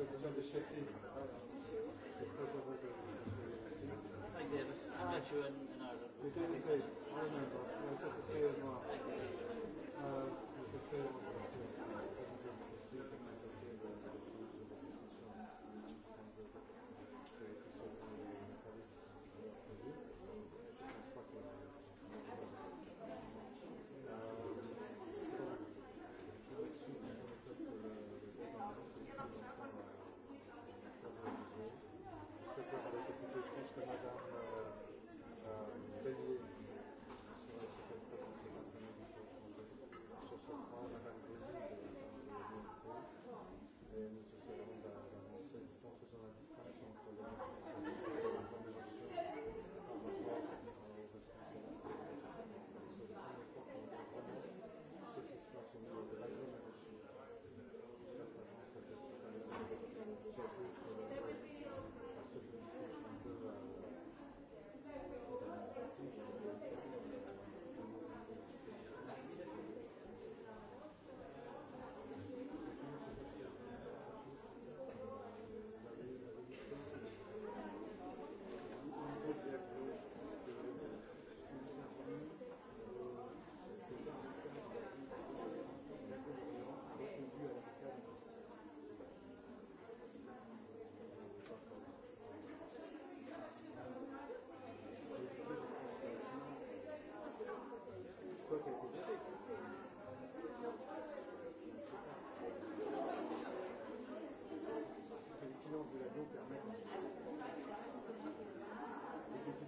I did. I you I remember. I got to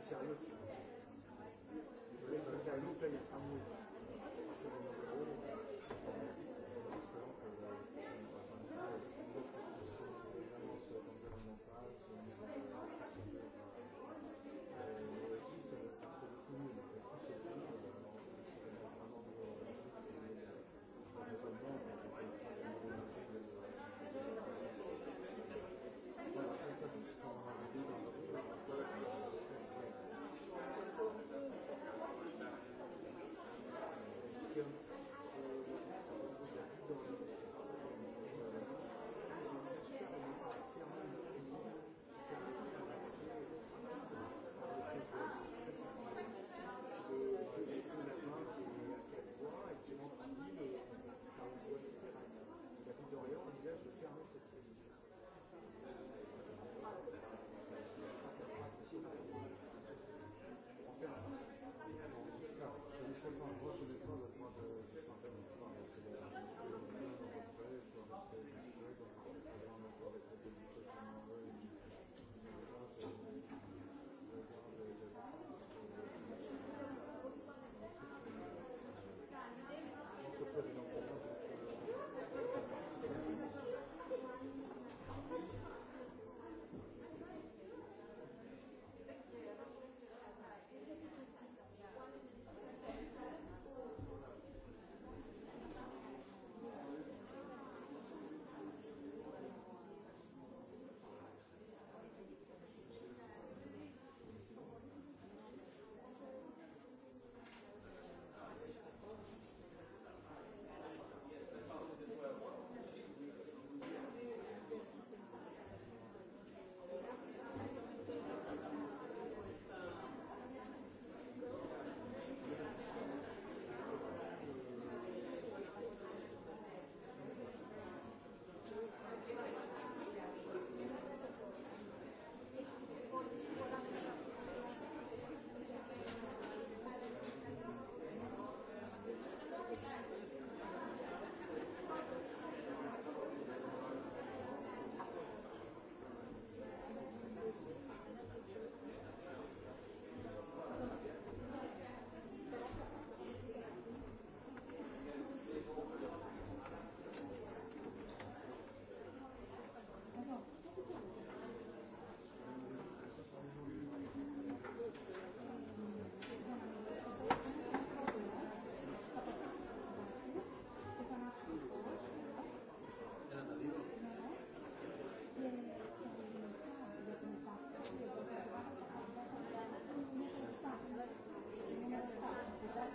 sérieux. Désolé, dans le sérieux, là, il y a pas mieux. C'est dans le bureau, c'est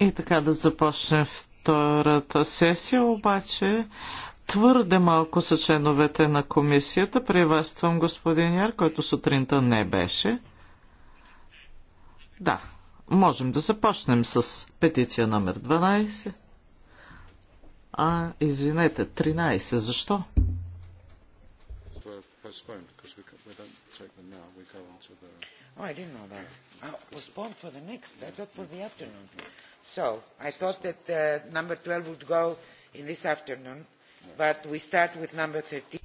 И така да започне втората сесия, обаче твърде малко са членовете на комисията. Приветствам господин Яр, който сутринта не беше. Да, можем да започнем с петиция номер 12. А, извинете, 13. Защо? segment now. We go on to the... Oh, I didn't know that. I was born for the next. I thought for the afternoon. So I thought that uh, number 12 would go in this afternoon, but we start with number 13.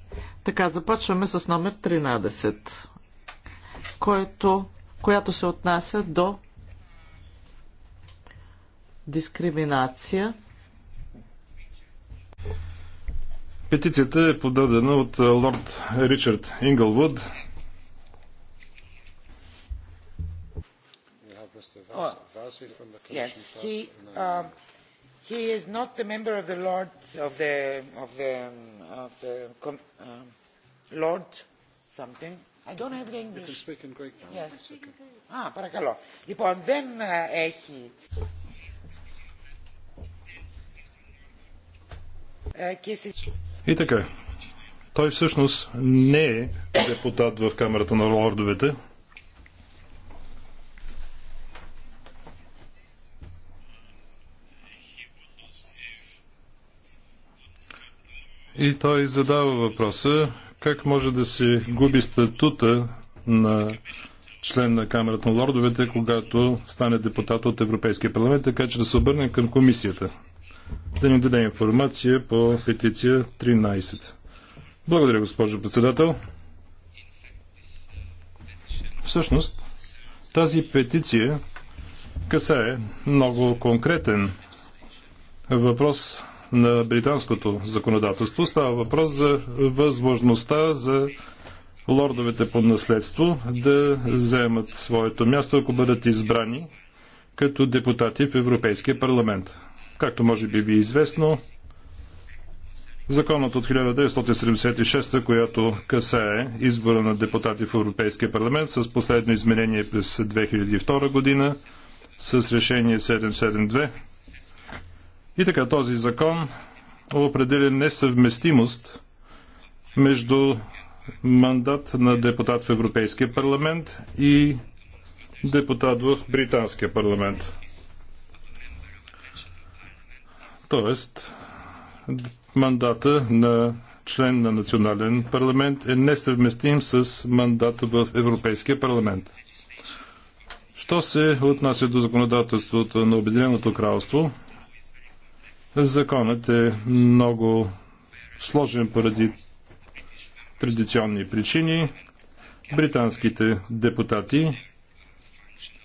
Така, започваме с номер 13, който, която се отнася до дискриминация. Петицията е подадена от лорд Ричард Инглвуд, Rivasi from the Commission. Yes, he, um, he is not a member of the Lord of the of the of the um, Lord something. I don't have the English. You can speak in Greek now. Yes. Α, παρακαλώ. Λοιπόν, δεν έχει И така, той всъщност не е депутат в Камерата на лордовете, И той задава въпроса как може да се губи статута на член на Камерата на лордовете, когато стане депутат от Европейския парламент, така че да се обърнем към комисията. Да ни даде информация по петиция 13. Благодаря, госпожо председател. Всъщност, тази петиция касае много конкретен въпрос на британското законодателство. Става въпрос за възможността за лордовете по наследство да заемат своето място, ако бъдат избрани като депутати в Европейския парламент. Както може би ви е известно, Законът от 1976, която касае избора на депутати в Европейския парламент с последно изменение през 2002 година с решение 772 и така този закон определя несъвместимост между мандат на депутат в Европейския парламент и депутат в Британския парламент. Тоест, мандата на член на национален парламент е несъвместим с мандата в Европейския парламент. Що се отнася до законодателството на Обединеното кралство, Законът е много сложен поради традиционни причини. Британските депутати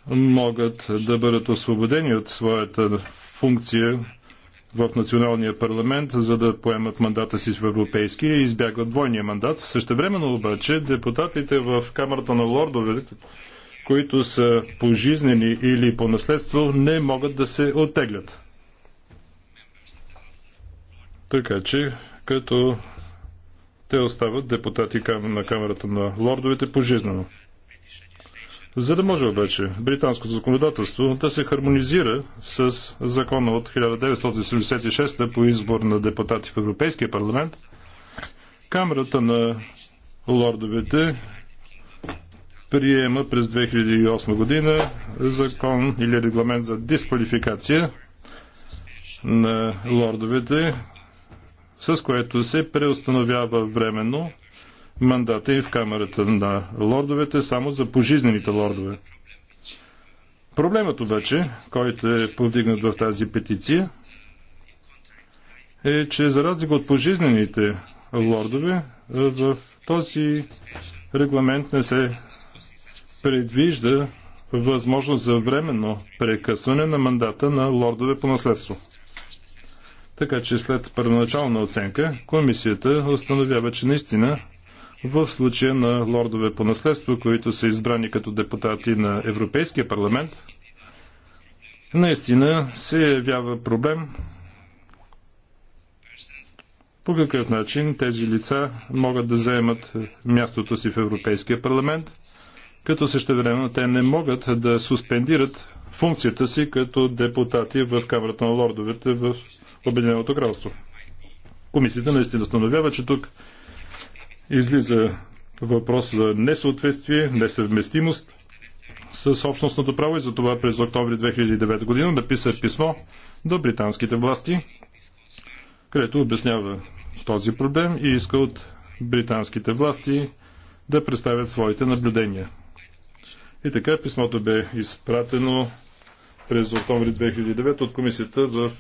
могат да бъдат освободени от своята функция в националния парламент, за да поемат мандата си в европейския и избягват двойния мандат. Същевременно обаче депутатите в Камерата на лордовете, които са пожизнени или по наследство, не могат да се оттеглят. Така че, като те остават депутати на Камерата на лордовете пожизнено. За да може обаче британското законодателство да се хармонизира с закона от 1976 по избор на депутати в Европейския парламент, Камерата на лордовете приема през 2008 година закон или регламент за дисквалификация на лордовете, с което се преустановява временно мандата им в камерата на лордовете само за пожизнените лордове. Проблемът обаче, който е повдигнат в тази петиция, е, че за разлика от пожизнените лордове, в този регламент не се предвижда възможност за временно прекъсване на мандата на лордове по наследство. Така че след първоначална оценка, комисията установява, че наистина в случая на лордове по наследство, които са избрани като депутати на Европейския парламент, наистина се явява проблем по какъв начин тези лица могат да заемат мястото си в Европейския парламент, като същевременно те не могат да суспендират функцията си като депутати в Камерата на лордовете в Обединеното кралство. Комисията наистина установява, че тук излиза въпрос за несъответствие, несъвместимост с общностното право и затова през октомври 2009 година написа писмо до британските власти, където обяснява този проблем и иска от британските власти да представят своите наблюдения. И така писмото бе изпратено през октомври 2009 от комисията в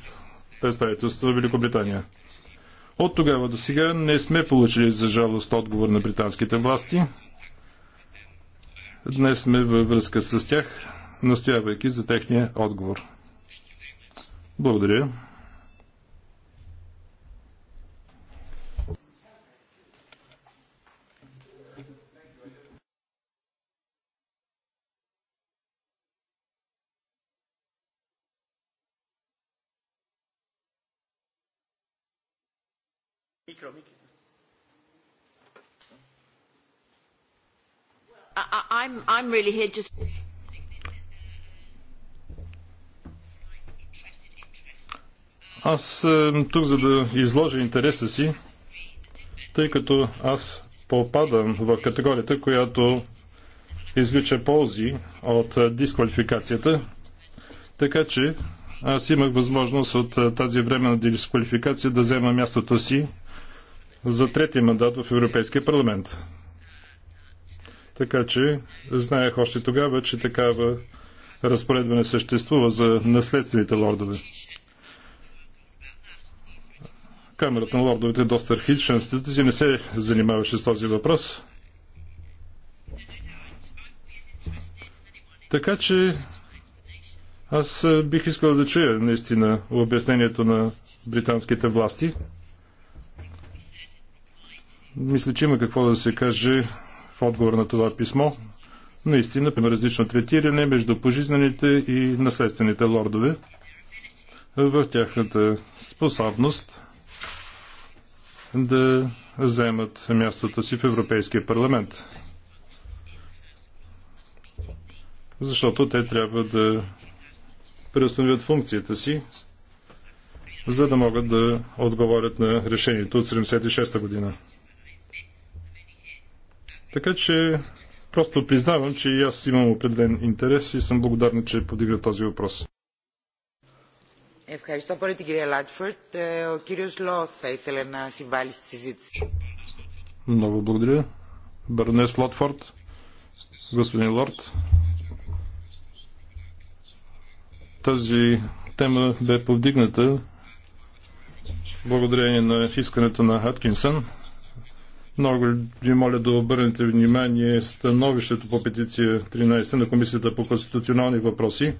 представителство на Великобритания. От тогава до сега не сме получили за жалост отговор на британските власти. Днес сме във връзка с тях, настоявайки за техния отговор. Благодаря. I'm, I'm really here just... Аз съм тук, за да изложа интереса си, тъй като аз попадам в категорията, която извлича ползи от дисквалификацията. Така че аз имах възможност от тази временна дисквалификация да взема мястото си за третия мандат в Европейския парламент. Така че знаех още тогава, че такава разпоредба не съществува за наследствените лордове. Камерата на лордовете е доста архична, институция не се занимаваше с този въпрос. Така че аз бих искал да чуя наистина обяснението на британските власти. Мисля, че има какво да се каже отговор на това писмо наистина има различно третиране между пожизнените и наследствените лордове в тяхната способност да вземат мястото си в Европейския парламент. Защото те трябва да преустановят функцията си, за да могат да отговорят на решението от 76-та година. Така че просто признавам, че и аз имам определен интерес и съм благодарен, че подигра този въпрос. Ευχαριστώ πολύ την κυρία Λάτφορτ. Ο κύριος Λό θα ήθελε να συμβάλλει στη συζήτηση. Много благодаря. Бернес Лотфорд, господин Лорд. Тази тема бе повдигната благодарение на искането на Аткинсън. Много ви моля да обърнете внимание становището по петиция 13 на Комисията по конституционални въпроси,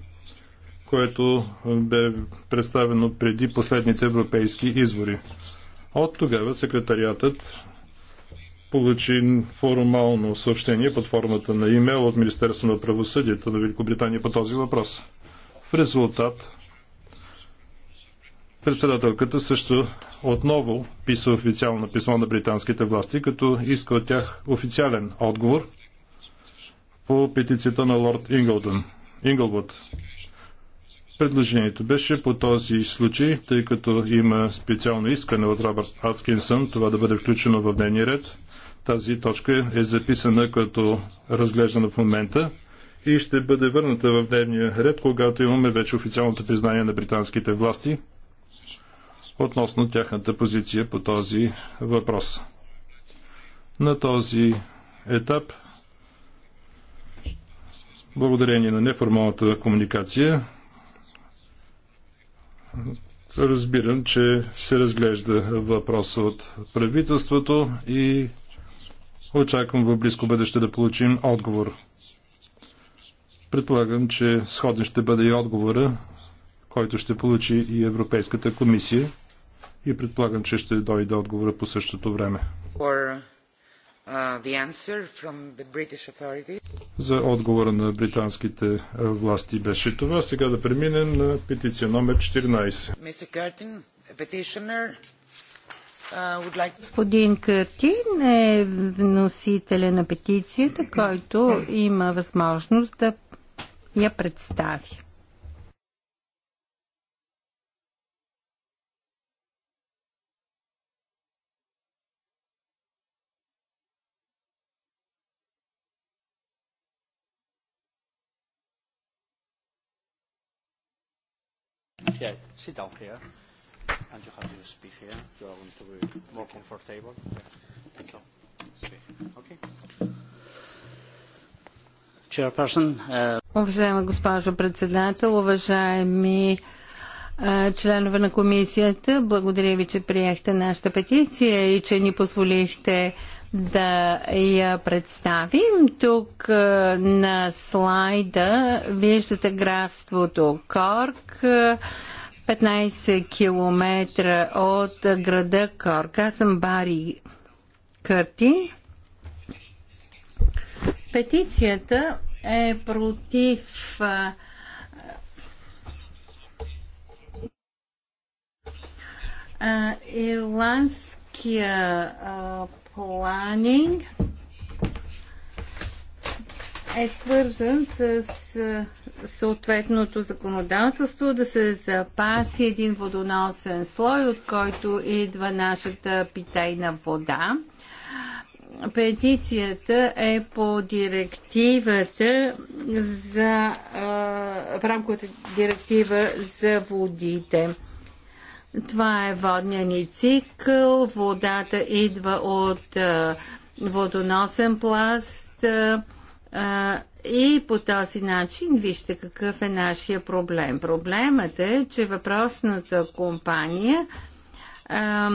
което бе представено преди последните европейски избори. От тогава секретариатът получи формално съобщение под формата на имейл от Министерство на правосъдието на Великобритания по този въпрос. В резултат Председателката също отново писа официално писмо на британските власти, като иска от тях официален отговор по петицията на лорд Инглдън. Инглвуд. Предложението беше по този случай, тъй като има специално искане от Робърт Аткинсън това да бъде включено в дневния ред. Тази точка е записана като разглеждана в момента и ще бъде върната в дневния ред, когато имаме вече официалното признание на британските власти, относно тяхната позиция по този въпрос. На този етап, благодарение на неформалната комуникация, разбирам, че се разглежда въпрос от правителството и очаквам в близко бъдеще да получим отговор. Предполагам, че сходен ще бъде и отговора, който ще получи и Европейската комисия и предполагам, че ще дойде отговора по същото време. Uh, За отговора на британските власти беше това. Сега да преминем на петиция номер 14. Uh, Господин Къртин е вносителя на петицията, който има възможност да я представи. Yeah, sit down here. And you have to speak here. You are going to be more comfortable. So, speak. Okay. Chairperson. Uh, Уважаема госпожо председател, уважаеми членове на комисията. Благодаря ви, че приехте нашата петиция и че ни позволихте да я представим. Тук е, на слайда виждате графството Корк. 15 е, км от града Корк. Аз съм Бари Кърти. Петицията е против е, ирландския планинг е свързан с съответното законодателство да се запаси един водоносен слой, от който идва нашата питейна вода. Петицията е по директивата за а, в рамковата директива за водите. Това е водния ни цикъл. Водата идва от е, водоносен пласт. Е, е, и по този начин вижте какъв е нашия проблем. Проблемът е, че въпросната компания а,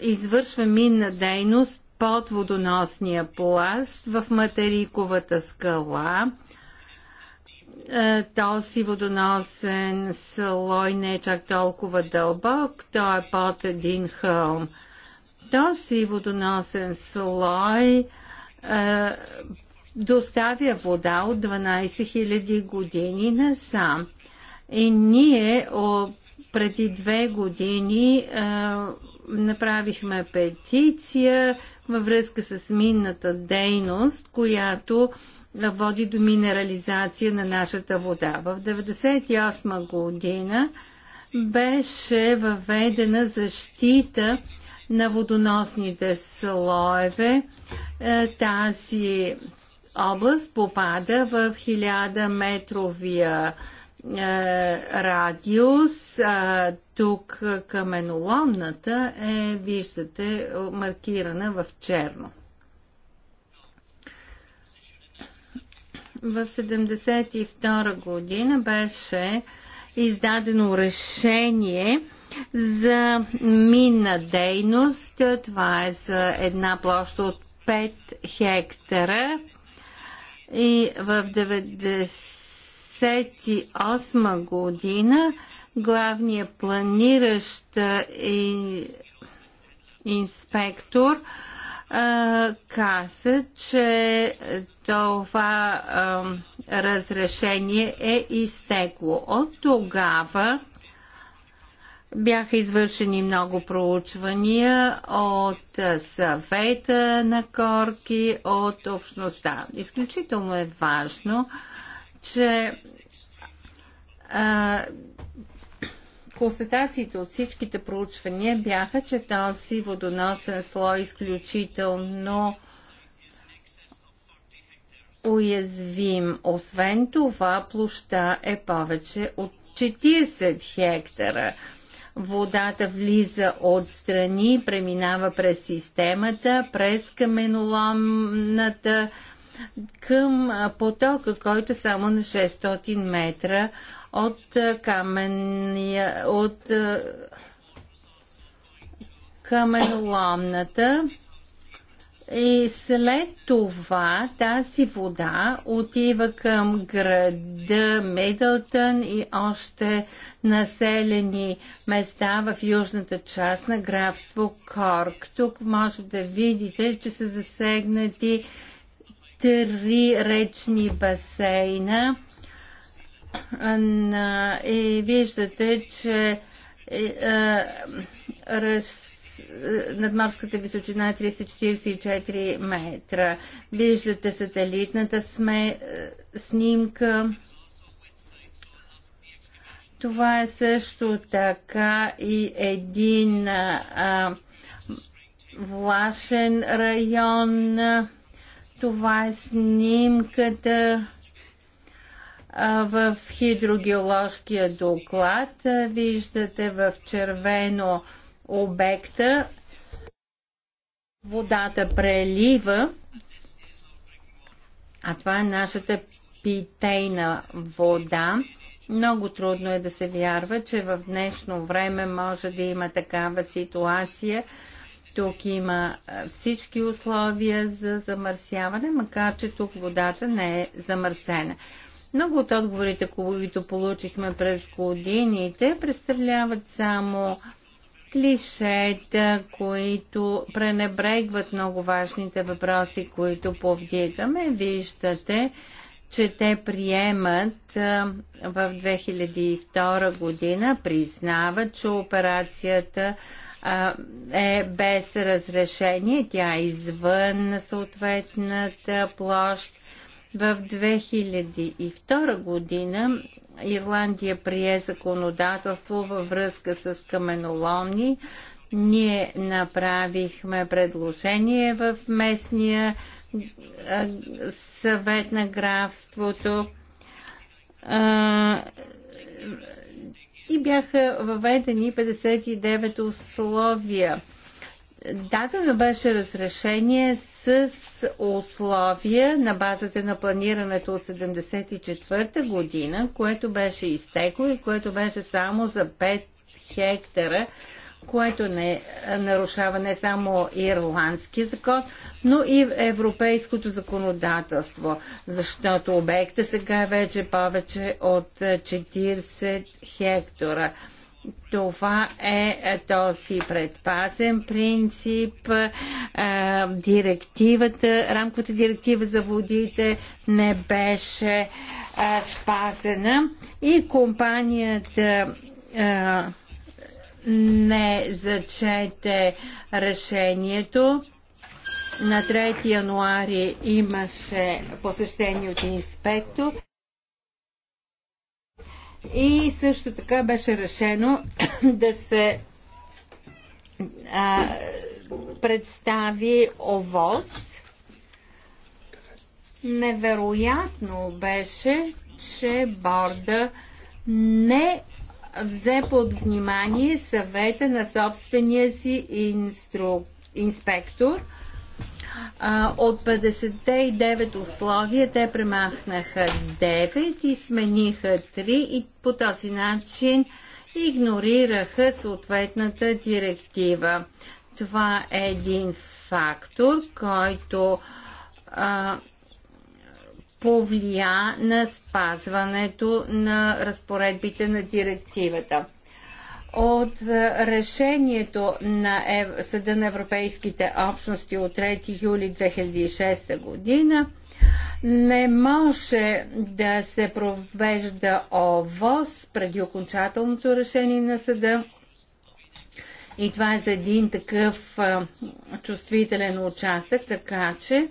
извършва минна дейност под водоносния пласт в материковата скала е, този водоносен слой не е чак толкова дълбок, той е под един хълм. Този водоносен слой е, доставя вода от 12 000 години насам. И ние о, преди две години е, направихме петиция във връзка с минната дейност, която води до минерализация на нашата вода. В 1998 година беше въведена защита на водоносните слоеве. Е, тази област попада в 1000 метровия е, радиус. Тук каменоломната е, виждате, маркирана в черно. в 1972 година беше издадено решение за минна дейност. Това е за една площ от 5 хектара и в 1998 година главният планиращ и инспектор каза, че това а, разрешение е изтекло. От тогава бяха извършени много проучвания от съвета на Корки, от общността. Изключително е важно, че а, Констатациите от всичките проучвания бяха, че този водоносен слой е изключително уязвим. Освен това, площа е повече от 40 хектара. Водата влиза от страни, преминава през системата, през каменоломната към потока, който е само на 600 метра от е, каменния, от е, каменоломната. И след това тази вода отива към града Мидълтън и още населени места в южната част на графство Корк. Тук може да видите, че са засегнати три речни басейна и виждате, че е, е, надморската височина е 344 метра. Виждате сателитната сме, е, снимка. Това е също така и един а, влашен район. Това е снимката в хидрогеоложкия доклад виждате в червено обекта водата прелива, а това е нашата питейна вода. Много трудно е да се вярва, че в днешно време може да има такава ситуация. Тук има всички условия за замърсяване, макар че тук водата не е замърсена. Много от отговорите, които получихме през годините, представляват само клишета, които пренебрегват много важните въпроси, които повдигаме. Виждате, че те приемат в 2002 година, признават, че операцията е без разрешение, тя е извън съответната площ в 2002 година Ирландия прие законодателство във връзка с каменоломни. Ние направихме предложение в местния съвет на графството и бяха въведени 59 условия дадено беше разрешение с условия на базата на планирането от 74-та година, което беше изтекло и което беше само за 5 хектара, което не нарушава не само ирландски закон, но и европейското законодателство, защото обекта сега е вече повече от 40 хектара. Това е, е този предпазен принцип. Е, директивата, рамковата директива за водите не беше е, спазена и компанията не зачете решението. На 3 януари имаше посещение от инспектор. И също така беше решено да се а, представи ОВОз. Невероятно беше, че борда не взе под внимание съвета на собствения си инстру... инспектор – а, от 59 условия те премахнаха 9 и смениха 3 и по този начин игнорираха съответната директива. Това е един фактор, който а, повлия на спазването на разпоредбите на директивата от е, решението на Съда на Европейските общности от 3 юли 2006 година не може да се провежда ОВОз преди окончателното решение на съда. И това е за един такъв а, е, чувствителен участък, така че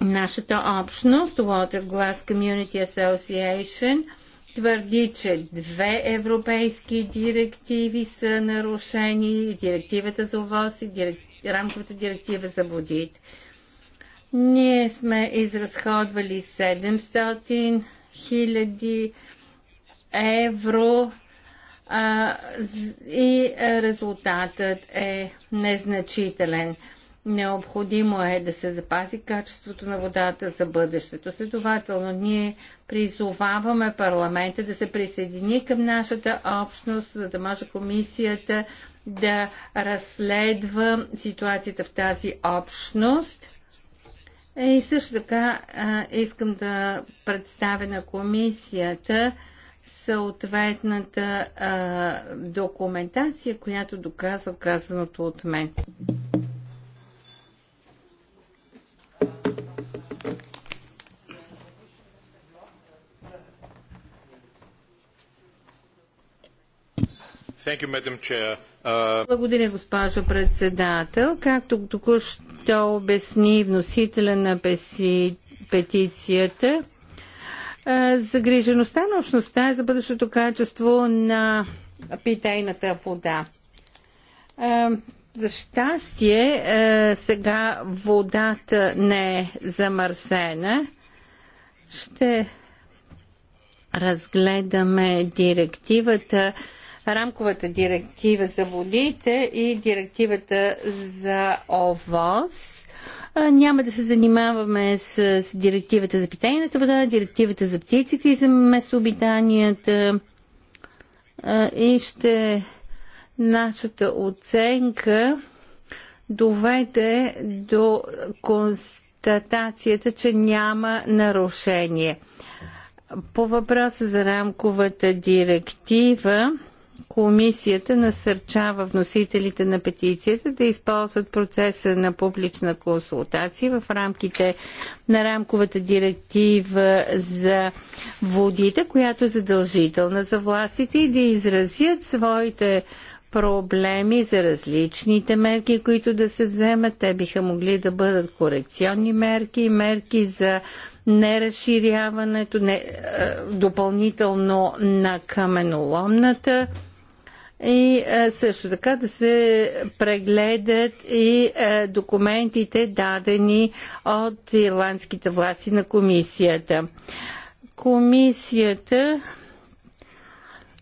нашата общност, Water Glass Community Association – твърди, че две европейски директиви са нарушени директивата за ОВОС и директ... рамковата директива за водите. Ние сме изразходвали 700 хиляди евро а, и резултатът е незначителен. Необходимо е да се запази качеството на водата за бъдещето. Следователно, ние призоваваме парламента да се присъедини към нашата общност, за да може комисията да разследва ситуацията в тази общност. И също така искам да представя на комисията съответната документация, която доказва казаното от мен. Uh, Благодаря, госпожо председател. Както току-що обясни вносителя на петицията, загрижеността на общността е за бъдещото качество на питейната вода. За щастие, сега водата не е замърсена. Ще разгледаме директивата рамковата директива за водите и директивата за ОВОС. Няма да се занимаваме с, с директивата за питейната вода, директивата за птиците и за местообитанията. И ще нашата оценка доведе до констатацията, че няма нарушение. По въпроса за рамковата директива, комисията насърчава вносителите на петицията да използват процеса на публична консултация в рамките на рамковата директива за водите, която е задължителна за властите и да изразят своите проблеми за различните мерки, които да се вземат. Те биха могли да бъдат корекционни мерки, мерки за неразширяването, не, допълнително на каменоломната и е, също така да се прегледат и е, документите дадени от ирландските власти на комисията. Комисията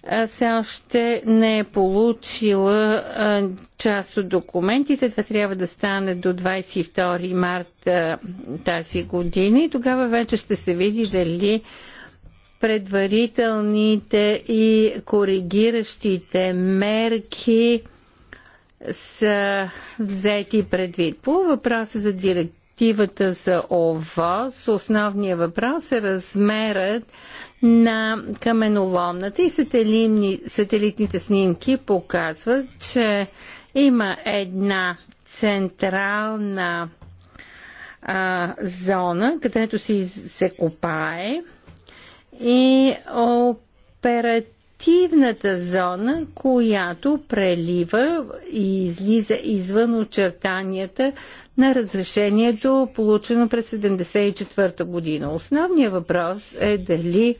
е, все още не е получила част от документите. Това трябва да стане до 22 марта тази година и тогава вече ще се види дали предварителните и коригиращите мерки са взети предвид. По въпроса за директивата за ОВОС, основният въпрос е размерът на каменоломната и сателитни, сателитните снимки показват, че има една централна а, зона, където се, се копае и оперативната зона, която прелива и излиза извън очертанията на разрешението, получено през 1974 година. Основният въпрос е дали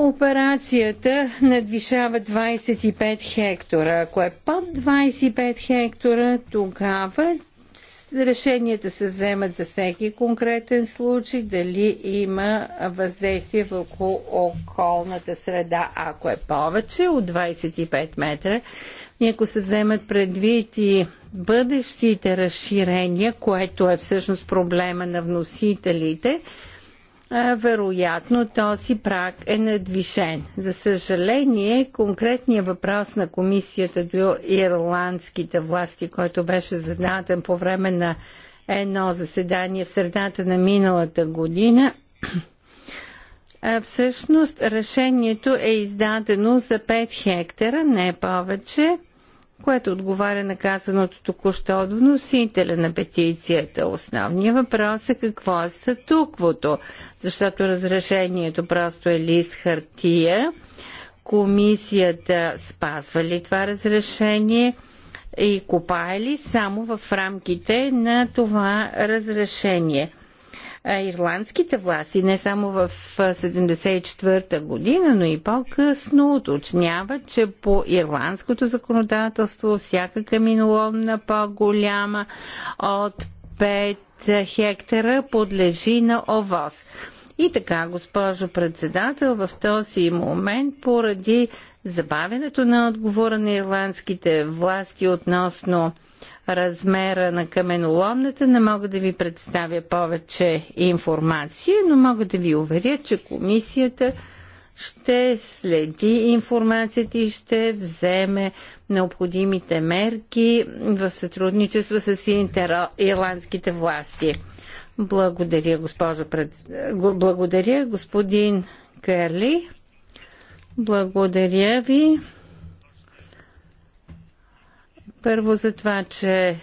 Операцията надвишава 25 хектора. Ако е под 25 хектора, тогава Решенията се вземат за всеки конкретен случай, дали има въздействие върху околната среда. Ако е повече от 25 метра, и ако се вземат предвид и бъдещите разширения, което е всъщност проблема на вносителите, вероятно този прак е надвишен. За съжаление, конкретният въпрос на комисията до ирландските власти, който беше зададен по време на едно заседание в средата на миналата година, всъщност решението е издадено за 5 хектара, не повече което отговаря на казаното току-що от вносителя на петицията. Основният въпрос е какво е статуквото, защото разрешението просто е лист хартия. Комисията спазва ли това разрешение и копае ли само в рамките на това разрешение? ирландските власти, не само в 1974 година, но и по-късно, уточняват, че по ирландското законодателство всяка каминоломна по-голяма от 5 хектара подлежи на ОВОз. И така, госпожо председател, в този момент, поради забавенето на отговора на ирландските власти относно размера на каменоломната. Не мога да ви представя повече информация, но мога да ви уверя, че комисията ще следи информацията и ще вземе необходимите мерки в сътрудничество с ирландските власти. Благодаря, госпожа пред... Благодаря, господин Керли. Благодаря ви. Първо за това, че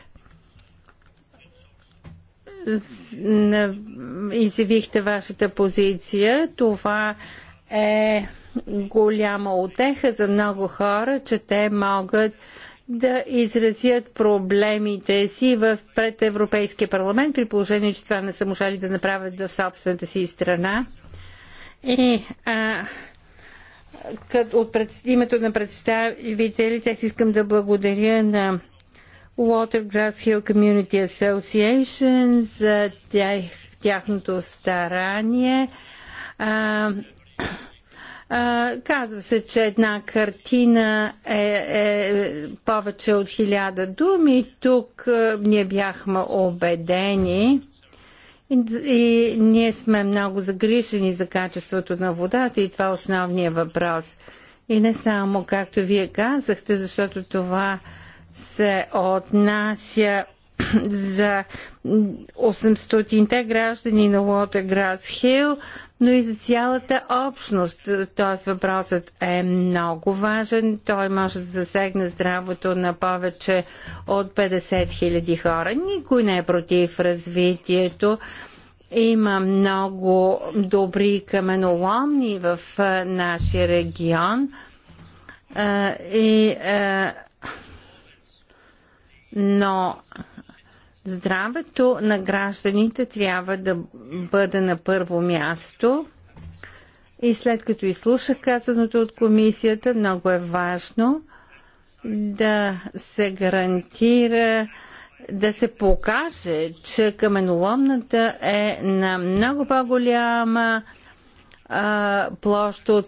изявихте вашата позиция. Това е голяма отеха за много хора, че те могат да изразят проблемите си в пред Европейския парламент, при положение, че това не са можали да направят в собствената си страна. И а, от пред, името на представителите, аз искам да благодаря на Watergrass Hill Community Association за тях, тяхното старание. А, а, казва се, че една картина е, е повече от хиляда думи. Тук а, ние бяхме убедени и ние сме много загрижени за качеството на водата и това е основният въпрос. И не само, както вие казахте, защото това се отнася за 800-те граждани на Лотеграс Хил, но и за цялата общност. Тоест въпросът е много важен. Той може да засегне здравото на повече от 50 хиляди хора. Никой не е против развитието. Има много добри каменоломни в нашия регион. И, но Здравето на гражданите трябва да бъде на първо място. И след като изслушах казаното от комисията, много е важно да се гарантира да се покаже, че каменоломната е на много по-голяма площ от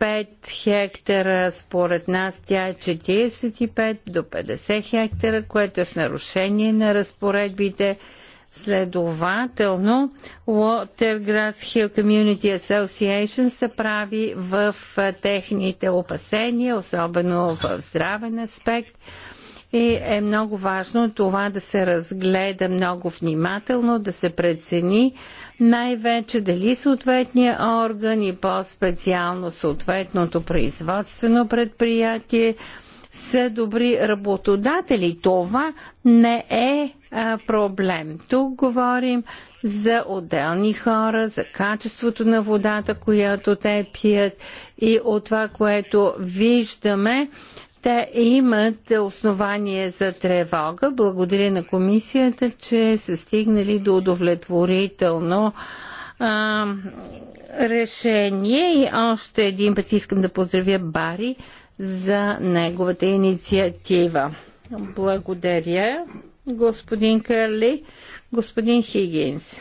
5 хектара, според нас тя е 45 до 50 хектара, което е в нарушение на разпоредбите. Следователно, Watergrass Hill Community Association се прави в техните опасения, особено в здравен аспект. И е много важно това да се разгледа много внимателно, да се прецени най-вече дали съответния орган и по-специално съответното производствено предприятие са добри работодатели. Това не е а, проблем. Тук говорим за отделни хора, за качеството на водата, която те пият и от това, което виждаме те имат основание за тревога. Благодаря на комисията, че са стигнали до удовлетворително а, решение. И още един път искам да поздравя Бари за неговата инициатива. Благодаря, господин Кърли, господин Хигинс.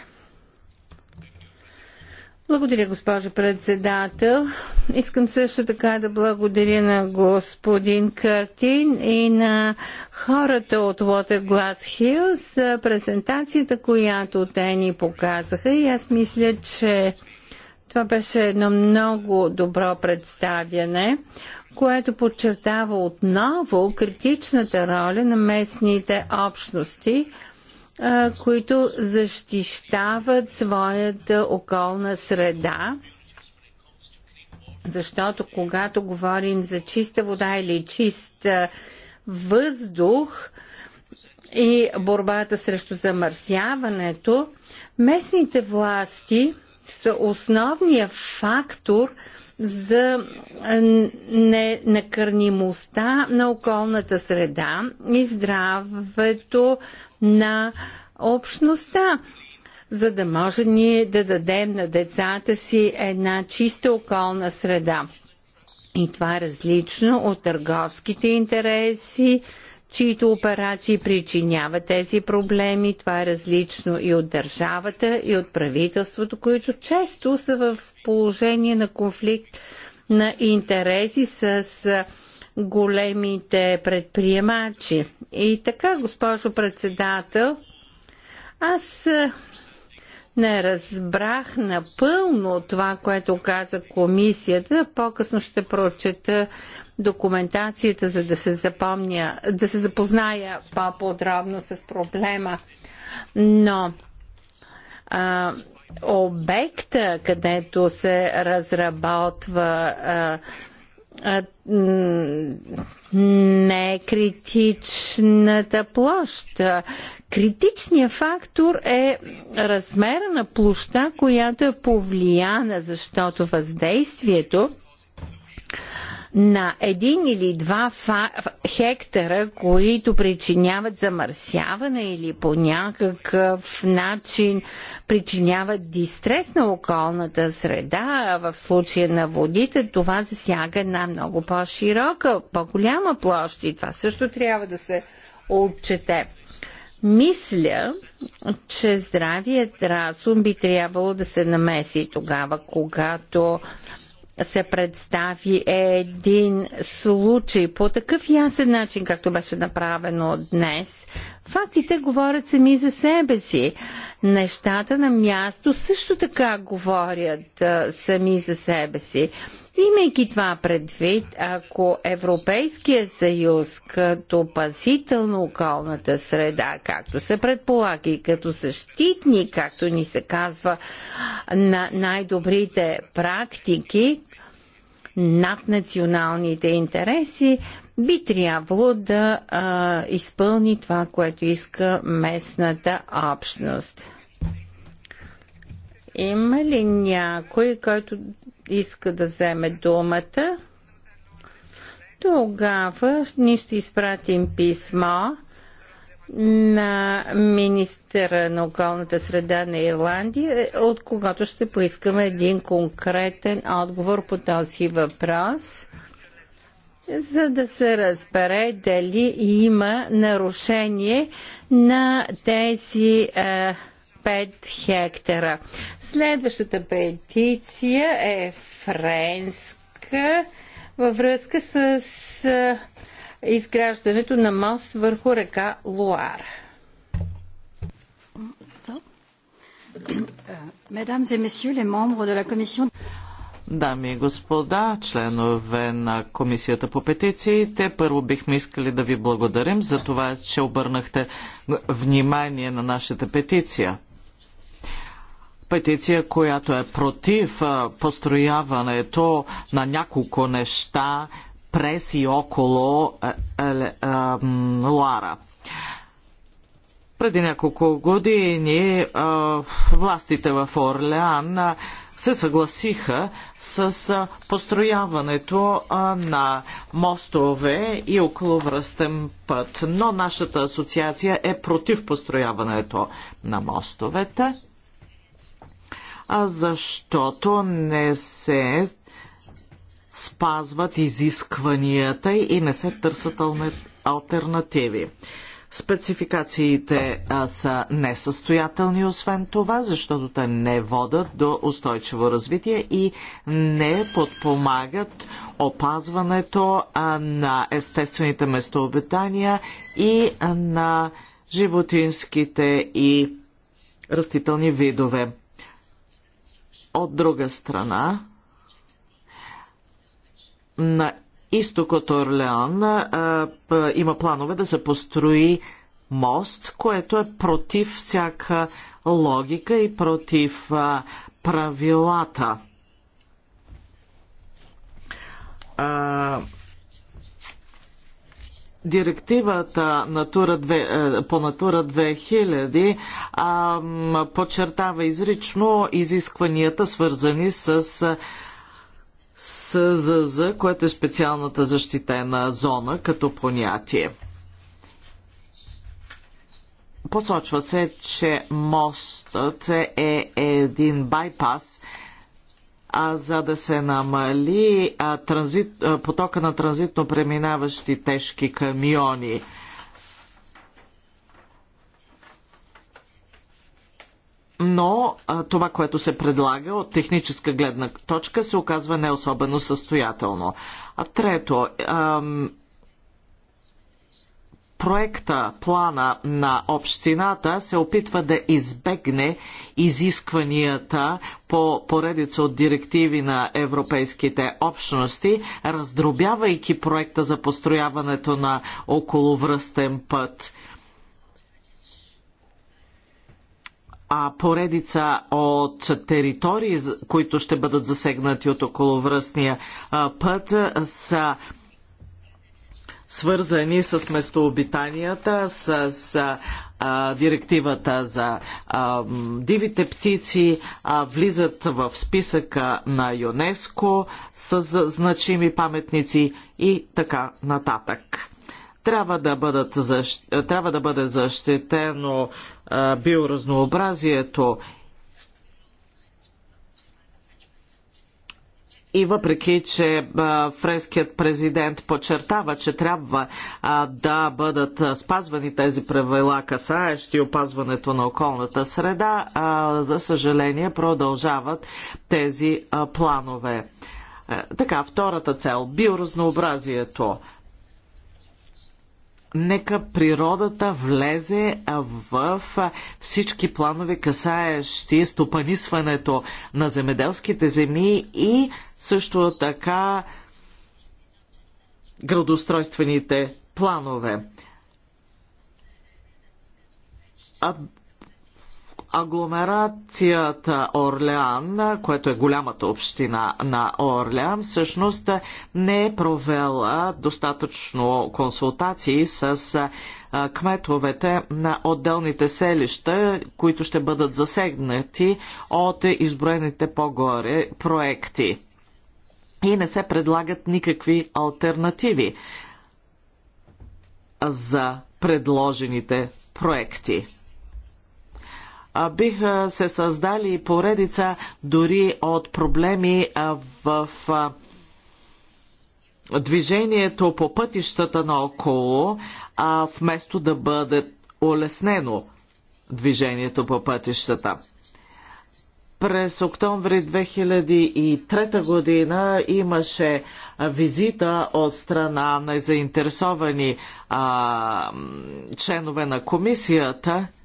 Благодаря, госпожо председател. Искам също така да благодаря на господин Къртин и на хората от Waterglass Hill за презентацията, която те ни показаха. И аз мисля, че това беше едно много добро представяне, което подчертава отново критичната роля на местните общности – които защищават своята околна среда. Защото когато говорим за чиста вода или чист въздух и борбата срещу замърсяването, местните власти са основния фактор за накърнимостта на околната среда и здравето на общността за да може ние да дадем на децата си една чиста околна среда. И това е различно от търговските интереси, чието операции причиняват тези проблеми. Това е различно и от държавата, и от правителството, които често са в положение на конфликт на интереси с големите предприемачи. И така, госпожо председател, аз е, не разбрах напълно това, което каза комисията. По-късно ще прочета документацията, за да се запомня, да се запозная по-подробно с проблема. Но а, обекта, където се разработва а, не е критичната площ. Критичният фактор е размера на площа, която е повлияна, защото въздействието на един или два хектара, които причиняват замърсяване или по някакъв начин причиняват дистрес на околната среда, в случая на водите, това засяга една много по-широка, по-голяма площ и това също трябва да се отчете. Мисля, че здравият разум би трябвало да се намеси тогава, когато се представи един случай по такъв ясен начин, както беше направено днес, фактите говорят сами за себе си. Нещата на място също така говорят а, сами за себе си. Имайки това предвид, ако Европейския съюз като пазител на околната среда, както се предполага и като защитник, както ни се казва, на най-добрите практики, над националните интереси, би трябвало да а, изпълни това, което иска местната общност. Има ли някой, който иска да вземе думата? Тогава ние ще изпратим писмо на министъра на околната среда на Ирландия, от когато ще поискаме един конкретен отговор по този въпрос, за да се разбере дали има нарушение на тези е, 5 хектара. Следващата петиция е френска във връзка с е, изграждането на мост върху река Луар. Дами и господа, членове на Комисията по петициите, първо бихме искали да ви благодарим за това, че обърнахте внимание на нашата петиция. Петиция, която е против построяването на няколко неща през и около е, е, е, Луара. Преди няколко години властите в Орлеан се съгласиха с построяването на мостове и околовръстен път. Но нашата асоциация е против построяването на мостовете, защото не се спазват изискванията и не се търсят альтернативи. Спецификациите а, са несъстоятелни, освен това, защото те не водат до устойчиво развитие и не подпомагат опазването а, на естествените местообитания и а, на животинските и растителни видове. От друга страна, на изток от Орлеан има планове да се построи мост, което е против всяка логика и против а, правилата. А, директивата Натура 2, е, по Натура 2000 а, подчертава изрично изискванията, свързани с а, СЗЗ, което е специалната защитена зона като понятие. Посочва се, че мостът е, е един байпас, а за да се намали а, транзит, а, потока на транзитно преминаващи тежки камиони – но а, това, което се предлага от техническа гледна точка, се оказва не особено състоятелно. А трето, ам, проекта, плана на общината се опитва да избегне изискванията по поредица от директиви на европейските общности, раздробявайки проекта за построяването на околовръстен път – а, поредица от територии, които ще бъдат засегнати от околовръстния път, са свързани с местообитанията, с, с а, директивата за а, дивите птици, а, влизат в списъка на ЮНЕСКО с значими паметници и така нататък. Трябва да, бъдат защ... Трябва да бъде защитено биоразнообразието И въпреки, че френският президент подчертава, че трябва да бъдат спазвани тези правила, касаещи опазването на околната среда, за съжаление продължават тези планове. Е, така, втората цел биоразнообразието нека природата влезе в всички планове, касаещи стопанисването на земеделските земи и също така градостройствените планове агломерацията Орлеан, което е голямата община на Орлеан, всъщност не е провела достатъчно консултации с кметовете на отделните селища, които ще бъдат засегнати от изброените по-горе проекти. И не се предлагат никакви альтернативи за предложените проекти биха се създали поредица дори от проблеми в движението по пътищата наоколо, а вместо да бъде улеснено движението по пътищата. През октомври 2003 година имаше визита от страна на заинтересовани а, членове на комисията –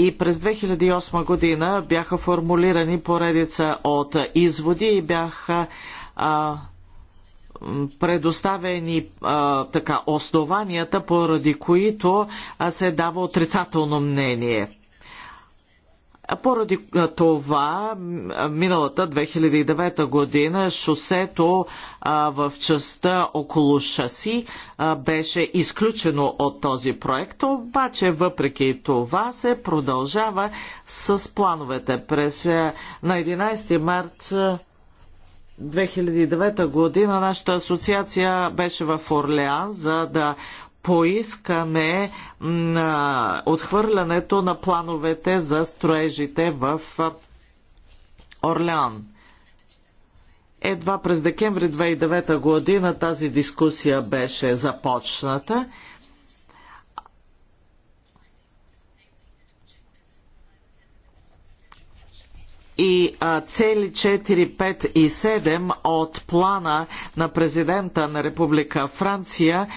и през 2008 година бяха формулирани поредица от изводи и бяха а, предоставени а, така основанията, поради които а, се дава отрицателно мнение. Поради това, миналата 2009 година шосето а, в частта около шаси а, беше изключено от този проект, обаче въпреки това се продължава с плановете. През на 11 март 2009 година нашата асоциация беше в Орлеан, за да поискаме а, отхвърлянето на плановете за строежите в Орлеан. Едва през декември 2009 година тази дискусия беше започната и цели 4, 5 и 7 от плана на президента на Република Франция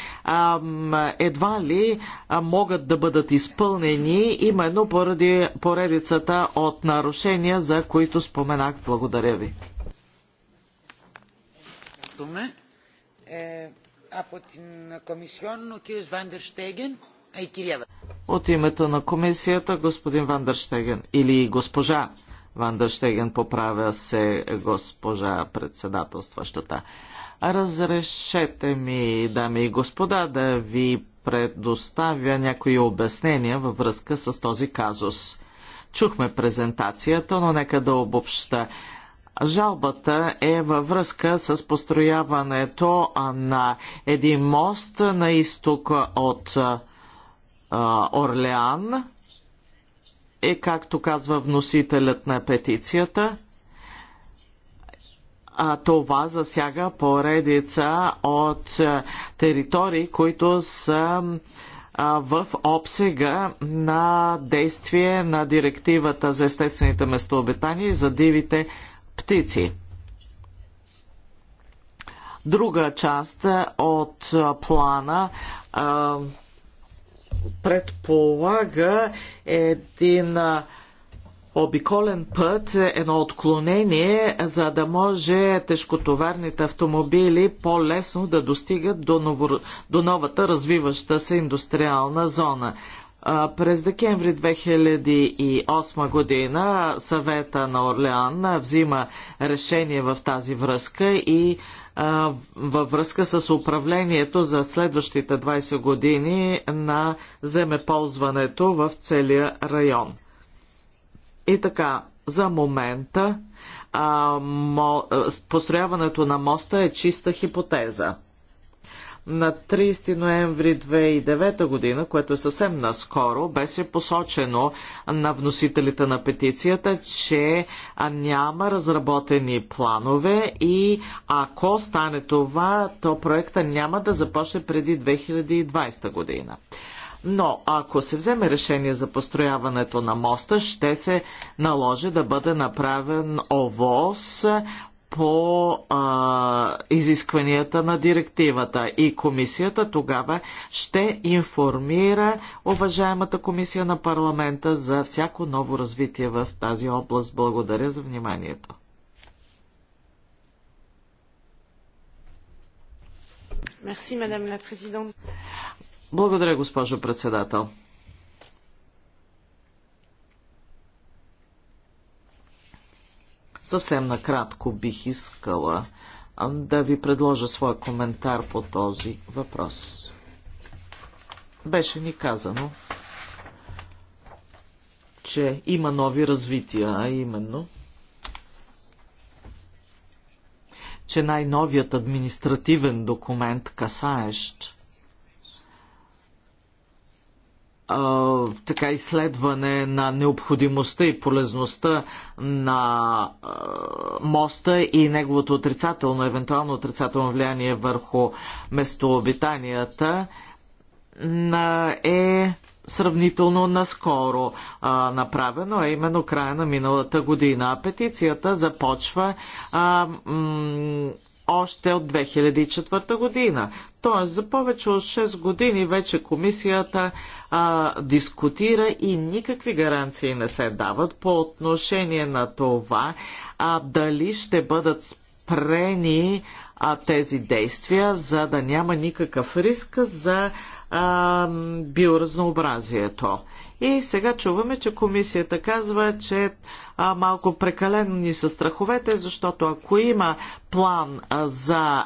едва ли могат да бъдат изпълнени именно поради поредицата от нарушения, за които споменах. Благодаря ви. Е, от името на комисията господин Вандерштеген или госпожа Вандърштеген поправя се госпожа председателстващата. Разрешете ми, дами и господа, да ви предоставя някои обяснения във връзка с този казус. Чухме презентацията, но нека да обобща. Жалбата е във връзка с построяването на един мост на изток от Орлеан, е, както казва вносителят на петицията, а това засяга поредица от територии, които са в обсега на действие на директивата за естествените местообитания и за дивите птици. Друга част от плана предполага един обиколен път, едно отклонение, за да може тежкотоварните автомобили по-лесно да достигат до, ново, до новата развиваща се индустриална зона. През декември 2008 година съвета на Орлеан взима решение в тази връзка и във връзка с управлението за следващите 20 години на земеползването в целия район. И така, за момента а, мо, построяването на моста е чиста хипотеза на 30 ноември 2009 година, което е съвсем наскоро, беше посочено на вносителите на петицията, че няма разработени планове и ако стане това, то проекта няма да започне преди 2020 година. Но ако се вземе решение за построяването на моста, ще се наложи да бъде направен овоз по а, изискванията на директивата. И комисията тогава ще информира уважаемата комисия на парламента за всяко ново развитие в тази област. Благодаря за вниманието. Merci, Благодаря, госпожо председател. Съвсем накратко бих искала да ви предложа своя коментар по този въпрос. Беше ни казано, че има нови развития, а именно, че най-новият административен документ, касаещ така изследване на необходимостта и полезността на а, моста и неговото отрицателно, евентуално отрицателно влияние върху местообитанията на, е сравнително наскоро а, направено, а именно края на миналата година. Петицията започва а, още от 2004 година. Тоест за повече от 6 години вече комисията а, дискутира и никакви гаранции не се дават по отношение на това а, дали ще бъдат спрени а, тези действия, за да няма никакъв риск за а, биоразнообразието. И сега чуваме, че комисията казва, че а, малко прекалено ни са страховете, защото ако има план а, за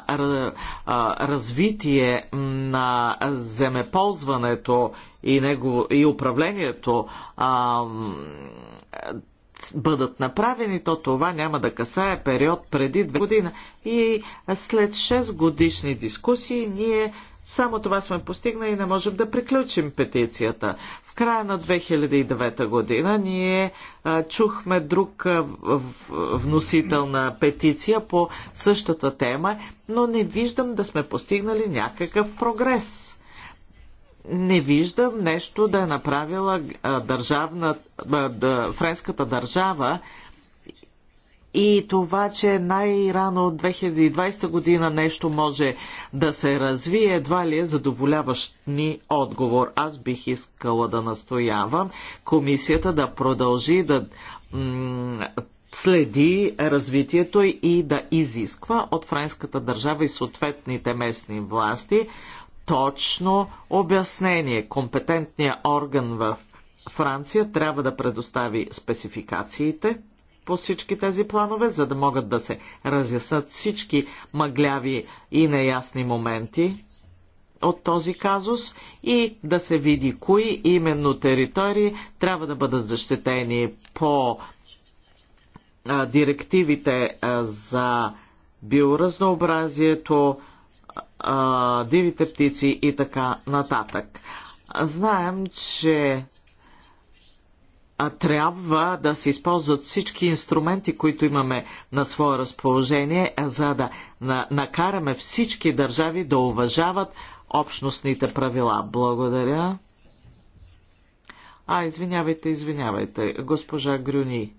а, развитие на земеползването и, негово, и управлението, а, бъдат направени, то това няма да касае период преди две години. И след 6 годишни дискусии ние само това сме постигнали и не можем да приключим петицията края на 2009 година ние а, чухме друг а, в, вносител на петиция по същата тема, но не виждам да сме постигнали някакъв прогрес. Не виждам нещо да е направила а, държавна, а, да, френската държава и това, че най-рано от 2020 година нещо може да се развие, едва ли е задоволяващ ни отговор. Аз бих искала да настоявам комисията да продължи да следи развитието и да изисква от френската държава и съответните местни власти точно обяснение. Компетентният орган в Франция трябва да предостави спецификациите по всички тези планове, за да могат да се разяснат всички мъгляви и неясни моменти от този казус и да се види кои именно територии трябва да бъдат защитени по директивите за биоразнообразието, дивите птици и така нататък. Знаем, че а трябва да се използват всички инструменти, които имаме на свое разположение, за да накараме всички държави да уважават общностните правила. Благодаря. А, извинявайте, извинявайте. Госпожа Грюни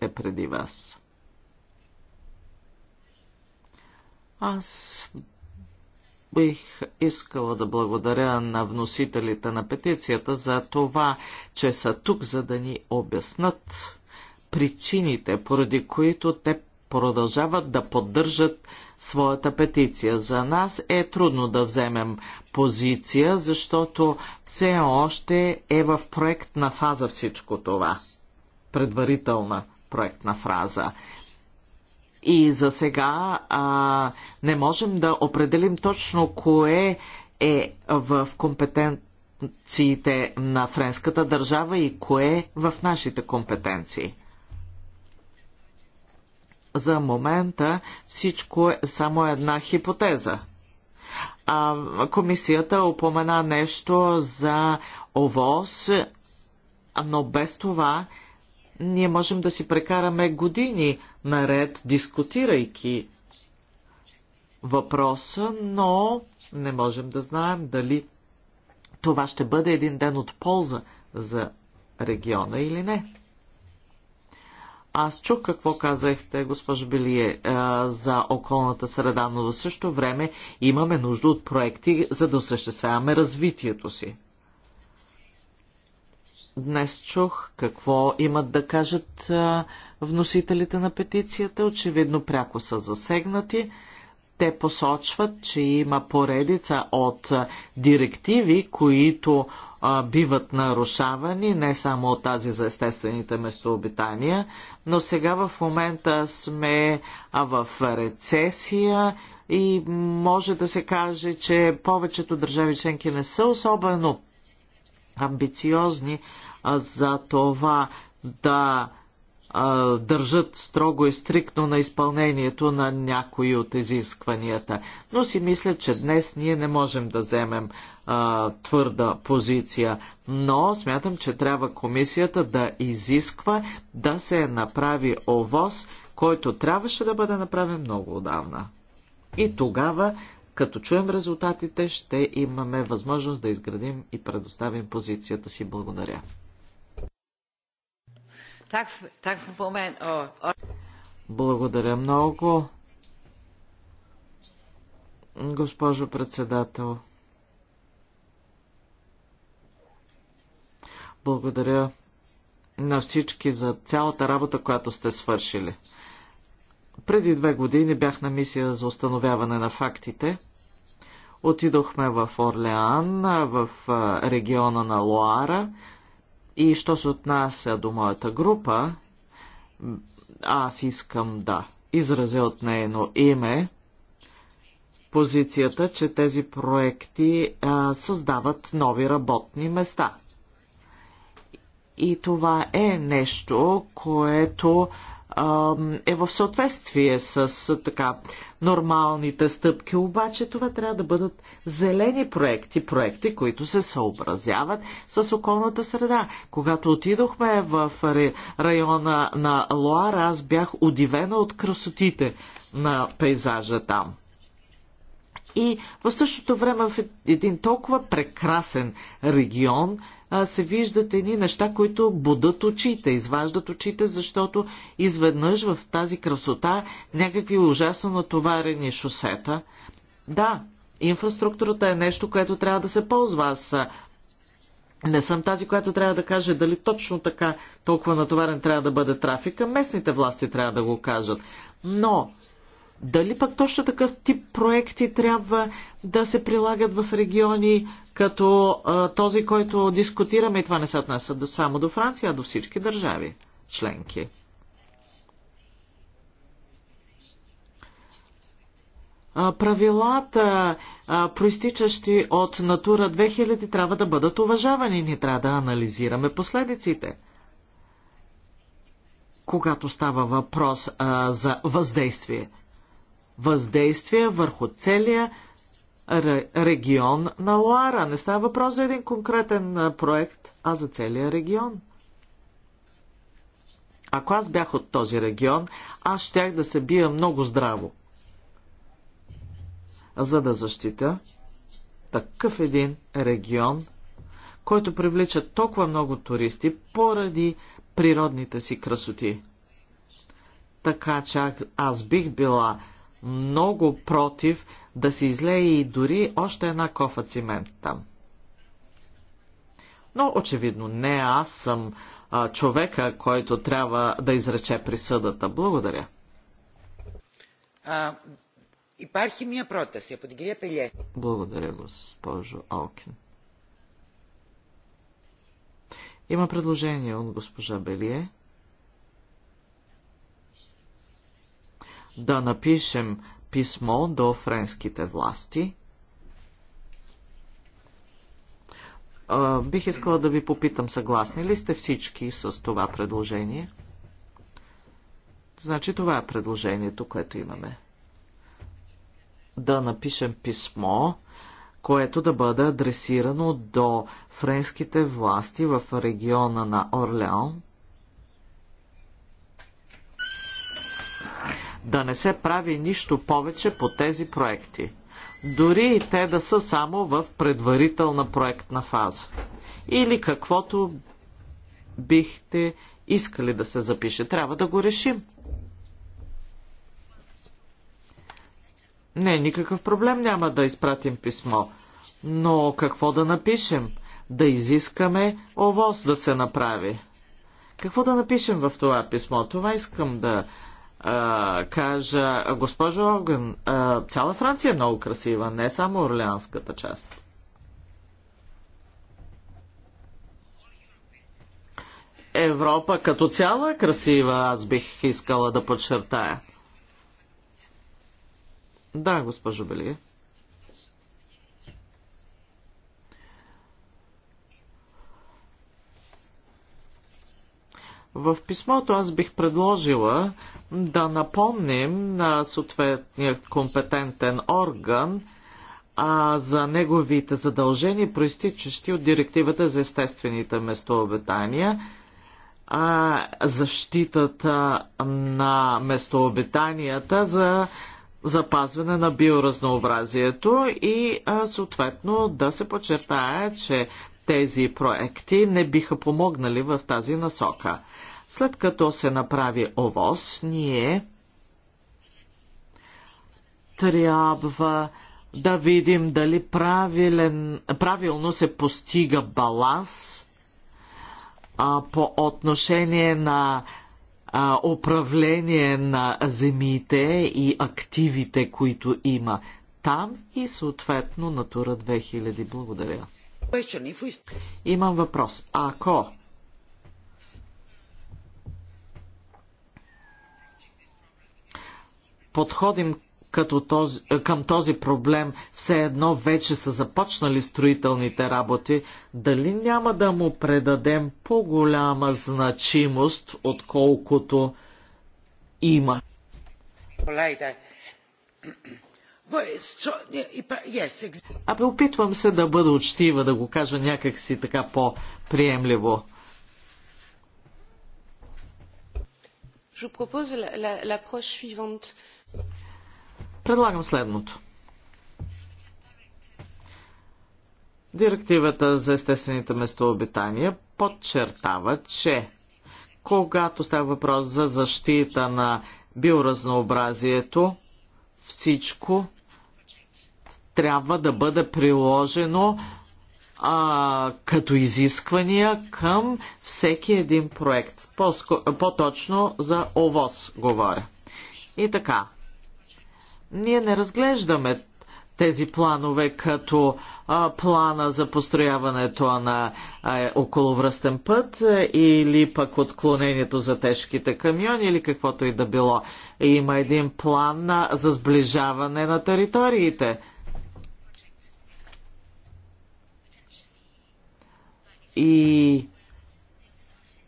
е преди вас. Аз Бих искала да благодаря на вносителите на петицията за това, че са тук, за да ни обяснат причините, поради които те продължават да поддържат своята петиция. За нас е трудно да вземем позиция, защото все още е в проектна фаза всичко това. Предварителна проектна фраза. И за сега а, не можем да определим точно кое е в компетенциите на френската държава и кое е в нашите компетенции. За момента всичко е само една хипотеза. А, комисията упомена нещо за ОВОС, но без това ние можем да си прекараме години наред, дискутирайки въпроса, но не можем да знаем дали това ще бъде един ден от полза за региона или не. Аз чух какво казахте, госпожо Белие, за околната среда, но в същото време имаме нужда от проекти, за да осъществяваме развитието си. Днес чух какво имат да кажат а, вносителите на петицията. Очевидно пряко са засегнати. Те посочват, че има поредица от а, директиви, които а, биват нарушавани, не само от тази за естествените местообитания, но сега в момента сме в рецесия и може да се каже, че повечето държави членки не са особено амбициозни за това да държат строго и стриктно на изпълнението на някои от изискванията. Но си мисля, че днес ние не можем да вземем а, твърда позиция. Но смятам, че трябва комисията да изисква да се направи ОВОз, който трябваше да бъде направен много отдавна. И тогава като чуем резултатите, ще имаме възможност да изградим и предоставим позицията си. Благодаря. Благодаря много, госпожо председател. Благодаря на всички за цялата работа, която сте свършили. Преди две години бях на мисия за установяване на фактите. Отидохме в Орлеан, в региона на Лоара. И що се отнася до моята група, аз искам да изразя от нейно име позицията, че тези проекти а, създават нови работни места. И това е нещо, което е в съответствие с така нормалните стъпки, обаче това трябва да бъдат зелени проекти, проекти, които се съобразяват с околната среда. Когато отидохме в района на Лоара, аз бях удивена от красотите на пейзажа там. И в същото време в един толкова прекрасен регион – а се виждат едни неща, които будат очите, изваждат очите, защото изведнъж в тази красота някакви ужасно натоварени шосета. Да, инфраструктурата е нещо, което трябва да се ползва. Аз не съм тази, която трябва да каже дали точно така толкова натоварен трябва да бъде трафика. Местните власти трябва да го кажат. Но дали пък точно такъв тип проекти трябва да се прилагат в региони, като а, този, който дискутираме, и това не се отнася до, само до Франция, а до всички държави членки. А, правилата, а, проистичащи от Натура 2000, трябва да бъдат уважавани. Ние трябва да анализираме последиците когато става въпрос а, за въздействие въздействие върху целия регион на Луара. Не става въпрос за един конкретен проект, а за целия регион. Ако аз бях от този регион, аз щях да се бия много здраво, за да защита такъв един регион, който привлича толкова много туристи поради природните си красоти. Така че аз бих била много против да се излее и дори още една кофа цимент там. Но очевидно не аз съм а, човека, който трябва да изрече присъдата. Благодаря. А, υπάρχει μία πρόταση από την κυρία Πελιέ. Благодаря, госпожо Алкин. Има предложение от госпожа Белие. да напишем писмо до френските власти. бих искала да ви попитам, съгласни ли сте всички с това предложение? Значи това е предложението, което имаме. Да напишем писмо, което да бъде адресирано до френските власти в региона на Орлеон. да не се прави нищо повече по тези проекти. Дори и те да са само в предварителна проектна фаза. Или каквото бихте искали да се запише. Трябва да го решим. Не, никакъв проблем няма да изпратим писмо. Но какво да напишем? Да изискаме овоз да се направи. Какво да напишем в това писмо? Това искам да кажа, госпожо Огън, цяла Франция е много красива, не само Орлеанската част. Европа като цяло е красива, аз бих искала да подчертая. Да, госпожо Бели. В писмото аз бих предложила да напомним на съответния компетентен орган а, за неговите задължения, проистичащи от директивата за естествените местообитания, а, защитата на местообитанията за запазване на биоразнообразието и а, съответно да се подчертая, че тези проекти не биха помогнали в тази насока. След като се направи овоз, ние трябва да видим дали правилен, правилно се постига баланс а, по отношение на а, управление на земите и активите, които има там и съответно Натура 2000. Благодаря. Имам въпрос. Ако подходим като този, е, към този проблем все едно вече са започнали строителните работи, дали няма да му предадем по-голяма значимост, отколкото има? Абе, опитвам се да бъда учтива, да го кажа някакси така по-приемливо. Je vous propose l'approche suivante. Предлагам следното. Директивата за естествените местообитания подчертава, че когато става въпрос за защита на биоразнообразието, всичко трябва да бъде приложено а, като изисквания към всеки един проект. По-точно по за ОВОС говоря. И така, ние не разглеждаме тези планове като а, плана за построяването на а, околовръстен път а, или пък отклонението за тежките камиони или каквото и да било. Има един план на, за сближаване на териториите. И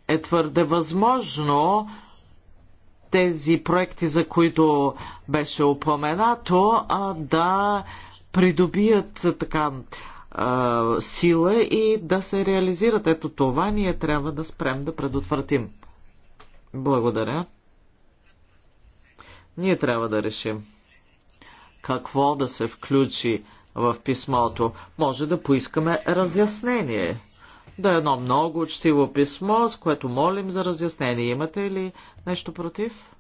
е твърде възможно тези проекти, за които беше упоменато, а да придобият така сила и да се реализират. Ето това ние трябва да спрем да предотвратим. Благодаря. Ние трябва да решим какво да се включи в писмото. Може да поискаме разяснение до едно много учтиво писмо, с което молим за разяснение. Имате ли нещо против?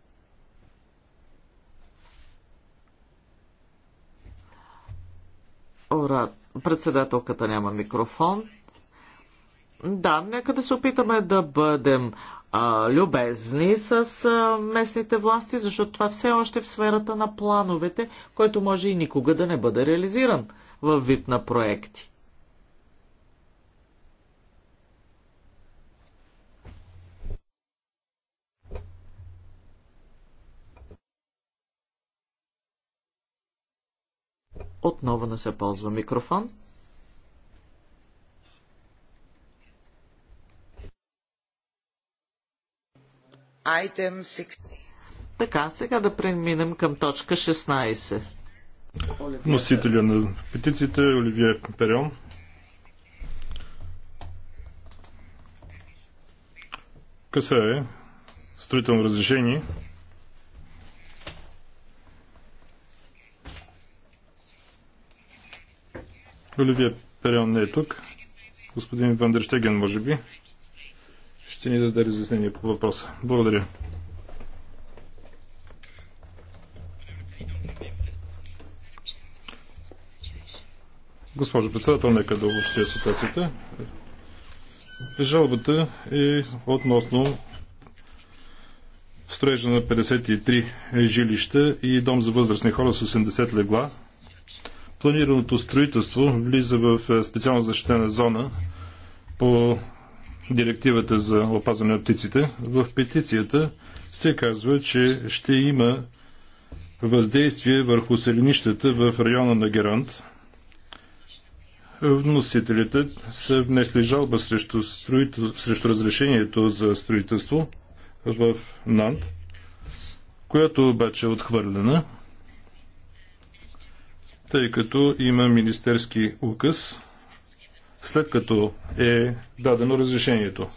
Ура, председателката няма микрофон. Да, нека да се опитаме да бъдем а, любезни с а, местните власти, защото това все още е в сферата на плановете, който може и никога да не бъде реализиран във вид на проекти. Отново не се ползва микрофон. Така, сега да преминем към точка 16. Носителя на петицията е Оливия Перион. Каса е строително разрешение Олivия Перион не е тук. Господин Вандерштеген, може би, ще ни даде разяснение по въпроса. Благодаря. Госпожо председател, нека да обобщя ситуацията. Жалбата е относно строежа на 53 жилища и дом за възрастни хора с 80 легла планираното строителство влиза в е, специално защитена зона по директивата за опазване на птиците. В петицията се казва, че ще има въздействие върху селенищата в района на Герант. Вносителите са внесли жалба срещу, строител... срещу разрешението за строителство в Нант, която обаче е отхвърлена тъй като има министерски указ, след като е дадено разрешението,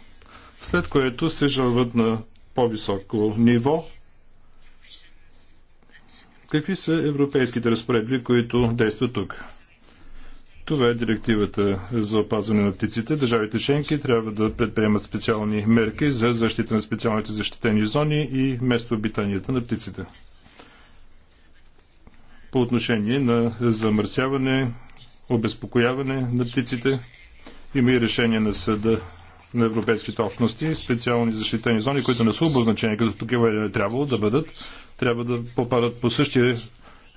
след което се жалват на по-високо ниво. Какви са европейските разпоредби, които действат тук? Това е директивата за опазване на птиците. Държавите членки трябва да предприемат специални мерки за защита на специалните защитени зони и местообитанията на птиците по отношение на замърсяване, обезпокояване на птиците. Има и решение на съда на европейските общности, специални защитени зони, които не са обозначени като такива не е трябвало да бъдат, трябва да попадат по същия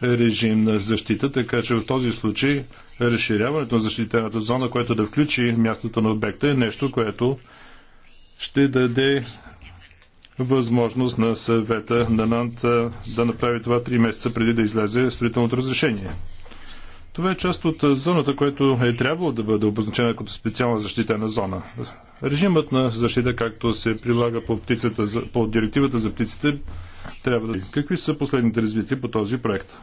режим на защита, така че в този случай разширяването на защитената зона, което да включи мястото на обекта, е нещо, което ще даде възможност на съвета на НАНТ да направи това 3 месеца преди да излезе строителното разрешение. Това е част от зоната, която е трябвало да бъде обозначена като специална защитена зона. Режимът на защита, както се прилага по, птицата, по директивата за птиците, трябва да... Какви са последните развития по този проект?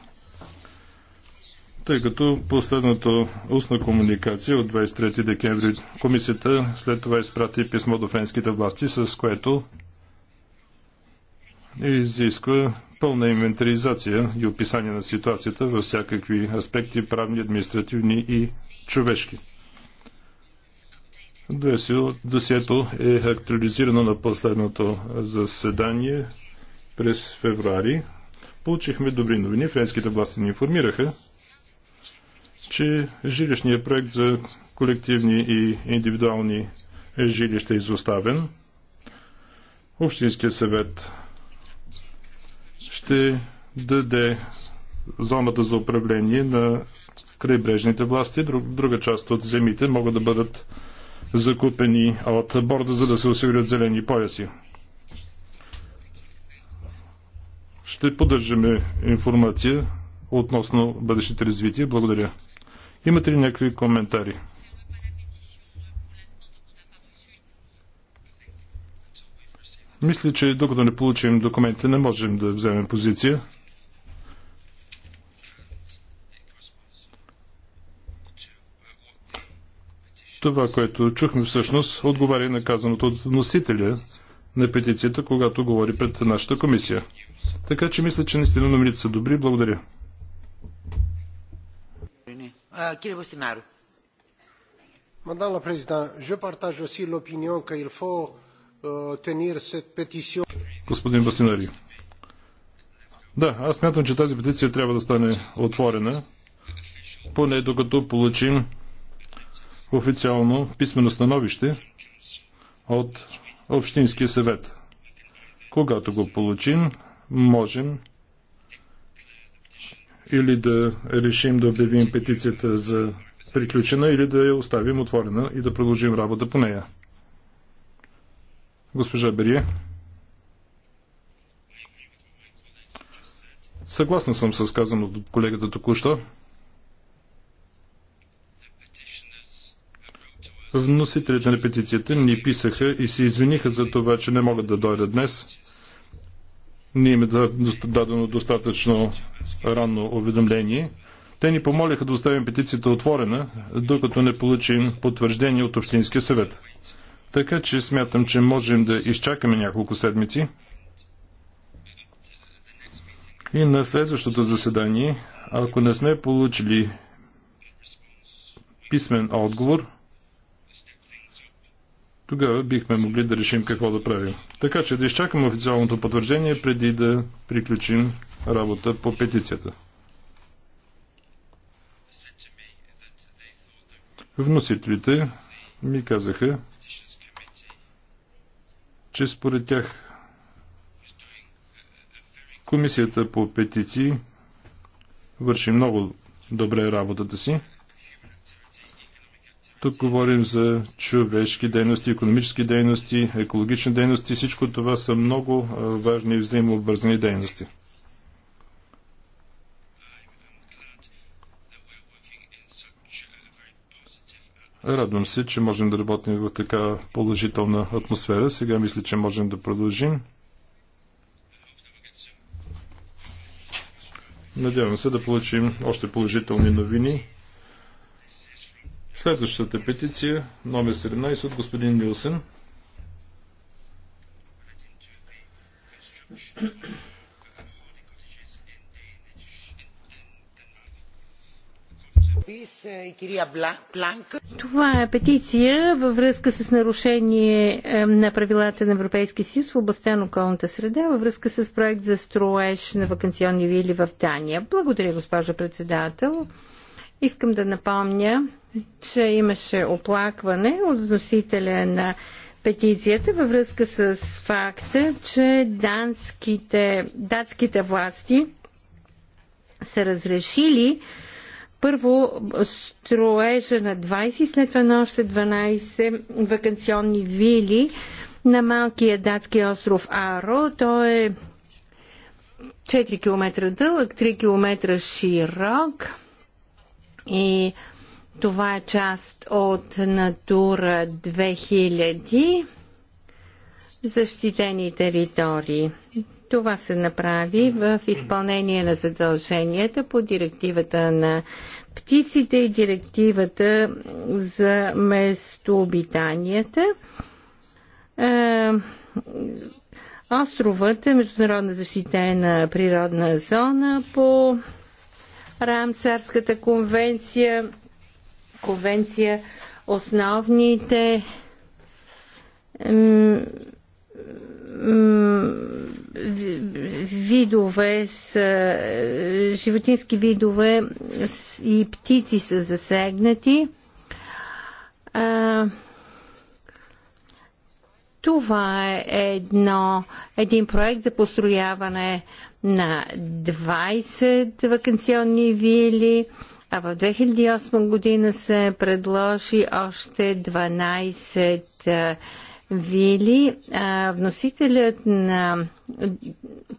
Тъй като последната устна комуникация от 23 декември комисията след това изпрати писмо до френските власти, с което изисква пълна инвентаризация и описание на ситуацията във всякакви аспекти, правни, административни и човешки. Досието е актуализирано на последното заседание през февруари. Получихме добри новини. Френските власти ни информираха, че жилищният проект за колективни и индивидуални жилища е изоставен. Общинският съвет ще даде зоната за управление на крайбрежните власти. Друга част от земите могат да бъдат закупени от борда, за да се осигурят зелени пояси. Ще поддържаме информация относно бъдещите развития. Благодаря. Имате ли някакви коментари? Мисля, че докато не получим документите, не можем да вземем позиция. Това, което чухме всъщност, отговаря на казаното от носителя на петицията, когато говори пред нашата комисия. Така че мисля, че наистина номерите са добри. Благодаря. Кире Бостинаро. Мадам президент, я партажа си л'опинион, l'opinion qu'il faut Господин Басинари. Да, аз смятам, че тази петиция трябва да стане отворена, поне докато получим официално писмено становище от Общинския съвет. Когато го получим, можем или да решим да обявим петицията за приключена, или да я оставим отворена и да продължим работа по нея. Госпожа Берие. Съгласна съм с казаното от колегата току-що. Вносителите на петицията ни писаха и се извиниха за това, че не могат да дойдат днес. Ние им е дадено достатъчно ранно уведомление. Те ни помолиха да оставим петицията отворена, докато не получим потвърждение от Общинския съвет. Така че смятам, че можем да изчакаме няколко седмици. И на следващото заседание, ако не сме получили писмен отговор, тогава бихме могли да решим какво да правим. Така че да изчакаме официалното потвърждение преди да приключим работа по петицията. Вносителите ми казаха, че според тях Комисията по петиции върши много добре работата си. Тук говорим за човешки дейности, економически дейности, екологични дейности. Всичко това са много важни и дейности. Радвам се, че можем да работим в така положителна атмосфера. Сега мисля, че можем да продължим. Надявам се да получим още положителни новини. Следващата петиция, номер 17 от господин Нилсен. Това е петиция във връзка с нарушение на правилата на Европейския съюз в областта на околната среда, във връзка с проект за строеж на вакансионни вили в Дания. Благодаря, госпожо председател. Искам да напомня, че имаше оплакване от вносителя на петицията във връзка с факта, че данските, датските власти са разрешили първо строежа на 20, след това на още 12 вакансионни вили на малкия датски остров Аро. Той е 4 км дълъг, 3 км широк и това е част от Натура 2000 защитени територии. Това се направи в изпълнение на задълженията по директивата на птиците и директивата за местообитанията. Е, островът е международна защитена природна зона по Рамсарската конвенция. Конвенция основните видове с е, животински видове и птици са засегнати. А, това е едно, един проект за построяване на 20 вакансионни вили, а в 2008 година се предложи още 12 Вили, а, вносителят на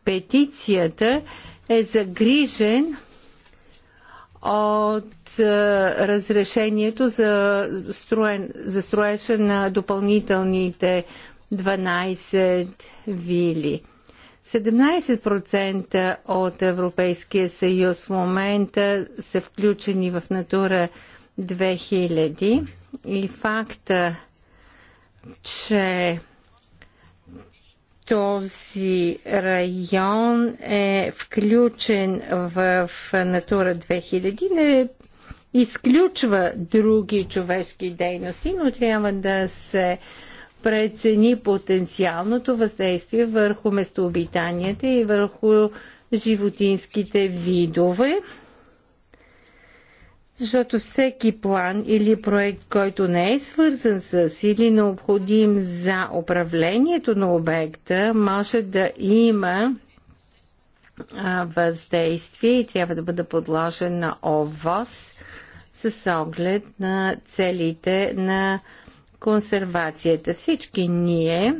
петицията е загрижен от а, разрешението за, строен, за строеша на допълнителните 12 вили. 17% от Европейския съюз в момента са включени в Натура 2000 и факта, че този район е включен в Натура 2000, не изключва други човешки дейности, но трябва да се прецени потенциалното въздействие върху местообитанията и върху животинските видове защото всеки план или проект, който не е свързан с или необходим за управлението на обекта, може да има въздействие и трябва да бъде подложен на ОВОС с оглед на целите на консервацията. Всички ние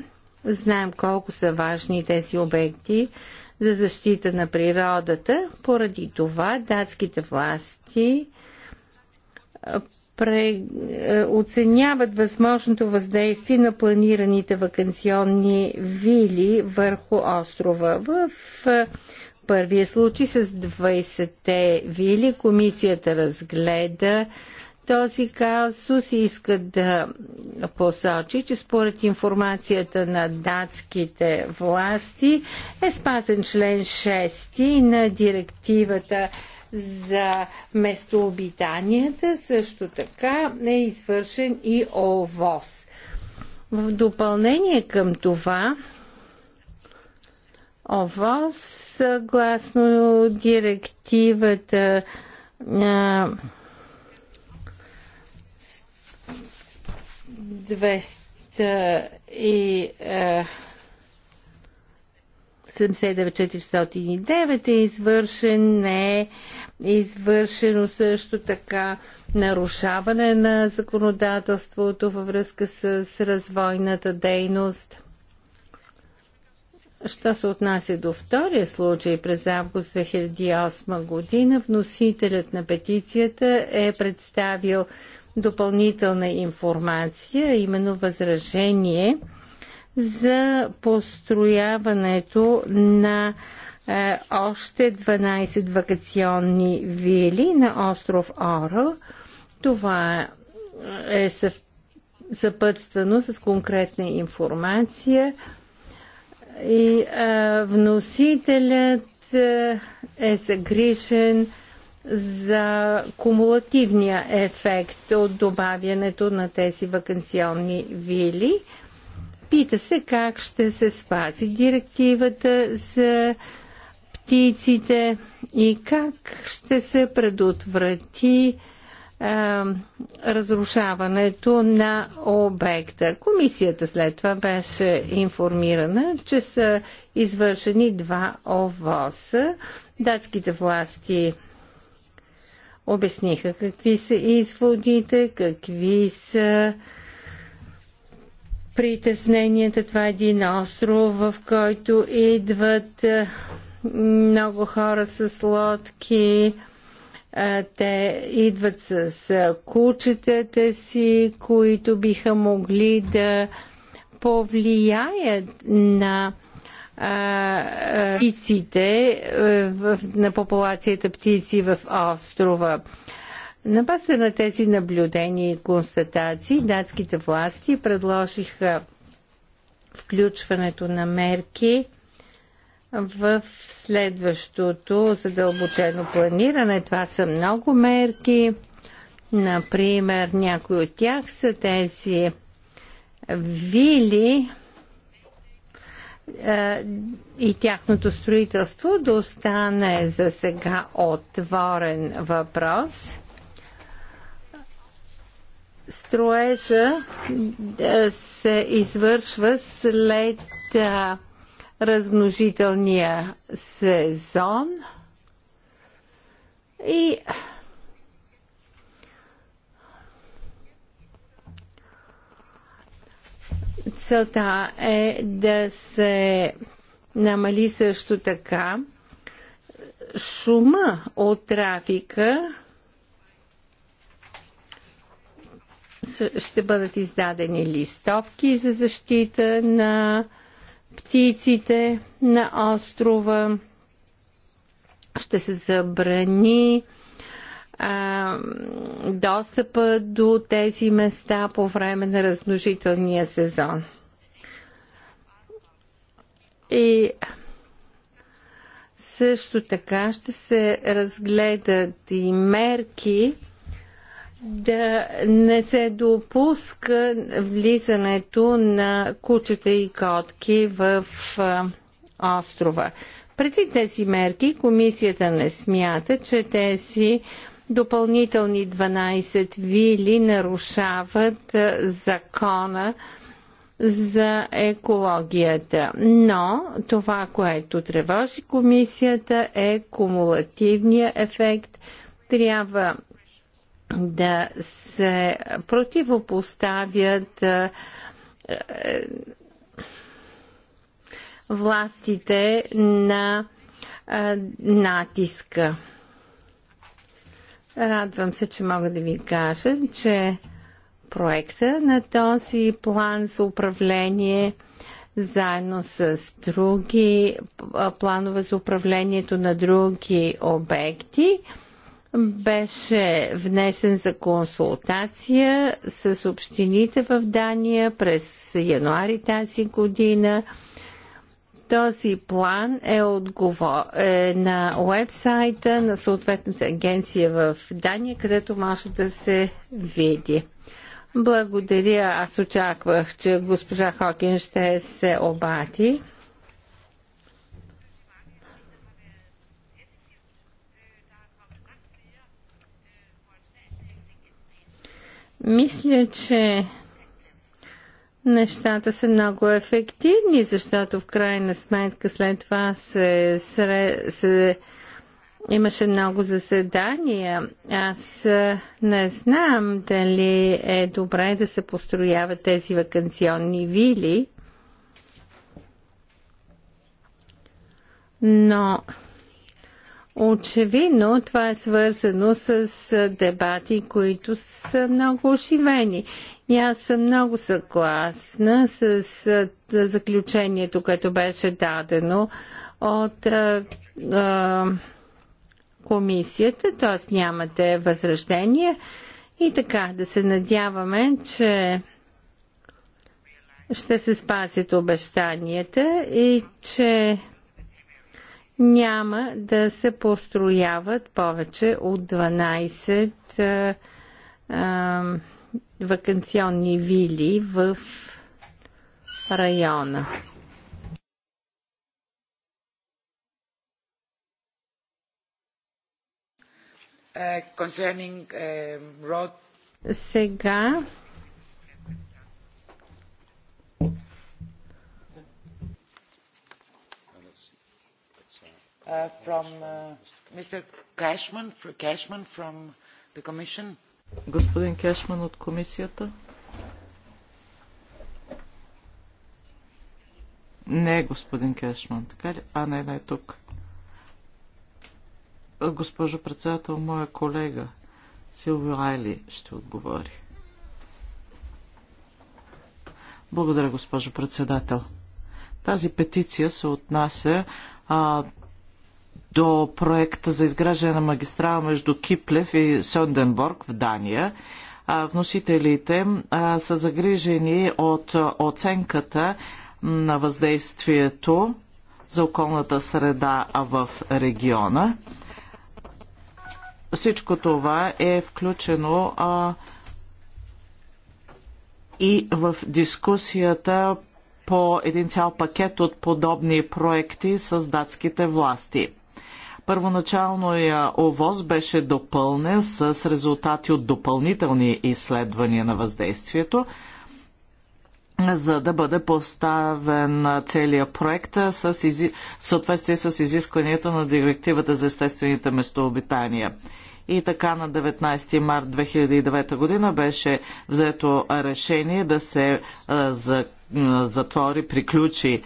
знаем колко са важни тези обекти за защита на природата. Поради това датските власти пре, е, оценяват възможното въздействие на планираните вакансионни вили върху острова. В е, първия случай с 20-те вили комисията разгледа този казус и иска да посочи, че според информацията на датските власти е спазен член 6 на директивата за местообитанията, също така е извършен и ОВОз. В допълнение към това, ОВОз, съгласно директивата а, 200 и а, 79409 е извършен, не е извършено също така нарушаване на законодателството във връзка с развойната дейност. Що се отнася до втория случай през август 2008 година, вносителят на петицията е представил допълнителна информация, именно възражение – за построяването на е, още 12 вакационни вили на остров Орал. Това е съв... съпътствано с конкретна информация и е, вносителят е, е загрижен за кумулативния ефект от добавянето на тези вакансионни вили – Пита се как ще се спази директивата за птиците и как ще се предотврати а, разрушаването на обекта. Комисията след това беше информирана, че са извършени два овоса. Датските власти обясниха какви са изводите, какви са притесненията. Това е един остров, в който идват е, много хора с лодки. Е, те идват с кучетата си, които биха могли да повлияят на е, птиците, на популацията птици в острова. На база на тези наблюдения и констатации, датските власти предложиха включването на мерки в следващото задълбочено планиране. Това са много мерки. Например, някои от тях са тези вили е, и тяхното строителство да остане за сега отворен въпрос строежа е, се извършва след е, размножителния сезон и целта е да се намали също така шума от трафика ще бъдат издадени листовки за защита на птиците на острова. Ще се забрани а, достъпа до тези места по време на размножителния сезон. И също така ще се разгледат и мерки, да не се допуска влизането на кучета и котки в острова. Преди тези мерки комисията не смята, че тези допълнителни 12 вили нарушават закона за екологията. Но това, което тревожи комисията е кумулативния ефект. Трябва да се противопоставят е, властите на е, натиска. Радвам се, че мога да ви кажа, че проекта на този план за управление заедно с други е, планове за управлението на други обекти – беше внесен за консултация с общините в Дания през януари тази година. Този план е, отговор... е на уебсайта на съответната агенция в Дания, където може да се види. Благодаря. Аз очаквах, че госпожа Хокин ще се обади. Мисля, че нещата са много ефективни, защото в крайна сметка след това се, се, се имаше много заседания. Аз не знам дали е добре да се построяват тези вакансионни вили, но Очевидно това е свързано с дебати, които са много оживени. И аз съм много съгласна с заключението, което беше дадено от а, а, комисията, т.е. нямате възраждения. И така, да се надяваме, че ще се спазят обещанията и че няма да се построяват повече от 12 а, е, а, е, вакансионни вили в района. Е, Сега Uh, from uh, Mr. Cashman, Cashman from the Commission. Господин Кешман от комисията. Не, господин Кешман. Така ли? А, не, не, тук. Госпожо председател, моя колега Силвио Айли ще отговори. Благодаря, госпожо председател. Тази петиция се отнася а, до проекта за изграждане на магистрала между Киплев и Сонденборг в Дания. Вносителите са загрижени от оценката на въздействието за околната среда в региона. Всичко това е включено а, и в дискусията по един цял пакет от подобни проекти с датските власти. Първоначалния овоз беше допълнен с резултати от допълнителни изследвания на въздействието, за да бъде поставен целият проект в съответствие с изискванията на Директивата за естествените местообитания. И така на 19 март 2009 година беше взето решение да се затвори, приключи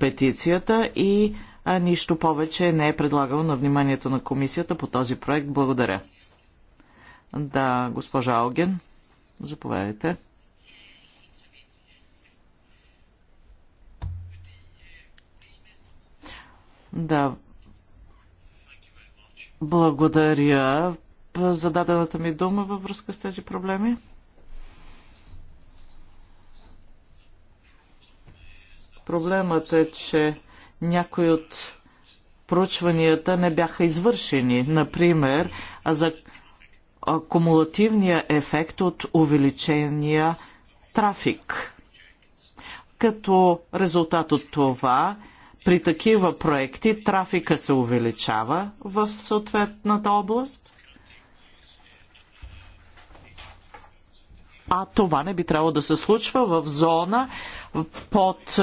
петицията и а нищо повече не е предлагал на вниманието на комисията по този проект. Благодаря. Да, госпожа Алген, заповядайте. Да. Благодаря за дадената ми дума във връзка с тези проблеми. Проблемът е, че някои от проучванията не бяха извършени. Например, за кумулативния ефект от увеличения трафик. Като резултат от това, при такива проекти трафика се увеличава в съответната област, а това не би трябвало да се случва в зона под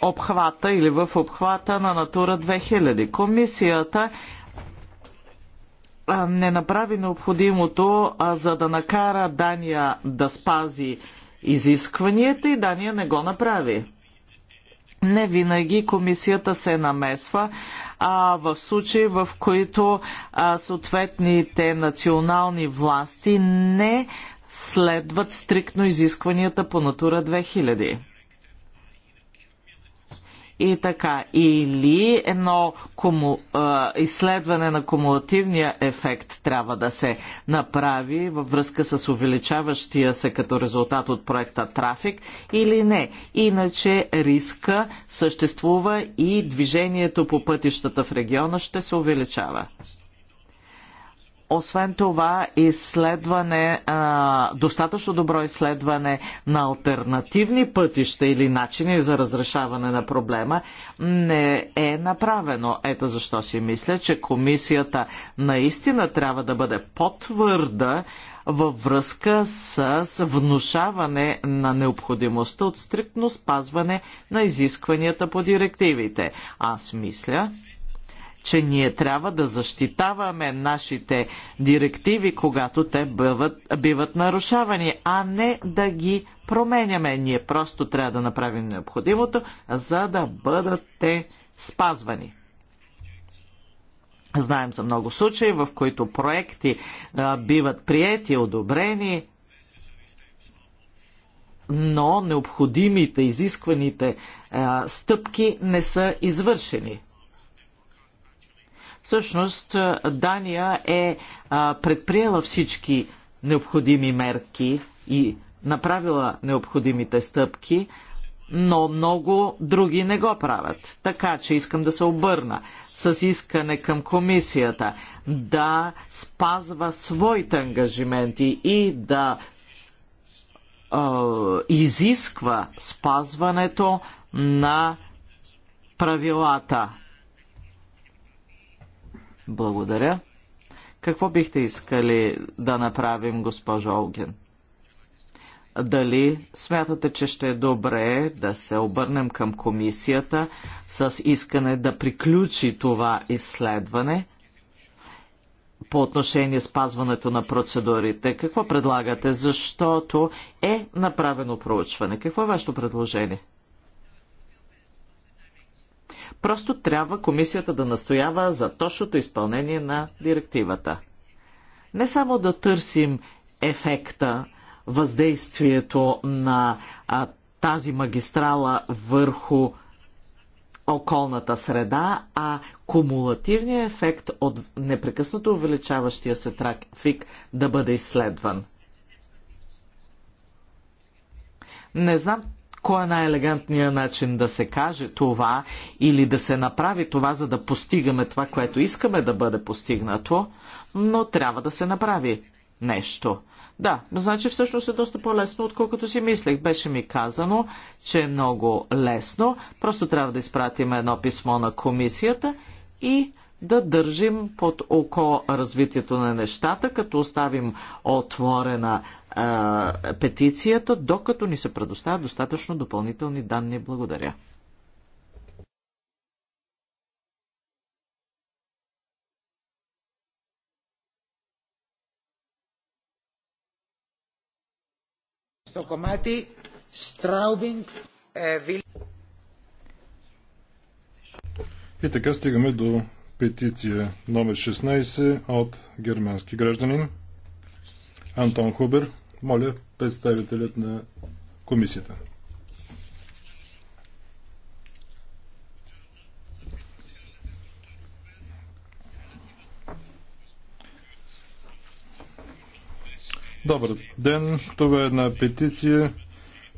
обхвата или в обхвата на Натура 2000. Комисията не направи необходимото, а за да накара Дания да спази изискванията и Дания не го направи. Не винаги комисията се намесва а, в случаи, в които а, съответните национални власти не следват стриктно изискванията по Натура 2000 и така. Или едно куму, а, изследване на кумулативния ефект трябва да се направи във връзка с увеличаващия се като резултат от проекта трафик или не. Иначе риска съществува и движението по пътищата в региона ще се увеличава. Освен това, изследване, а, достатъчно добро изследване на альтернативни пътища или начини за разрешаване на проблема не е направено. Ето защо си мисля, че комисията наистина трябва да бъде по-твърда във връзка с внушаване на необходимостта от стриктно спазване на изискванията по директивите. Аз мисля, че ние трябва да защитаваме нашите директиви, когато те биват, биват нарушавани, а не да ги променяме. Ние просто трябва да направим необходимото, за да бъдат те спазвани. Знаем за много случаи, в които проекти а, биват приети, одобрени, но необходимите, изискваните а, стъпки не са извършени. Всъщност Дания е предприела всички необходими мерки и направила необходимите стъпки, но много други не го правят. Така че искам да се обърна с искане към комисията да спазва своите ангажименти и да е, изисква спазването на правилата. Благодаря. Какво бихте искали да направим, госпожо Олген? Дали смятате, че ще е добре да се обърнем към комисията с искане да приключи това изследване по отношение спазването на процедурите? Какво предлагате? Защото е направено проучване. Какво е вашето предложение? Просто трябва комисията да настоява за точното изпълнение на директивата. Не само да търсим ефекта, въздействието на а, тази магистрала върху околната среда, а кумулативният ефект от непрекъснато увеличаващия се трафик да бъде изследван. Не знам кой е най-елегантният начин да се каже това или да се направи това, за да постигаме това, което искаме да бъде постигнато, но трябва да се направи нещо. Да, значи всъщност е доста по-лесно, отколкото си мислех. Беше ми казано, че е много лесно. Просто трябва да изпратим едно писмо на комисията и да държим под око развитието на нещата, като оставим отворена а, петицията, докато ни се предоставят достатъчно допълнителни данни. Благодаря. Eh, И така стигаме до петиция номер 16 от германски гражданин Антон Хубер. Моля, представителят на комисията. Добър ден! Това е една петиция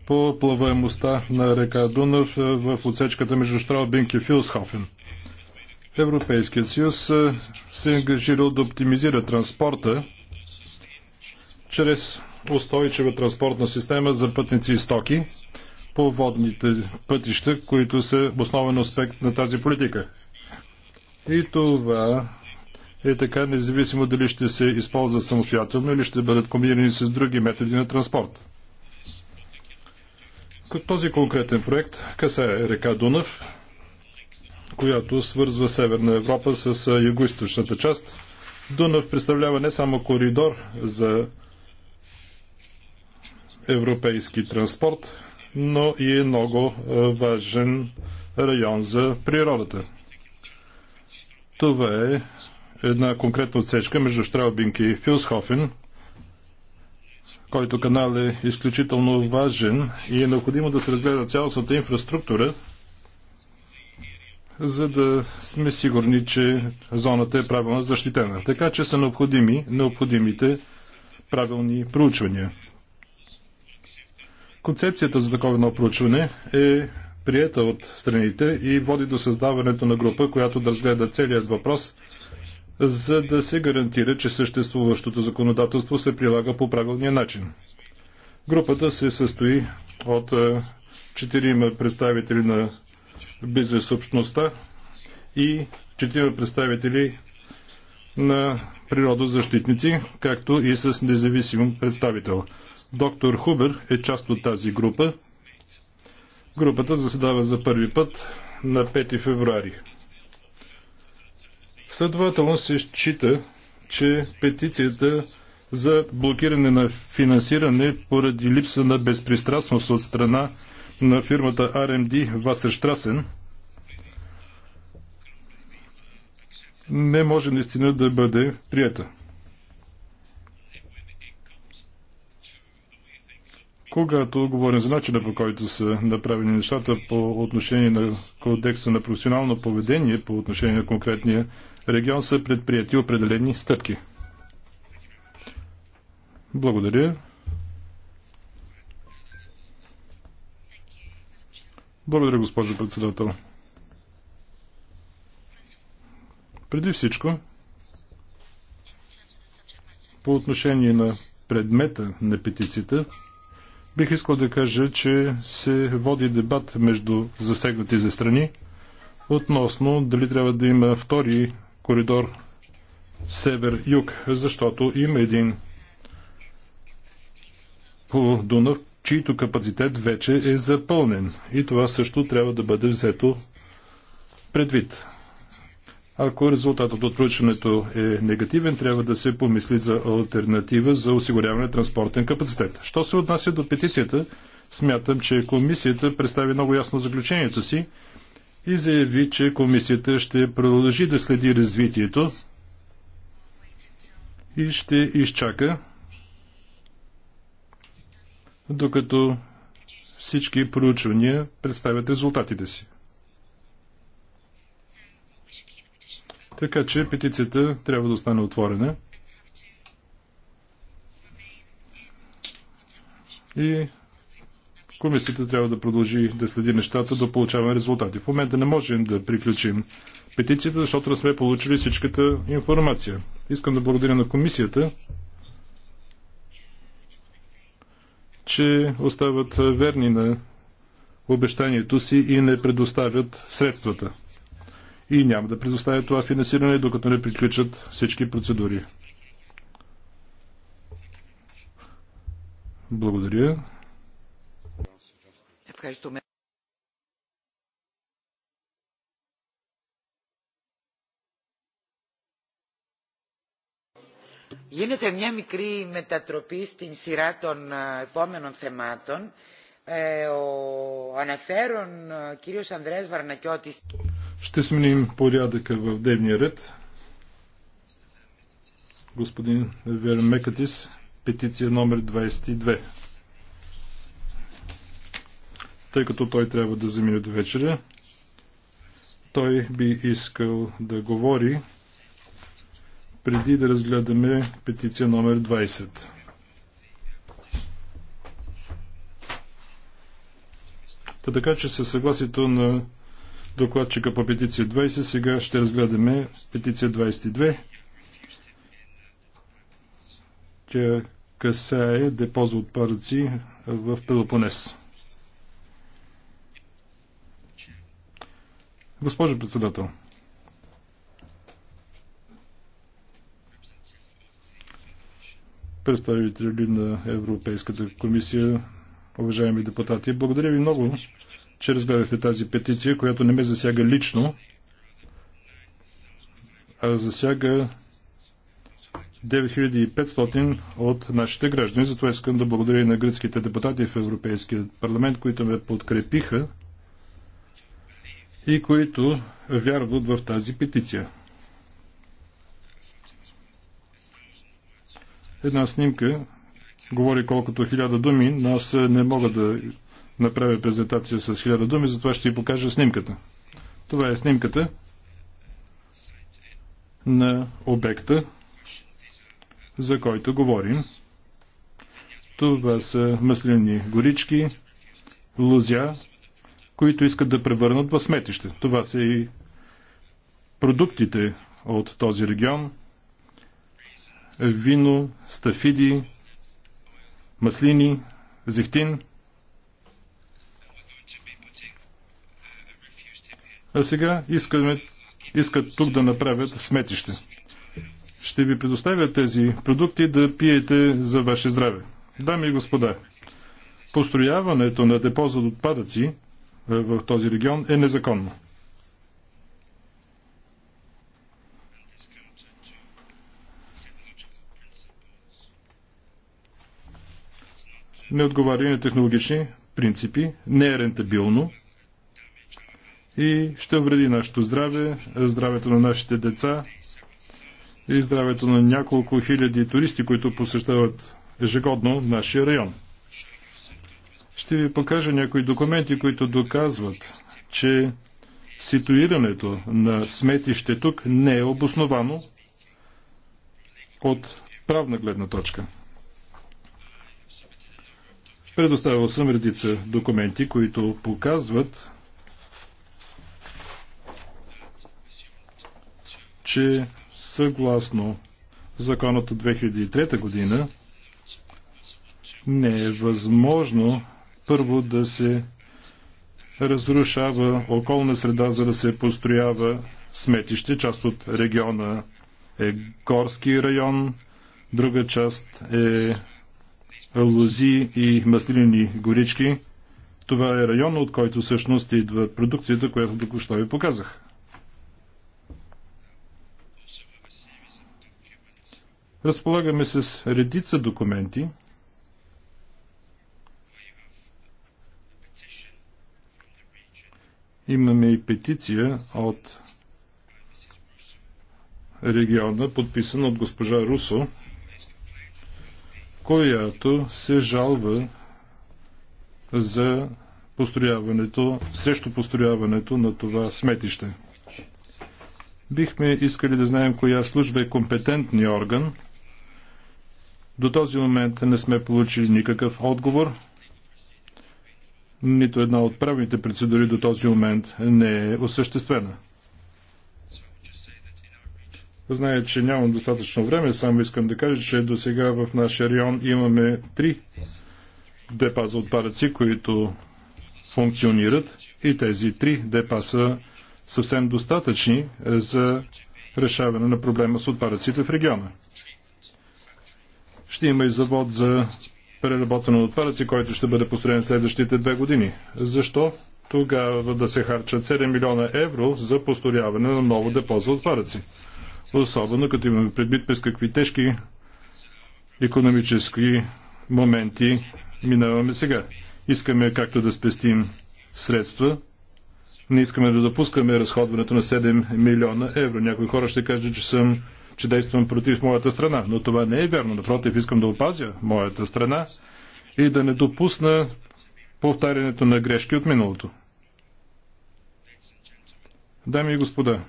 по плаваемостта на река Дунав в отсечката между Штраубинг и Филсхофен. Европейският съюз се е ангажирал да оптимизира транспорта чрез устойчива транспортна система за пътници и стоки по водните пътища, които са основен аспект на тази политика. И това е така, независимо дали ще се използват самостоятелно или ще бъдат комбинирани с други методи на транспорт. Този конкретен проект касае река Дунав, която свързва Северна Европа с югоисточната част. Дунав представлява не само коридор за европейски транспорт, но и е много важен район за природата. Това е една конкретна отсечка между Штраубинг и Филсхофен, който канал е изключително важен и е необходимо да се разгледа цялостната инфраструктура – за да сме сигурни, че зоната е правилно защитена. Така че са необходими необходимите правилни проучвания. Концепцията за такова едно проучване е приета от страните и води до създаването на група, която да разгледа целият въпрос, за да се гарантира, че съществуващото законодателство се прилага по правилния начин. Групата се състои от е, четирима представители на бизнес общността и четима представители на природозащитници, както и с независим представител. Доктор Хубер е част от тази група. Групата заседава за първи път на 5 февруари. Следователно се счита, че петицията за блокиране на финансиране поради липса на безпристрастност от страна на фирмата RMD Wasserstrassen не може наистина да бъде прията. Когато говорим за начина по който са направени нещата по отношение на кодекса на професионално поведение, по отношение на конкретния регион, са предприяти определени стъпки. Благодаря. Благодаря, госпожо председател. Преди всичко, по отношение на предмета на петицията, бих искал да кажа, че се води дебат между засегнатите страни относно дали трябва да има втори коридор север-юг, защото има един по Дунав, чийто капацитет вече е запълнен. И това също трябва да бъде взето предвид. Ако резултатът от проучването е негативен, трябва да се помисли за альтернатива за осигуряване на транспортен капацитет. Що се отнася до петицията, смятам, че комисията представи много ясно заключението си и заяви, че комисията ще продължи да следи развитието и ще изчака докато всички проучвания представят резултатите си. Така че петицията трябва да остане отворена. И комисията трябва да продължи да следи нещата до получаване резултати. В момента не можем да приключим петицията, защото сме получили всичката информация. Искам да благодаря на комисията че остават верни на обещанието си и не предоставят средствата. И няма да предоставят това финансиране, докато не приключат всички процедури. Благодаря. γίνεται μια μικρή μετατροπή στην σειρά των επόμενων θεμάτων. Ε, Ο αναφέρον κύριος Ανδρέας Βαρνακιώτης. Στη сменим порядъка в дневния ред. Господин Верен Мекатис, петиция номер 22. Тъй като той трябва да замине до вечеря, той би искал да говори преди да разгледаме петиция номер 20. Та така, че със съгласието на докладчика по петиция 20, сега ще разгледаме петиция 22. Тя касае депо за отпадъци в Пелопонес. Госпожо председател, представители на Европейската комисия, уважаеми депутати. Благодаря ви много, че разгледахте тази петиция, която не ме засяга лично, а засяга 9500 от нашите граждани. Затова искам да благодаря и на гръцките депутати в Европейския парламент, които ме подкрепиха и които вярват в тази петиция. Една снимка говори колкото хиляда думи, но аз не мога да направя презентация с хиляда думи, затова ще ви покажа снимката. Това е снимката на обекта, за който говорим. Това са мъслени горички, лузя, които искат да превърнат в сметище. Това са и продуктите от този регион – вино, стафиди, маслини, зехтин. А сега искаме, искат тук да направят сметище. Ще ви предоставя тези продукти да пиете за ваше здраве. Дами и господа, построяването на депо за отпадъци в този регион е незаконно. не отговаря на технологични принципи, не е рентабилно и ще вреди нашето здраве, здравето на нашите деца и здравето на няколко хиляди туристи, които посещават ежегодно нашия район. Ще ви покажа някои документи, които доказват, че ситуирането на сметище тук не е обосновано от правна гледна точка. Предоставил съм редица документи, които показват, че съгласно законът от 2003 година не е възможно първо да се разрушава околна среда, за да се построява сметище. Част от региона е горски район, друга част е лози и маслинени горички. Това е район, от който всъщност идва продукцията, която току-що ви показах. Разполагаме с редица документи. Имаме и петиция от региона, подписана от госпожа Русо, която се жалва за построяването, срещу построяването на това сметище. Бихме искали да знаем коя служба е компетентния орган. До този момент не сме получили никакъв отговор. Нито една от правните процедури до този момент не е осъществена. Знае, че нямам достатъчно време, само искам да кажа, че до сега в нашия район имаме три депа за отпадъци, които функционират и тези три депа са съвсем достатъчни за решаване на проблема с отпадъците в региона. Ще има и завод за преработване на отпадъци, който ще бъде построен следващите две години. Защо тогава да се харчат 7 милиона евро за построяване на ново депо за отпадъци? особено като имаме предвид през какви тежки економически моменти минаваме сега. Искаме както да спестим средства, не искаме да допускаме разходването на 7 милиона евро. Някои хора ще кажат, че съм че действам против моята страна, но това не е вярно. Напротив, искам да опазя моята страна и да не допусна повтарянето на грешки от миналото. Дами и господа,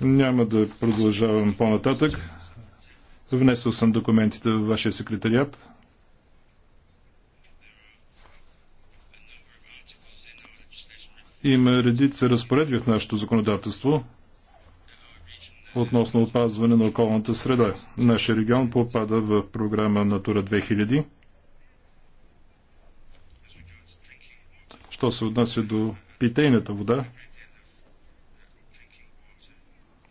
няма да продължавам по-нататък. Внесъл съм документите във вашия секретариат. Има редица разпоредби в нашето законодателство относно опазване на околната среда. Нашия регион попада в програма Натура 2000. Що се отнася до питейната вода,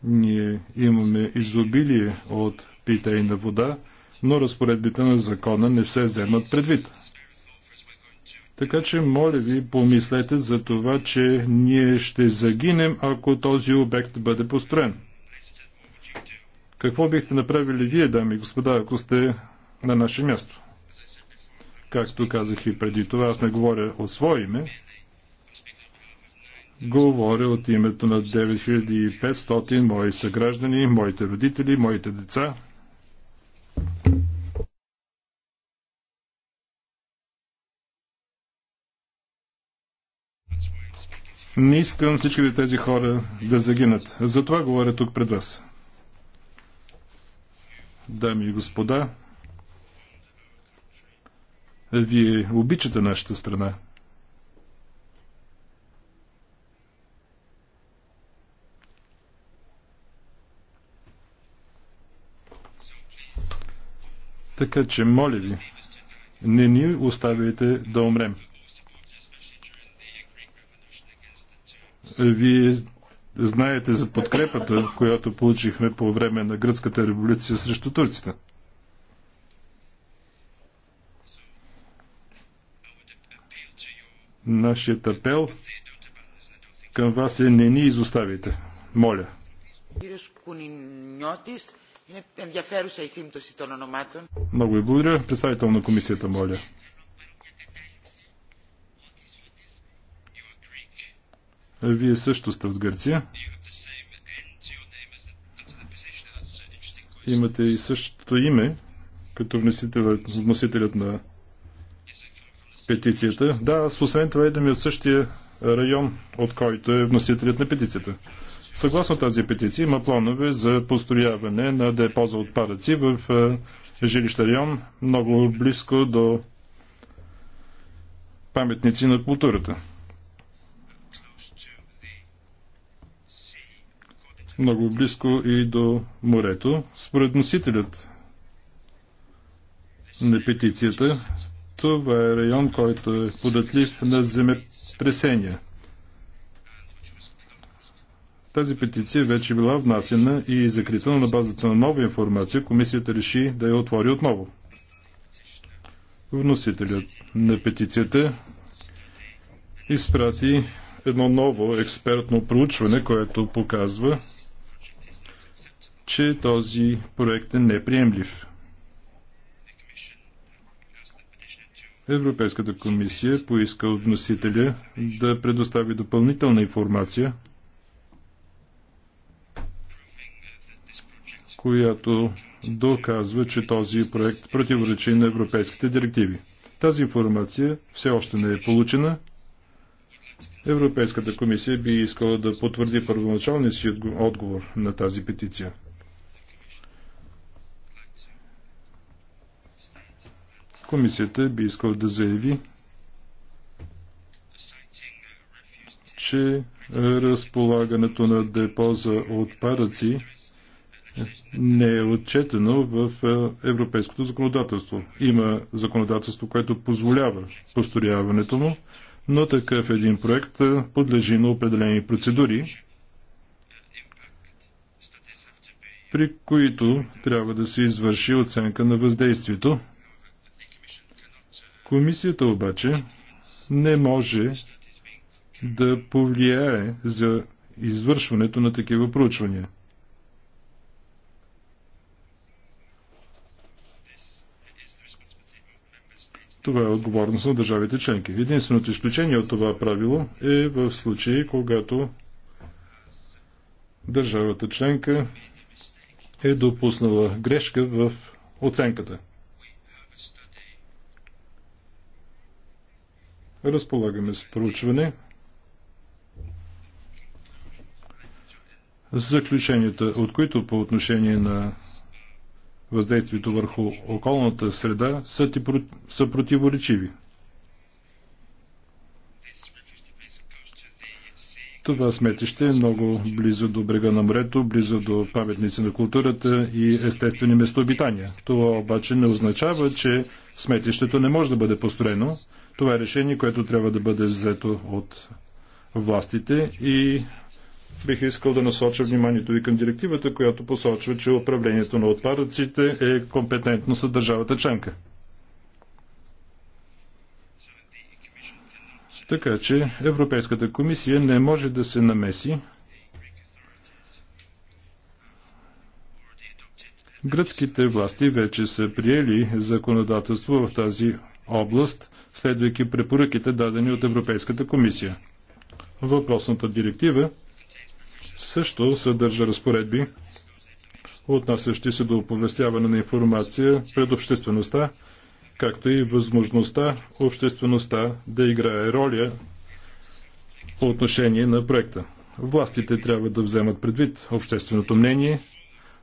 ние имаме изобилие от питейна вода, но разпоредбите на закона не се вземат предвид. Така че, моля ви, помислете за това, че ние ще загинем, ако този обект бъде построен. Какво бихте направили вие, дами и господа, ако сте на наше място? Както казах и преди това, аз не говоря о свое име, Говоря от името на 9500 мои съграждани, моите родители, моите деца. Не искам всички тези хора да загинат. Затова говоря тук пред вас. Дами и господа, вие обичате нашата страна. Така че, моля ви, не ни оставяйте да умрем. Вие знаете за подкрепата, която получихме по време на гръцката революция срещу турците. Нашият апел към вас е не ни изоставите. Моля. Είναι ενδιαφέρουσα η σύμπτωση των ονομάτων. Много ви благодаря. Представител на комисията, моля. Вие също сте от Гърция. Имате и същото име, като вносителят, на петицията. Да, освен това идваме от същия район, от който е вносителят на петицията. Съгласно тази петиция има планове за построяване на депо за отпадъци в е, жилища район, много близко до паметници на културата. Много близко и до морето. Според носителят на петицията, това е район, който е податлив на земетресения – тази петиция вече била внасена и закрита на базата на нова информация. Комисията реши да я отвори отново. Вносителят на петицията изпрати едно ново експертно проучване, което показва, че този проект е неприемлив. Европейската комисия поиска от носителя да предостави допълнителна информация – която доказва, че този проект противоречи на европейските директиви. Тази информация все още не е получена. Европейската комисия би искала да потвърди първоначалния си отговор на тази петиция. Комисията би искала да заяви, че разполагането на депо за отпадъци не е отчетено в е, европейското законодателство. Има законодателство, което позволява построяването му, но такъв един проект е, подлежи на определени процедури, при които трябва да се извърши оценка на въздействието. Комисията обаче не може да повлияе за извършването на такива проучвания. Това е отговорност на държавите членки. Единственото изключение от това правило е в случаи, когато държавата членка е допуснала грешка в оценката. Разполагаме с проучване. Заключенията, от които по отношение на въздействието върху околната среда са, са противоречиви. Това сметище е много близо до брега на морето, близо до паметници на културата и естествени местообитания. Това обаче не означава, че сметището не може да бъде построено. Това е решение, което трябва да бъде взето от властите и Бих искал да насоча вниманието ви към директивата, която посочва, че управлението на отпадъците е компетентно за държавата членка. Така че Европейската комисия не може да се намеси. Гръцките власти вече са приели законодателство в тази област, следвайки препоръките дадени от Европейската комисия. Въпросната директива също съдържа разпоредби, отнасящи се до оповестяване на информация пред обществеността, както и възможността обществеността да играе роля по отношение на проекта. Властите трябва да вземат предвид общественото мнение,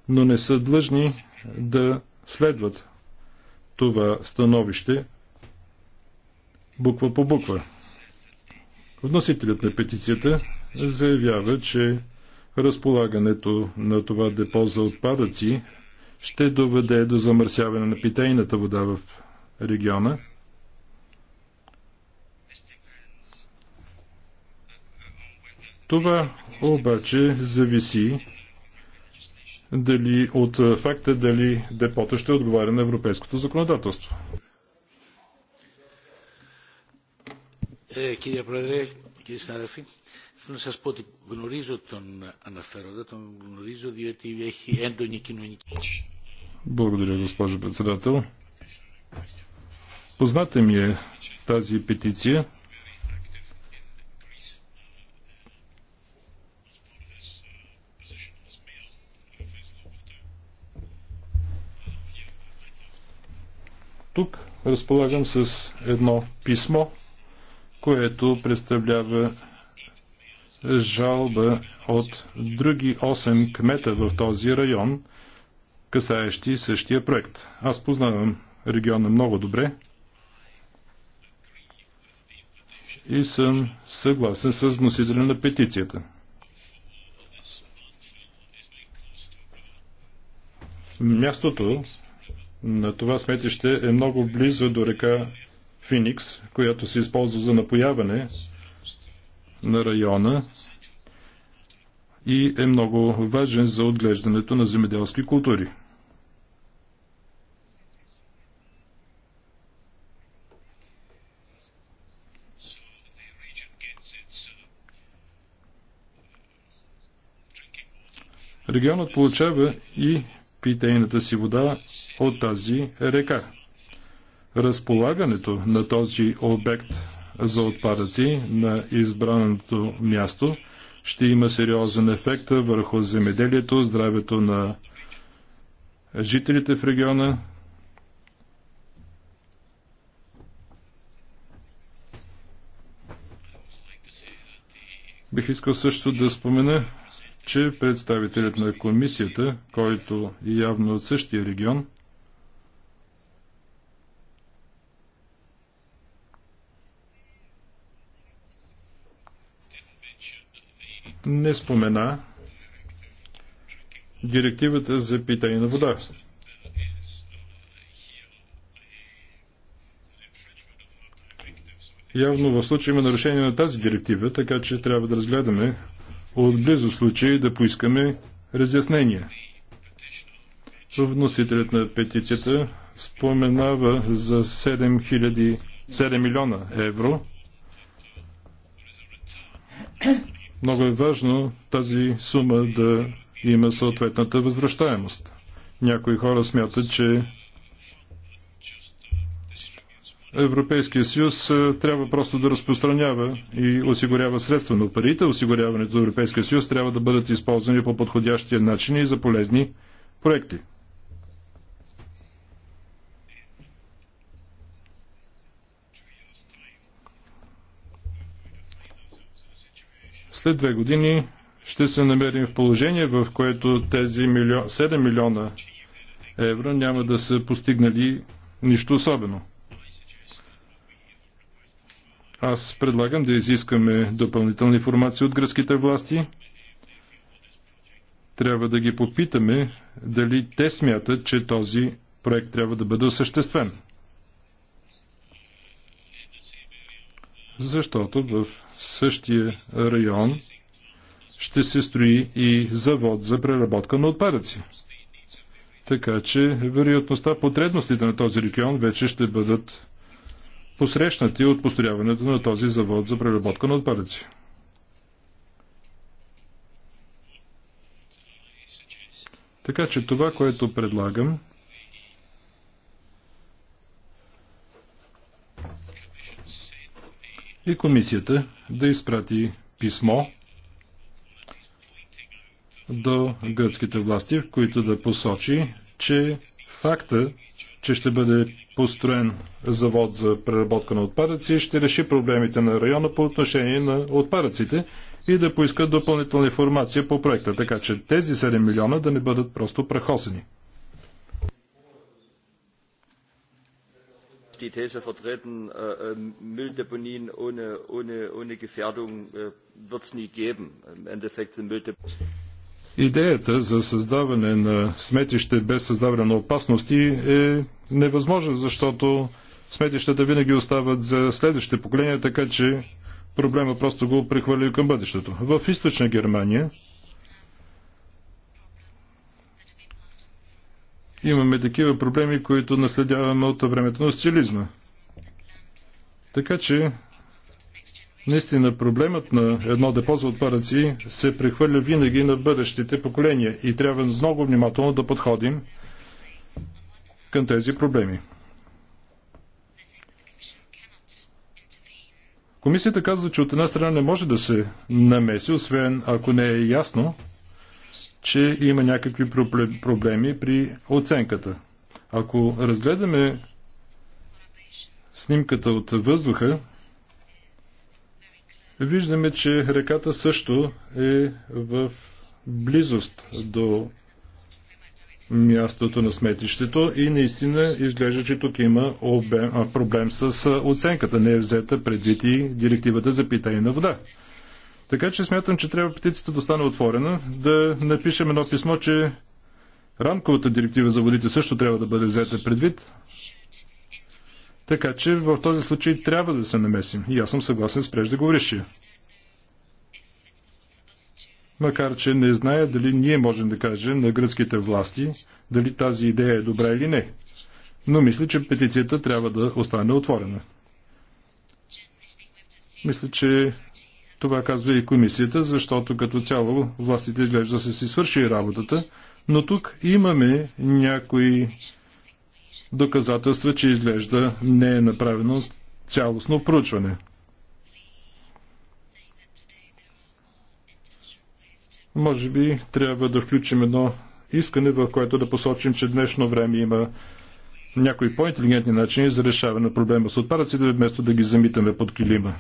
но не са длъжни да следват това становище буква по буква. Вносителят на петицията заявява, че разполагането на това депо за отпадъци ще доведе до замърсяване на питейната вода в региона. Това обаче зависи дали, от факта дали депото ще отговаря на европейското законодателство. Е, кирия Проедре, кирия Снадафи, Θέλω να σας πω ότι γνωρίζω τον αναφέροντα, τον γνωρίζω διότι έχει έντονη κοινωνική... Благодаря, госпожо председател. Позната ми е тази петиция. Тук разполагам с едно писмо, което представлява жалба от други 8 кмета в този район, касаещи същия проект. Аз познавам региона много добре и съм съгласен с носителя на петицията. Мястото на това сметище е много близо до река Феникс, която се използва за напояване на района и е много важен за отглеждането на земеделски култури. Регионът получава и питейната си вода от тази река. Разполагането на този обект за отпадъци на избраното място ще има сериозен ефект върху земеделието, здравето на жителите в региона. Бих искал също да спомена, че представителят на комисията, който е явно от същия регион, не спомена директивата за питейна вода. Явно в случай има нарушение на тази директива, така че трябва да разгледаме отблизо случай да поискаме разяснения. Вносителят на петицията споменава за 7, 000, 7 милиона евро. Много е важно тази сума да има съответната възвръщаемост. Някои хора смятат, че Европейския съюз трябва просто да разпространява и осигурява средства, но парите, осигуряването на Европейския съюз трябва да бъдат използвани по подходящия начин и за полезни проекти. След две години ще се намерим в положение, в което тези 7 милиона евро няма да са постигнали нищо особено. Аз предлагам да изискаме допълнителни информация от гръцките власти. Трябва да ги попитаме дали те смятат, че този проект трябва да бъде осъществен. защото в същия район ще се строи и завод за преработка на отпадъци. Така че вероятността потребностите на този регион вече ще бъдат посрещнати от построяването на този завод за преработка на отпадъци. Така че това, което предлагам и комисията да изпрати писмо до гръцките власти, в които да посочи, че факта, че ще бъде построен завод за преработка на отпадъци, ще реши проблемите на района по отношение на отпадъците и да поиска допълнителна информация по проекта, така че тези 7 милиона да не бъдат просто прахосени. die These vertreten, äh, ähm, Mülldeponien ohne, Gefährdung äh, wird es nie geben. Im Endeffekt sind Mülldeponien. Идеята за създаване на сметище без създаване на опасности е невъзможна, защото сметищата винаги остават за следващите поколения, така че проблема просто го прехвърли към бъдещето. В източна Германия имаме такива проблеми, които наследяваме от времето на социализма. Така че, наистина проблемът на едно депо за отпадъци се прехвърля винаги на бъдещите поколения и трябва много внимателно да подходим към тези проблеми. Комисията казва, че от една страна не може да се намеси, освен ако не е ясно че има някакви проблеми при оценката. Ако разгледаме снимката от въздуха, виждаме, че реката също е в близост до мястото на сметището и наистина изглежда, че тук има обем, проблем с оценката. Не е взета предвид и директивата за питание на вода. Така че смятам, че трябва петицията да стане отворена, да напишем едно писмо, че рамковата директива за водите също трябва да бъде взета предвид. Така че в този случай трябва да се намесим. И аз съм съгласен с преждеговорившия. Макар, че не зная дали ние можем да кажем на гръцките власти дали тази идея е добра или не. Но мисля, че петицията трябва да остане отворена. Мисля, че това казва и комисията, защото като цяло властите изглежда се си свърши работата, но тук имаме някои доказателства, че изглежда не е направено цялостно проучване. Може би трябва да включим едно искане, в което да посочим, че днешно време има някои по-интелигентни начини за решаване на проблема с отпадъците, вместо да ги замитаме под килима.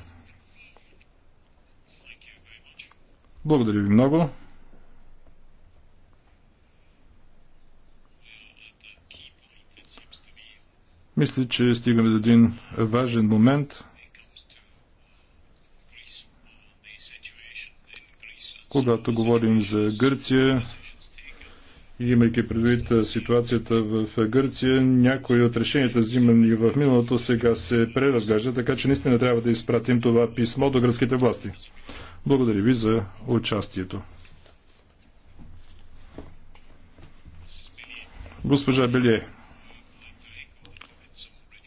Благодаря ви много. Мисля, че стигаме до един важен момент, когато говорим за Гърция, имайки предвид ситуацията в Гърция, някои от решенията взимани в миналото сега се преразглежда, така че наистина трябва да изпратим това писмо до гръцките власти. Благодаря ви за участието. Госпожа Белие,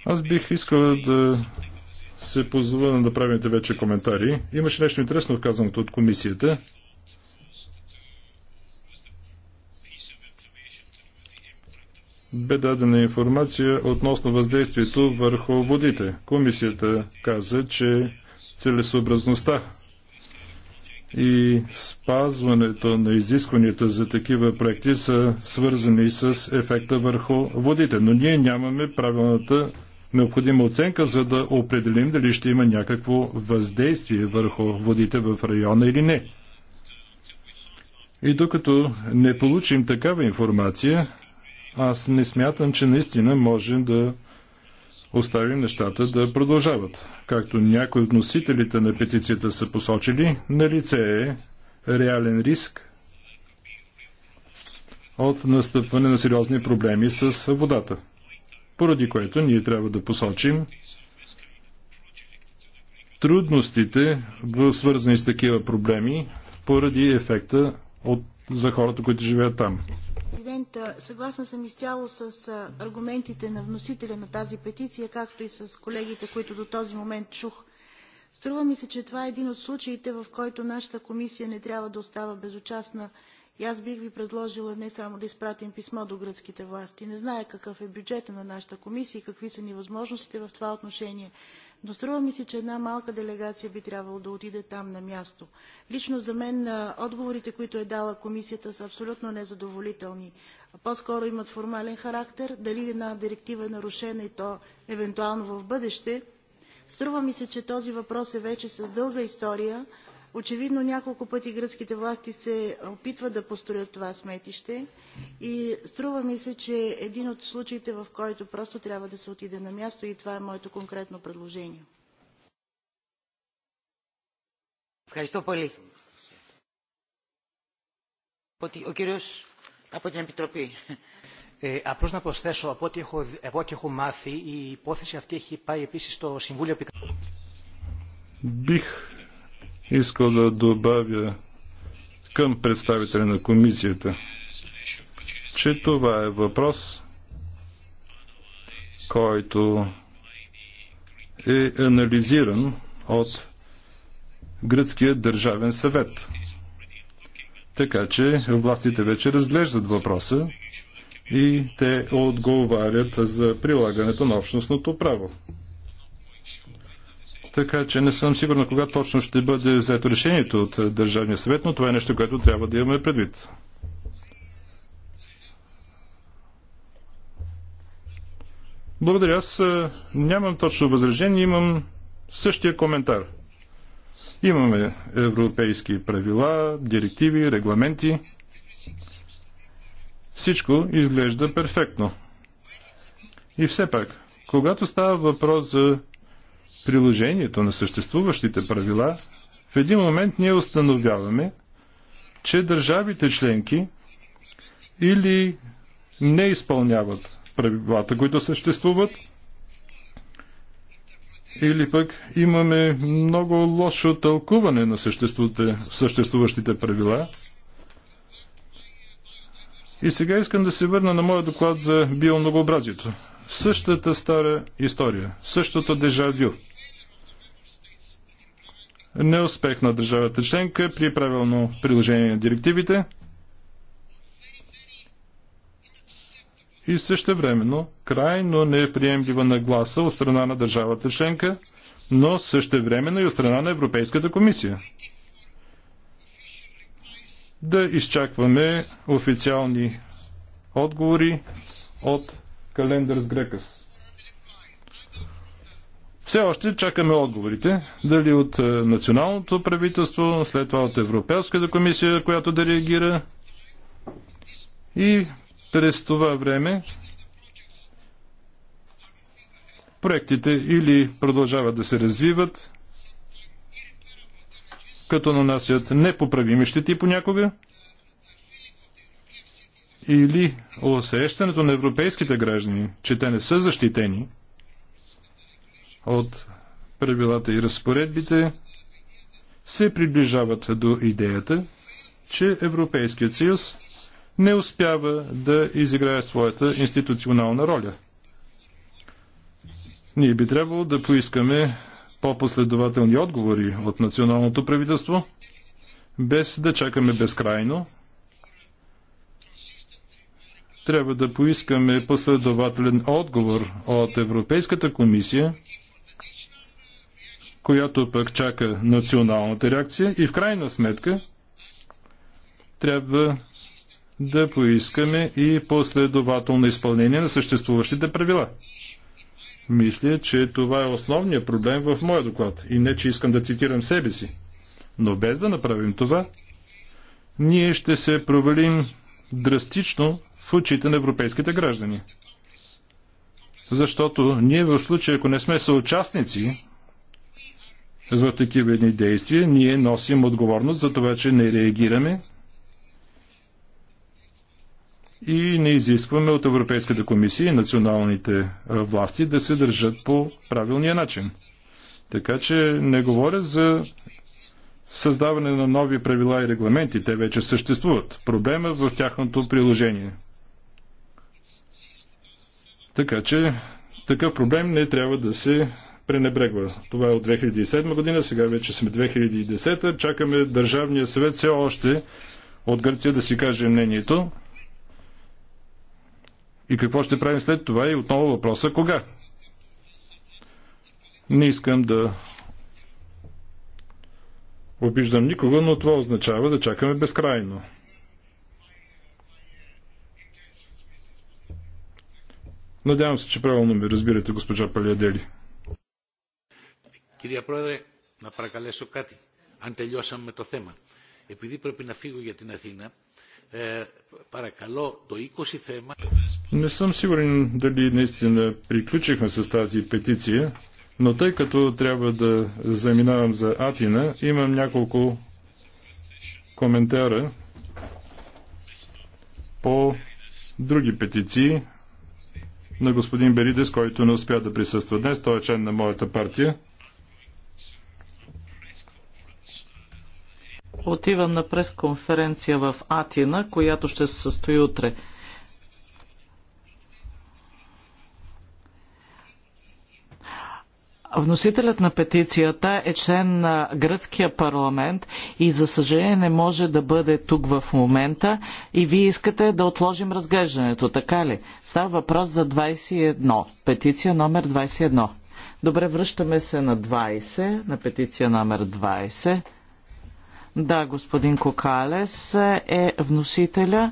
аз бих искала да се позова на правите вече коментари. Имаше нещо интересно в казаното от комисията. Бе дадена информация относно въздействието върху водите. Комисията каза, че целесообразността и спазването на изискванията за такива проекти са свързани с ефекта върху водите. Но ние нямаме правилната необходима оценка, за да определим дали ще има някакво въздействие върху водите в района или не. И докато не получим такава информация, аз не смятам, че наистина можем да оставим нещата да продължават. Както някои от носителите на петицията са посочили, на лице е реален риск от настъпване на сериозни проблеми с водата, поради което ние трябва да посочим трудностите, свързани с такива проблеми, поради ефекта от, за хората, които живеят там. Президент, съгласна съм изцяло с аргументите на вносителя на тази петиция, както и с колегите, които до този момент чух. Струва ми се, че това е един от случаите, в който нашата комисия не трябва да остава безучастна и аз бих ви предложила не само да изпратим писмо до гръцките власти. Не зная какъв е бюджета на нашата комисия и какви са ни възможностите в това отношение но струва ми се, че една малка делегация би трябвало да отиде там на място. Лично за мен отговорите, които е дала комисията, са абсолютно незадоволителни. По-скоро имат формален характер. Дали една директива е нарушена и то евентуално в бъдеще, Струва ми се, че този въпрос е вече с дълга история Очевидно няколко пъти гръцките власти се опитват да построят това сметище и струва ми се, че един от случаите, в който просто трябва да се отиде на място и това е моето конкретно предложение. Ευχαριστώ πολύ. Ο κύριος από την Επιτροπή. Ε, Απλώ να προσθέσω, από ό,τι έχω, από ό,τι έχω μάθει, η υπόθεση αυτή έχει πάει επίσης στο Συμβούλιο Επιτροπής. Μπιχ, искал да добавя към представителя на комисията, че това е въпрос, който е анализиран от Гръцкия държавен съвет. Така че властите вече разглеждат въпроса и те отговарят за прилагането на общностното право. Така че не съм сигурна кога точно ще бъде взето решението от Държавния съвет, но това е нещо, което трябва да имаме предвид. Благодаря. Аз нямам точно възражение, имам същия коментар. Имаме европейски правила, директиви, регламенти. Всичко изглежда перфектно. И все пак, когато става въпрос за приложението на съществуващите правила, в един момент ние установяваме, че държавите членки или не изпълняват правилата, които съществуват, или пък имаме много лошо тълкуване на съществуващите правила. И сега искам да се върна на моя доклад за биомногообразието. Същата стара история, същото дежавю – неуспех на държавата членка при правилно приложение на директивите и също времено крайно неприемлива нагласа от страна на държавата членка, но също времено и от страна на Европейската комисия. Да изчакваме официални отговори от календар с Грекъс. Все още чакаме отговорите, дали от е, националното правителство, след това от Европейската комисия, която да реагира. И през това време проектите или продължават да се развиват, като нанасят непоправими щети понякога, или усещането на европейските граждани, че те не са защитени – от правилата и разпоредбите се приближават до идеята, че Европейският съюз не успява да изиграе своята институционална роля. Ние би трябвало да поискаме по-последователни отговори от националното правителство, без да чакаме безкрайно. Трябва да поискаме последователен отговор от Европейската комисия – която пък чака националната реакция и в крайна сметка трябва да поискаме и последователно изпълнение на съществуващите правила. Мисля, че това е основният проблем в моя доклад. И не, че искам да цитирам себе си. Но без да направим това, ние ще се провалим драстично в очите на европейските граждани. Защото ние в случая, ако не сме съучастници в такива едни действия, ние носим отговорност за това, че не реагираме и не изискваме от Европейската комисия и националните власти да се държат по правилния начин. Така че не говоря за създаване на нови правила и регламенти. Те вече съществуват. Проблема в тяхното приложение. Така че такъв проблем не трябва да се пренебрегва. Това е от 2007 година, сега вече сме 2010. Чакаме Държавния съвет все още от Гърция да си каже мнението. И какво ще правим след това? И отново въпроса кога? Не искам да обиждам никога, но това означава да чакаме безкрайно. Надявам се, че правилно ми разбирате, госпожа Палиадели. Κυρία Πρόεδρε, να παρακαλέσω κάτι, αν τελειώσαμε με το θέμα. Επειδή πρέπει να φύγω για την Αθήνα, ε, παρακαλώ το 20 θέμα... Не съм сигурен дали наистина приключихме с тази петиция, но тъй като трябва да заминавам за Атина, имам няколко коментара по други петиции на господин Беридес, който не успя да присъства днес. Той е член на моята партия. отивам на пресконференция в Атина, която ще се състои утре. Вносителят на петицията е член на гръцкия парламент и за съжаление не може да бъде тук в момента и вие искате да отложим разглеждането, така ли? Става въпрос за 21. Петиция номер 21. Добре, връщаме се на 20, на петиция номер 20. Да, господин Кокалес е вносителя.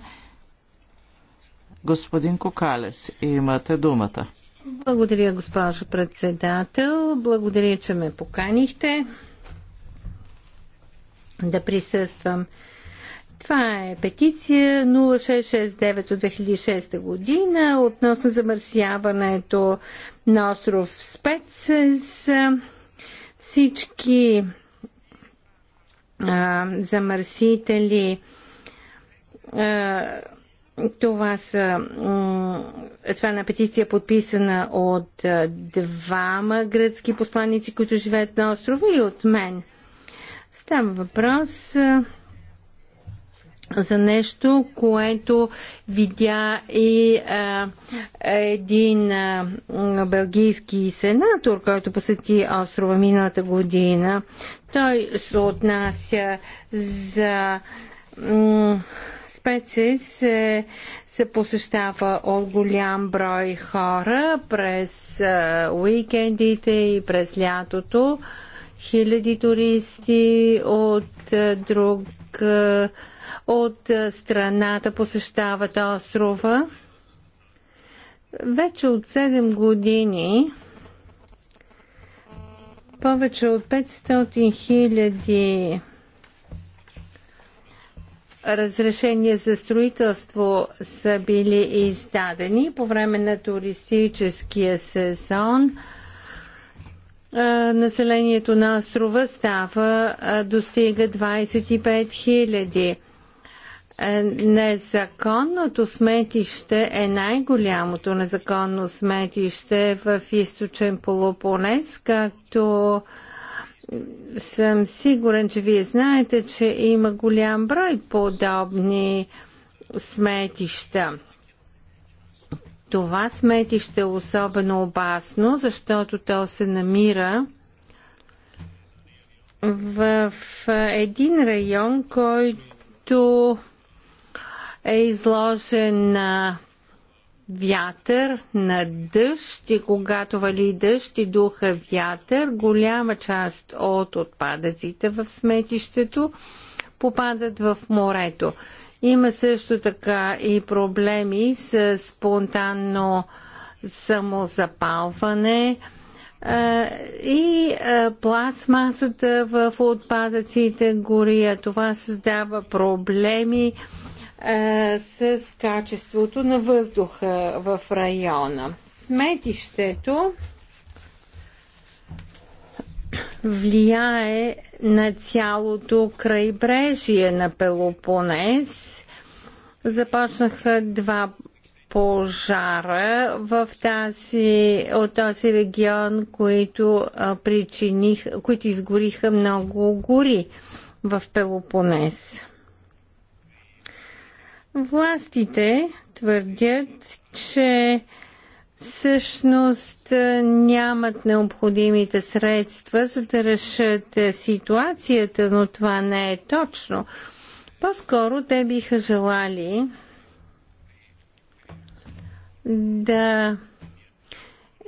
Господин Кокалес, имате думата. Благодаря, госпожо председател. Благодаря, че ме поканихте да присъствам. Това е петиция 0669 от 2006 година относно замърсяването на остров Спец с всички замърсители. това, са, това е на петиция подписана от двама гръцки посланици, които живеят на острова и от мен. Става въпрос за нещо, което видя и а, един а, бългийски сенатор, който посети острова миналата година. Той се отнася за специс се, се посещава от голям брой хора през а, уикендите и през лятото. Хиляди туристи от а, друг а, от е, страната посещават острова. Вече от 7 години повече от 500 хиляди разрешения за строителство са били издадени по време на туристическия сезон. Е, населението на острова става, е, достига 25 хиляди. Е, незаконното сметище е най-голямото незаконно сметище в източен полупонес, както съм сигурен, че вие знаете, че има голям брой подобни сметища. Това сметище е особено опасно, защото то се намира в е, един район, който е изложен на вятър, на дъжд и когато вали дъжд и духа вятър, голяма част от отпадъците в сметището попадат в морето. Има също така и проблеми с спонтанно самозапалване и пластмасата в отпадъците гори, а това създава проблеми е, с качеството на въздуха в района. Сметището влияе на цялото крайбрежие на Пелопонес. Започнаха два пожара в тази, от този регион, които, причиних, които изгориха много гори в Пелопонес. Властите твърдят, че всъщност е, нямат необходимите средства, за да решат е, ситуацията, но това не е точно. По-скоро те биха желали да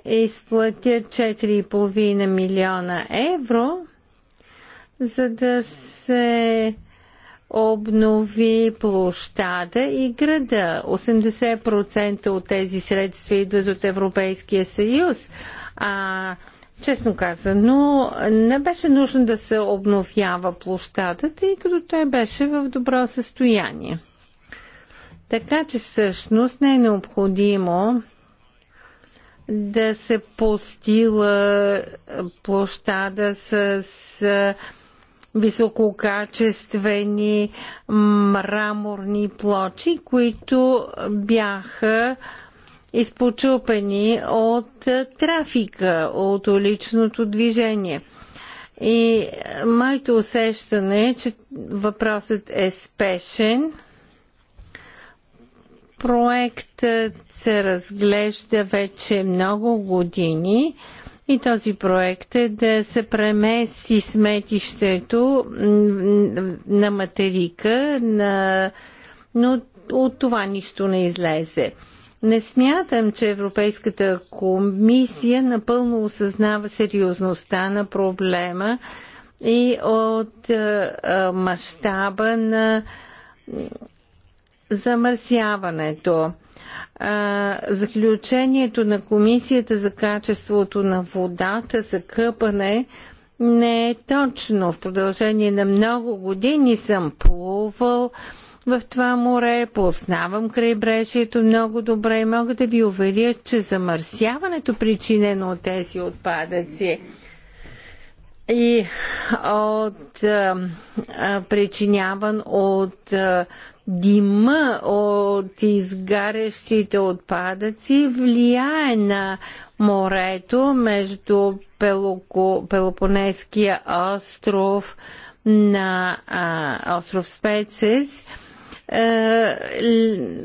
изплатят 4,5 милиона евро, за да се обнови площада и града. 80% от тези средства идват от Европейския съюз. А Честно казано, не беше нужно да се обновява площадата, тъй като той беше в добро състояние. Така че всъщност не е необходимо да се постила площада с висококачествени мраморни плочи, които бяха изпочупени от трафика, от уличното движение. И моето усещане е, че въпросът е спешен. Проектът се разглежда вече много години. И този проект е да се премести сметището на материка, на... но от това нищо не излезе. Не смятам, че Европейската комисия напълно осъзнава сериозността на проблема и от е, е, мащаба на замърсяването. Заключението на Комисията за качеството на водата за къпане не е точно. В продължение на много години съм плувал в това море, познавам крайбрежието много добре и мога да ви уверя, че замърсяването, причинено от тези отпадъци, и от е, е, причиняван от е, дима от изгарящите отпадъци влияе на морето между Пелоко, Пелопонеския остров на а, остров Спецес.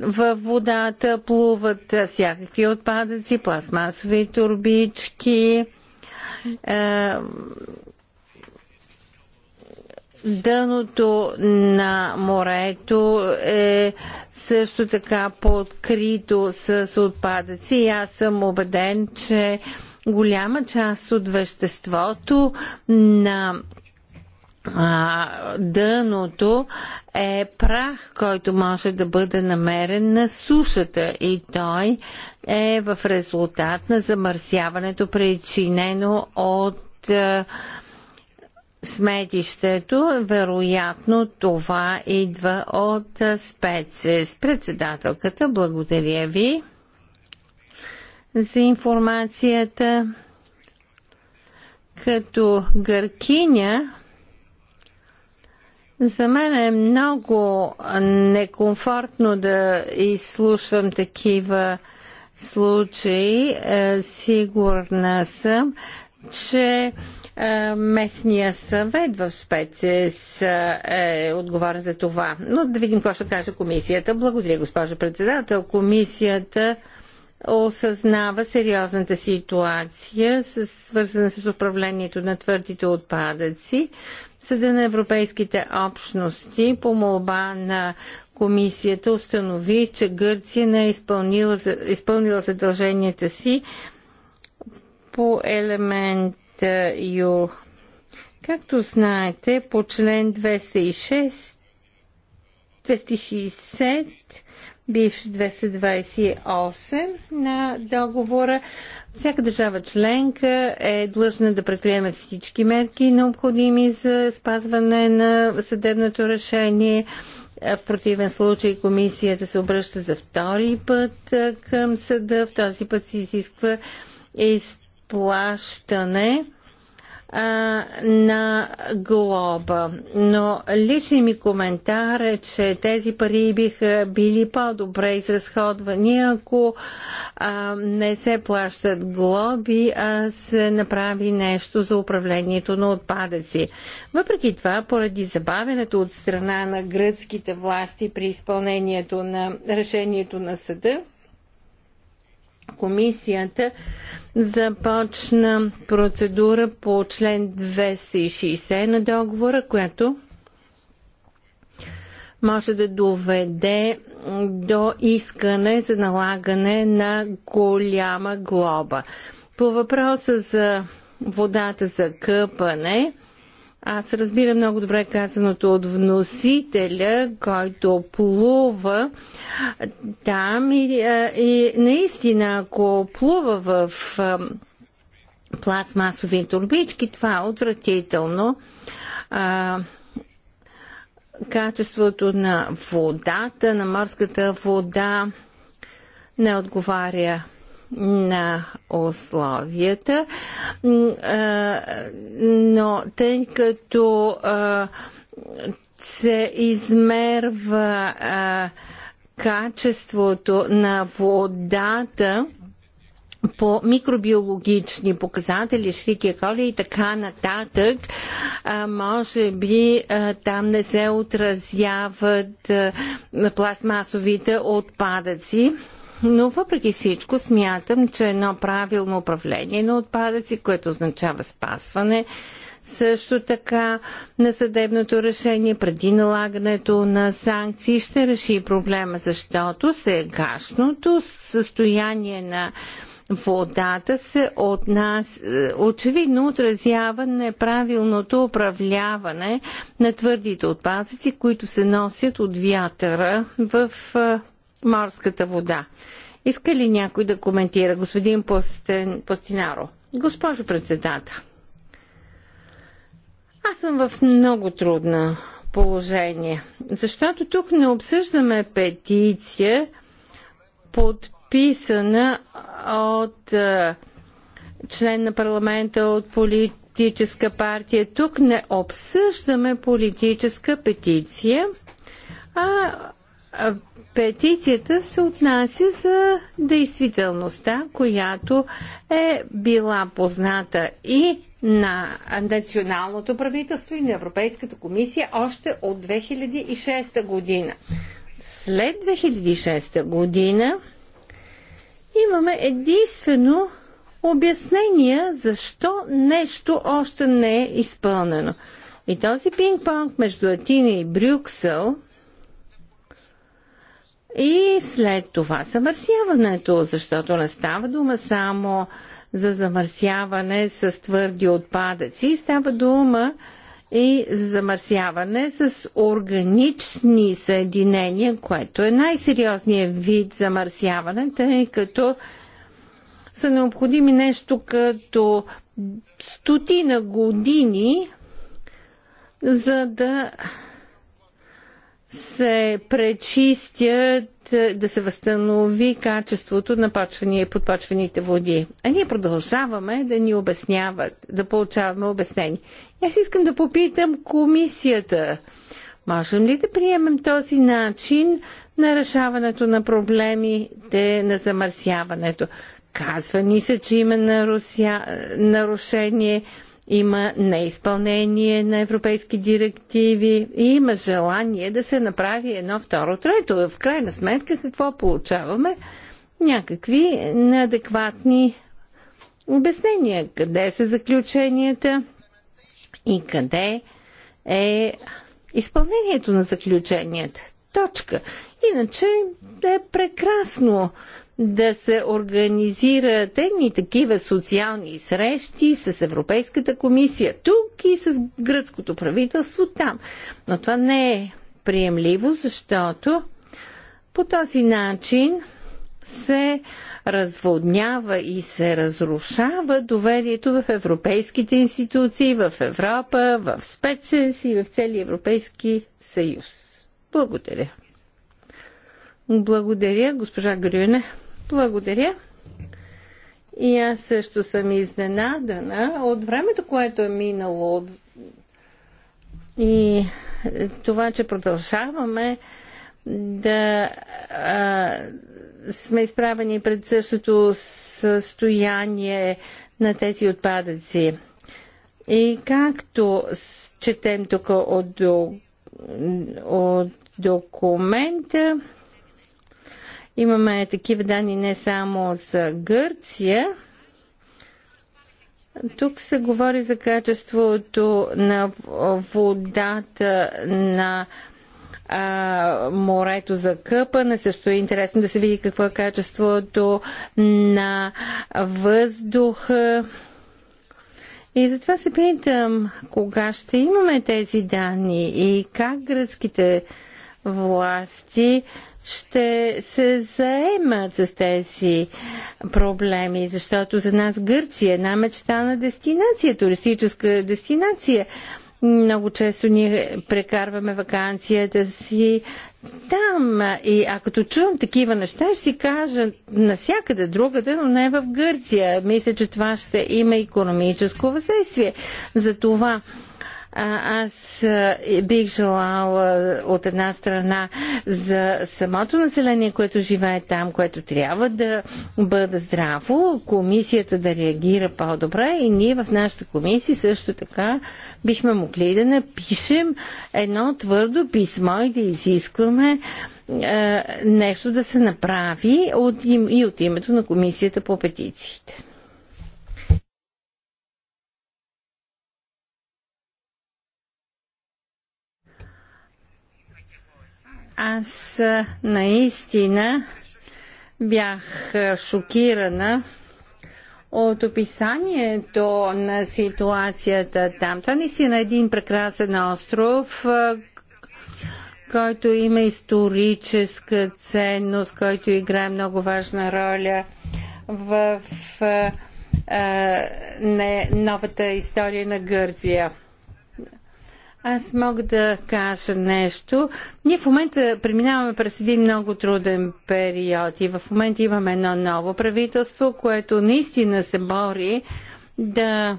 Във водата плуват всякакви отпадъци, пластмасови турбички, Дъното на морето е също така подкрито с отпадъци и аз съм убеден, че голяма част от веществото на а, дъното е прах, който може да бъде намерен на сушата и той е в резултат на замърсяването, причинено от а, сметището. Вероятно това идва от спецс. Председателката, благодаря ви за информацията. Като гъркиня, за мен е много некомфортно да изслушвам такива случаи. Е, сигурна съм, че е, местния съвет в Спецес е, е отговорен за това. Но да видим какво ще каже комисията. Благодаря, госпожо председател. Комисията осъзнава сериозната ситуация, свързана с управлението на твърдите отпадъци. Съда на европейските общности по молба на комисията установи, че Гърция не е изпълнила, изпълнила задълженията си по елемент е, ю. Както знаете, по член 206, 260, бивш 228 на договора, всяка държава членка е длъжна да предприеме всички мерки, необходими за спазване на съдебното решение. Е, в противен случай комисията се обръща за втори път е, към съда. В този път се изисква изпълнение плащане а, на глоба. Но лични ми коментар е, че тези пари биха били по-добре изразходвани, ако а, не се плащат глоби, а се направи нещо за управлението на отпадъци. Въпреки това, поради забавянето от страна на гръцките власти при изпълнението на решението на съда, Комисията започна процедура по член 260 на договора, която може да доведе до искане за налагане на голяма глоба. По въпроса за водата за къпане, аз разбира много добре казаното от вносителя, който плува там и, е, и наистина, ако плува в е, пластмасови турбички, това е отвратително. А, качеството на водата, на морската вода не отговаря на условията, но тъй като се измерва качеството на водата, по микробиологични показатели, шрики коли и така нататък, а, може би а, там не се отразяват а, пластмасовите отпадъци. Но въпреки всичко смятам, че едно правилно управление на отпадъци, което означава спасване, също така на съдебното решение преди налагането на санкции ще реши проблема, защото сегашното състояние на водата се от нас е, очевидно отразява неправилното управляване на твърдите отпадъци, които се носят от вятъра в е, морската вода. Иска ли някой да коментира? Господин Постен, Постинаро. Госпожо председател, аз съм в много трудно положение, защото тук не обсъждаме петиция, подписана от е, член на парламента, от политическа партия. Тук не обсъждаме политическа петиция, а Петицията се отнася за действителността, която е била позната и на националното правителство и на Европейската комисия още от 2006 година. След 2006 година имаме единствено обяснения защо нещо още не е изпълнено. И този пинг-понг между Атина и Брюксел и след това замърсяването, защото не става дума само за замърсяване с твърди отпадъци, става дума и замърсяване с органични съединения, което е най-сериозният вид замърсяване, тъй като са необходими нещо като стотина години, за да се пречистят, е, да се възстанови качеството на почвения и подпочвените води. А ние продължаваме да ни обясняват, да получаваме обяснение. аз искам да попитам комисията, можем ли да приемем този начин на решаването на проблемите на замърсяването? Казва ни се, че има наруся... Е, нарушение има неизпълнение на европейски директиви и има желание да се направи едно, второ, трето. В крайна сметка какво получаваме? Някакви неадекватни обяснения. Къде са заключенията и къде е изпълнението на заключенията. Точка. Иначе е прекрасно да се организират едни такива социални срещи с Европейската комисия тук и с гръцкото правителство там. Но това не е приемливо, защото по този начин се разводнява и се разрушава доверието в европейските институции, в Европа, в спецсенс и в цели Европейски съюз. Благодаря. Благодаря, госпожа Грюне. Благодаря. И аз също съм изненадана от времето, което е минало от... и това, че продължаваме да а, сме изправени пред същото състояние на тези отпадъци. И както четем тук от, от документа, Имаме такива данни не само за Гърция. Тук се говори за качеството на водата на а, морето за къпане. Също е интересно да се види какво е качеството на въздуха. И затова се питам, кога ще имаме тези данни и как гръцките власти ще се заемат с тези проблеми, защото за нас Гърция е една мечтана дестинация, туристическа дестинация. Много често ние прекарваме вакансията си там. И ако чувам такива неща, ще си кажа насякъде другаде, но не в Гърция. Мисля, че това ще има економическо въздействие. Затова аз бих желала от една страна за самото население, което живее там, което трябва да бъде здраво, комисията да реагира по-добре и ние в нашата комисия също така бихме могли да напишем едно твърдо писмо и да изискваме нещо да се направи от им, и от името на комисията по петициите. Аз наистина бях шокирана от описанието на ситуацията там. Това наистина е един прекрасен остров, който има историческа ценност, който играе много важна роля в не, новата история на Гърция. Аз мога да кажа нещо. Ние в момента преминаваме през един много труден период и в момента имаме едно ново правителство, което наистина се бори да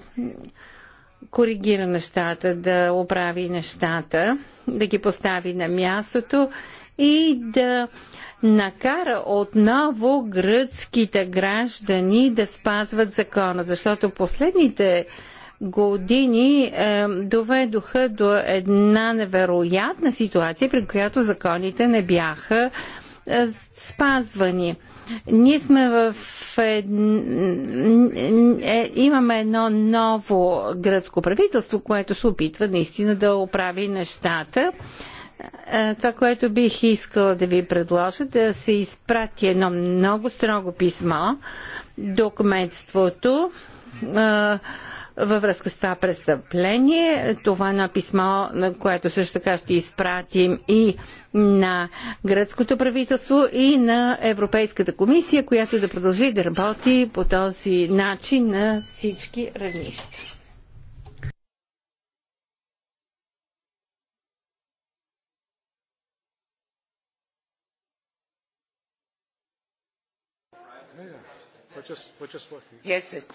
коригира нещата, да оправи нещата, да ги постави на мястото и да накара отново гръцките граждани да спазват закона, защото последните години е, доведоха до една невероятна ситуация, при която законите не бяха е, спазвани. Ние сме в. Е, е, имаме едно ново гръцко правителство, което се опитва наистина да оправи нещата. Е, това, което бих искала да ви предложа, да се изпрати едно много строго писмо до кметството, е, във връзка с това престъпление. Това е писмо, на което също така ще изпратим и на гръцкото правителство и на Европейската комисия, която да продължи да работи по този начин на всички равнища. Yes,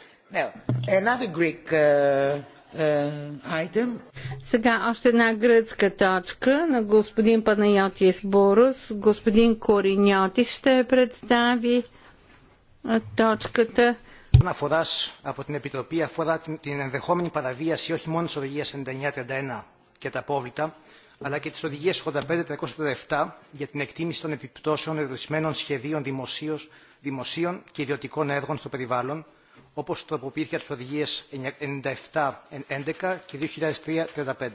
сега още една гръцка точка на господин Панайотис Борус. Господин Кориньотис ще представи точката. Αναφορά από την Επιτροπή αφορά την την ενδεχόμενη παραβίαση όχι μόνο τη Οδηγία 9931 και τα απόβλητα, αλλά και τη Οδηγία 85337 για την εκτίμηση των επιπτώσεων ερωτησμένων σχεδίων δημοσίων και ιδιωτικών έργων στο περιβάλλον, όπως τροποποιήθηκε από τις οδηγίες 97-11 και 2003-35.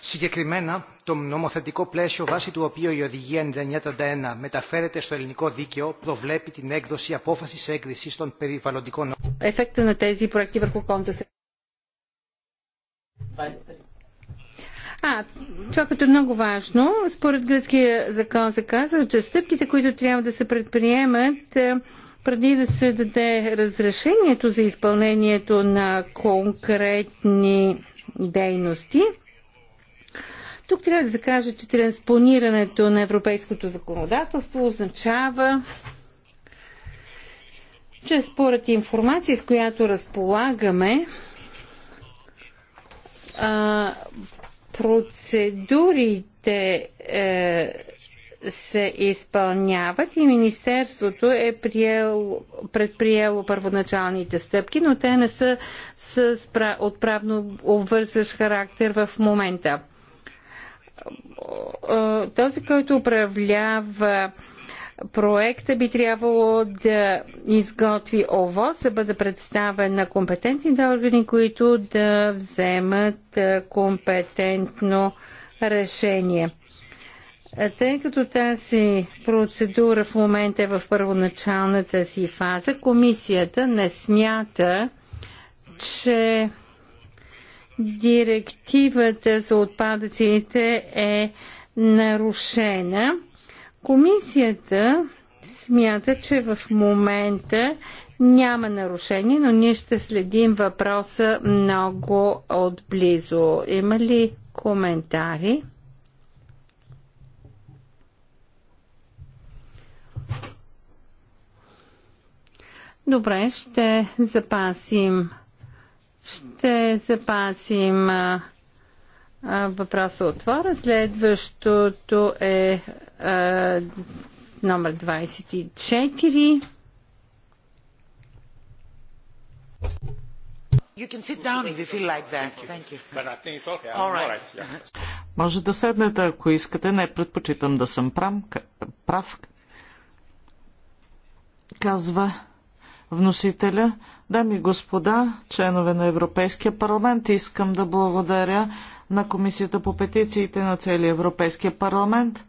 Συγκεκριμένα, το νομοθετικό πλαίσιο βάσει του οποίου η Οδηγία 9931 μεταφέρεται στο ελληνικό δίκαιο προβλέπει την έκδοση απόφαση έγκριση των περιβαλλοντικών νόμων. А, това като е много важно, според гръцкия закон се казва, че стъпките, които трябва да се предприемат, преди да се даде разрешението за изпълнението на конкретни дейности, тук трябва да закажа, че транспонирането на европейското законодателство означава, че според информация, с която разполагаме, процедурите е, се изпълняват и Министерството е приел, предприело първоначалните стъпки, но те не са с отправно обвързващ характер в момента. Този, който управлява проекта би трябвало да изготви ОВОС, да бъде представен на компетентните органи, които да вземат компетентно решение. Е, тъй като тази процедура в момента е в първоначалната си фаза, комисията не смята, че директивата за отпадъците е нарушена. Комисията смята, че в момента няма нарушение, но ние ще следим въпроса много отблизо. Има ли коментари? Добре, ще запасим. Ще запасим а, а, въпроса отвора. Следващото е а, номер 24. Може да седнете, ако искате. Не, предпочитам да съм прав. Казва вносителя. Дами и господа, членове на Европейския парламент, искам да благодаря на Комисията по петициите на целия Европейския парламент,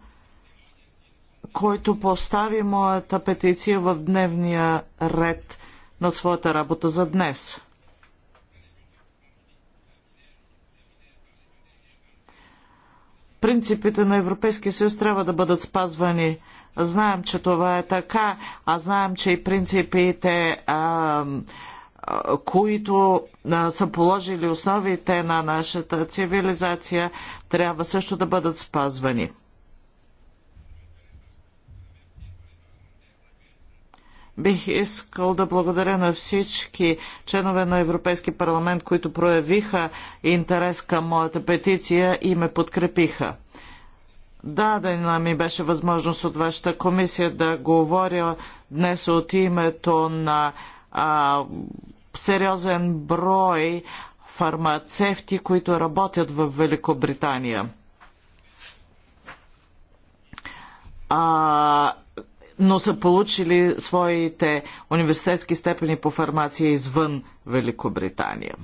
който постави моята петиция в дневния ред на своята работа за днес. Принципите на Европейския съюз трябва да бъдат спазвани Знаем, че това е така, а знаем, че и принципите, които са положили основите на нашата цивилизация, трябва също да бъдат спазвани. Бих искал да благодаря на всички членове на Европейски парламент, които проявиха интерес към моята петиция и ме подкрепиха. Дадена ми беше възможност от вашата комисия да говоря днес от името на а, сериозен брой фармацевти, които работят в Великобритания. А, но са получили своите университетски степени по фармация извън Великобритания.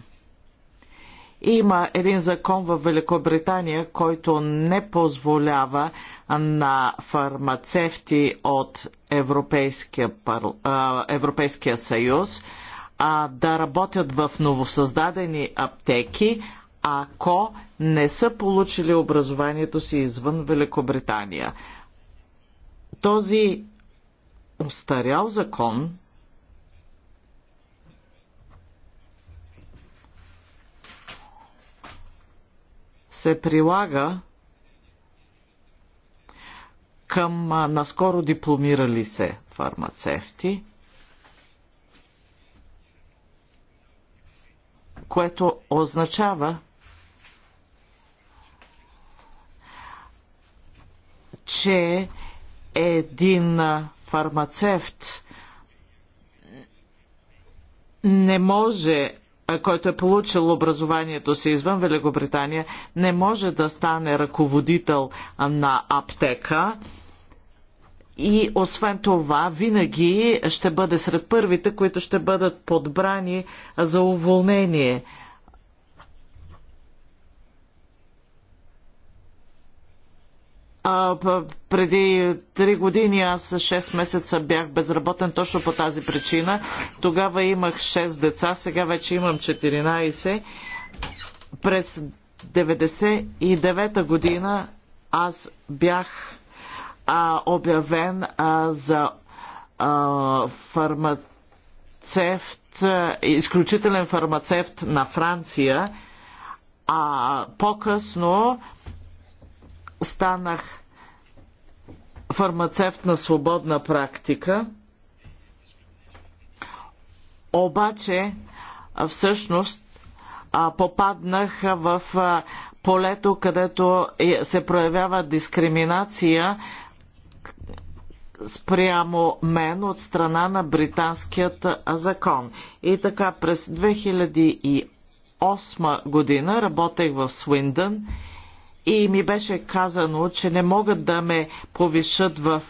Има един закон в Великобритания, който не позволява на фармацевти от Европейския, Европейския съюз а, да работят в новосъздадени аптеки, ако не са получили образованието си извън Великобритания. Този устарял закон се прилага към наскоро дипломирали се фармацевти, което означава, че един фармацевт не може който е получил образованието си извън Великобритания, не може да стане ръководител на аптека. И освен това, винаги ще бъде сред първите, които ще бъдат подбрани за уволнение. А, преди 3 години аз 6 месеца бях безработен точно по тази причина. Тогава имах 6 деца, сега вече имам 14. През 99-та година аз бях а, обявен а, за а, фармацевт, изключителен фармацевт на Франция, а по-късно станах фармацевт на свободна практика, обаче всъщност попаднах в полето, където се проявява дискриминация спрямо мен от страна на британският закон. И така през 2008 година работех в Свиндън и ми беше казано, че не могат да ме повишат в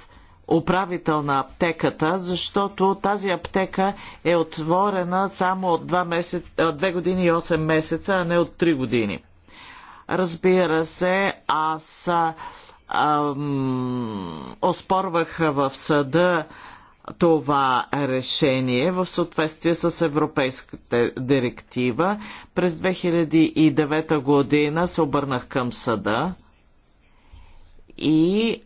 управител на аптеката, защото тази аптека е отворена само от 2, месец, 2 е, години и 8 месеца, а не от 3 години. Разбира се, аз ам, оспорвах в съда това решение в съответствие с Европейската директива. През 2009 година се обърнах към съда и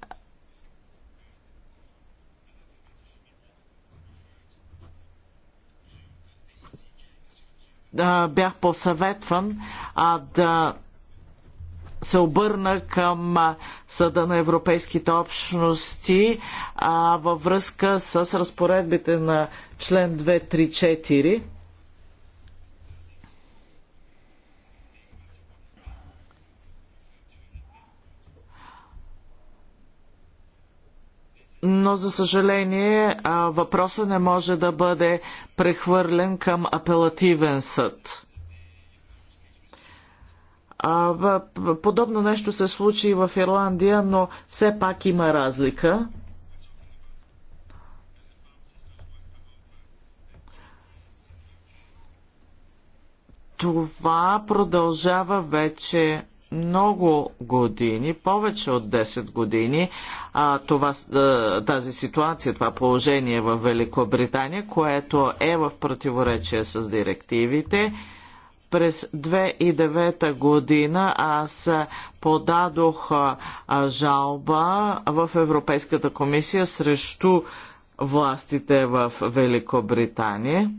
бях посъветван а, да се обърна към Съда на Европейските общности а, във връзка с разпоредбите на член 234. но за съжаление въпросът не може да бъде прехвърлен към апелативен съд. Подобно нещо се случи и в Ирландия, но все пак има разлика. Това продължава вече много години, повече от 10 години, а, това, тази ситуация, това положение в Великобритания, което е в противоречие с директивите. През 2009 година аз подадох жалба в Европейската комисия срещу властите в Великобритания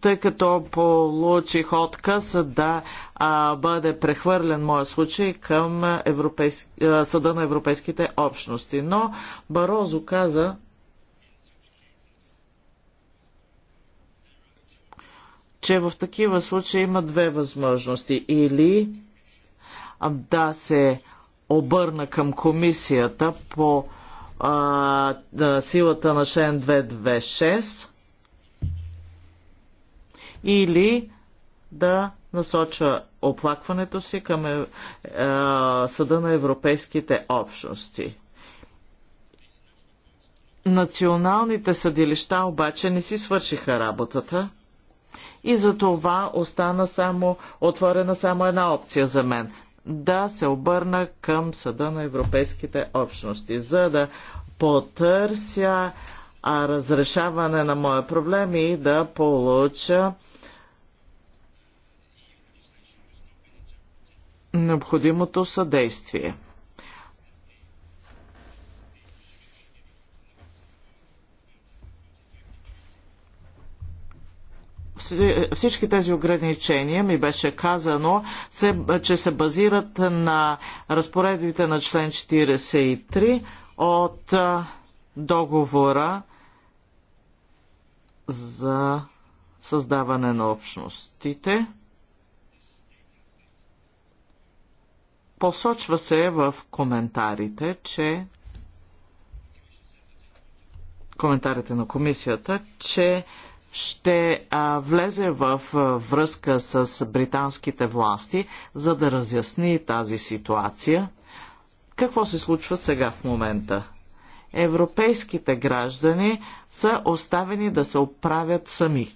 тъй като получих отказ да а, бъде прехвърлен моя случай към Европейс... съда на европейските общности. Но Барозо каза, че в такива случаи има две възможности. Или да се обърна към комисията по а, силата на член 226 или да насоча оплакването си към е, е, Съда на Европейските общности. Националните съдилища обаче не си свършиха работата и за това остана само, отворена само една опция за мен да се обърна към Съда на Европейските общности, за да потърся а, разрешаване на моя проблем и да получа необходимото съдействие. всички тези ограничения, ми беше казано, се, че се базират на разпоредбите на член 43 от договора за създаване на общностите. Посочва се в коментарите, че коментарите на комисията, че ще а, влезе в а, връзка с британските власти, за да разясни тази ситуация. Какво се случва сега в момента? Европейските граждани са оставени да се оправят сами.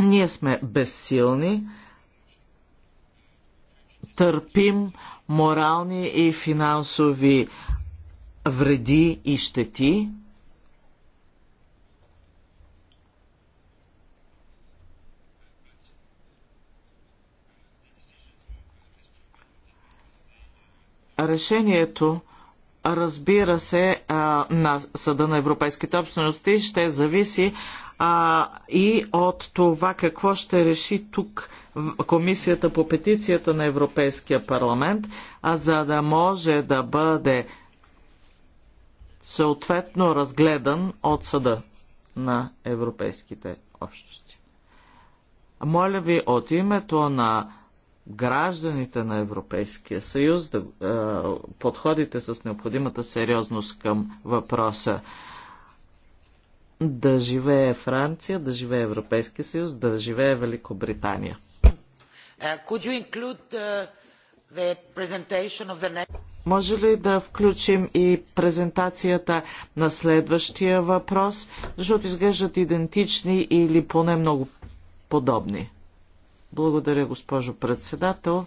Ние сме безсилни, търпим морални и финансови вреди и щети. Решението разбира се, на Съда на Европейските общности ще зависи а, и от това какво ще реши тук Комисията по петицията на Европейския парламент, а за да може да бъде съответно разгледан от съда на европейските общности. Моля ви от името на гражданите на Европейския съюз да е, подходите с необходимата сериозност към въпроса. Да живее Франция, да живее Европейския съюз, да живее Великобритания. Uh, uh може ли да включим и презентацията на следващия въпрос, защото изглеждат идентични или поне много подобни? Благодаря, госпожо председател.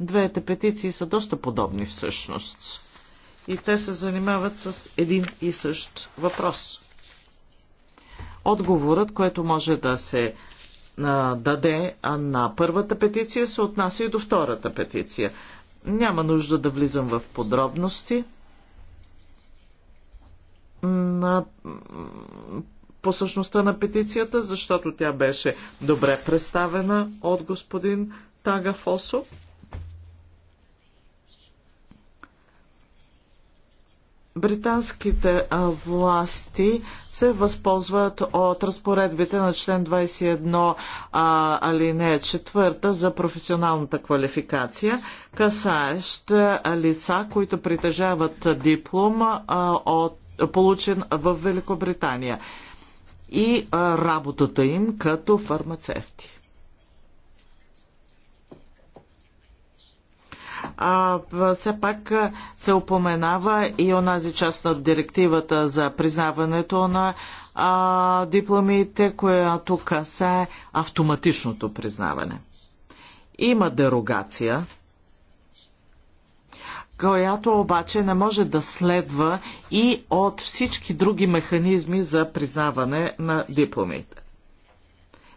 Двете петиции са доста подобни всъщност. И те се занимават с един и същ въпрос. Отговорът, който може да се а, даде на първата петиция, се отнася и до втората петиция. Няма нужда да влизам в подробности. На, по същността на петицията, защото тя беше добре представена от господин Тага Фосо. британските власти се възползват от разпоредбите на член 21 а, алинея 4 за професионалната квалификация, касаещ лица, които притежават диплом а, от, получен в Великобритания и а, работата им като фармацевти. а, все пак се упоменава и онази част от директивата за признаването на а, дипломите, която касае автоматичното признаване. Има дерогация, която обаче не може да следва и от всички други механизми за признаване на дипломите.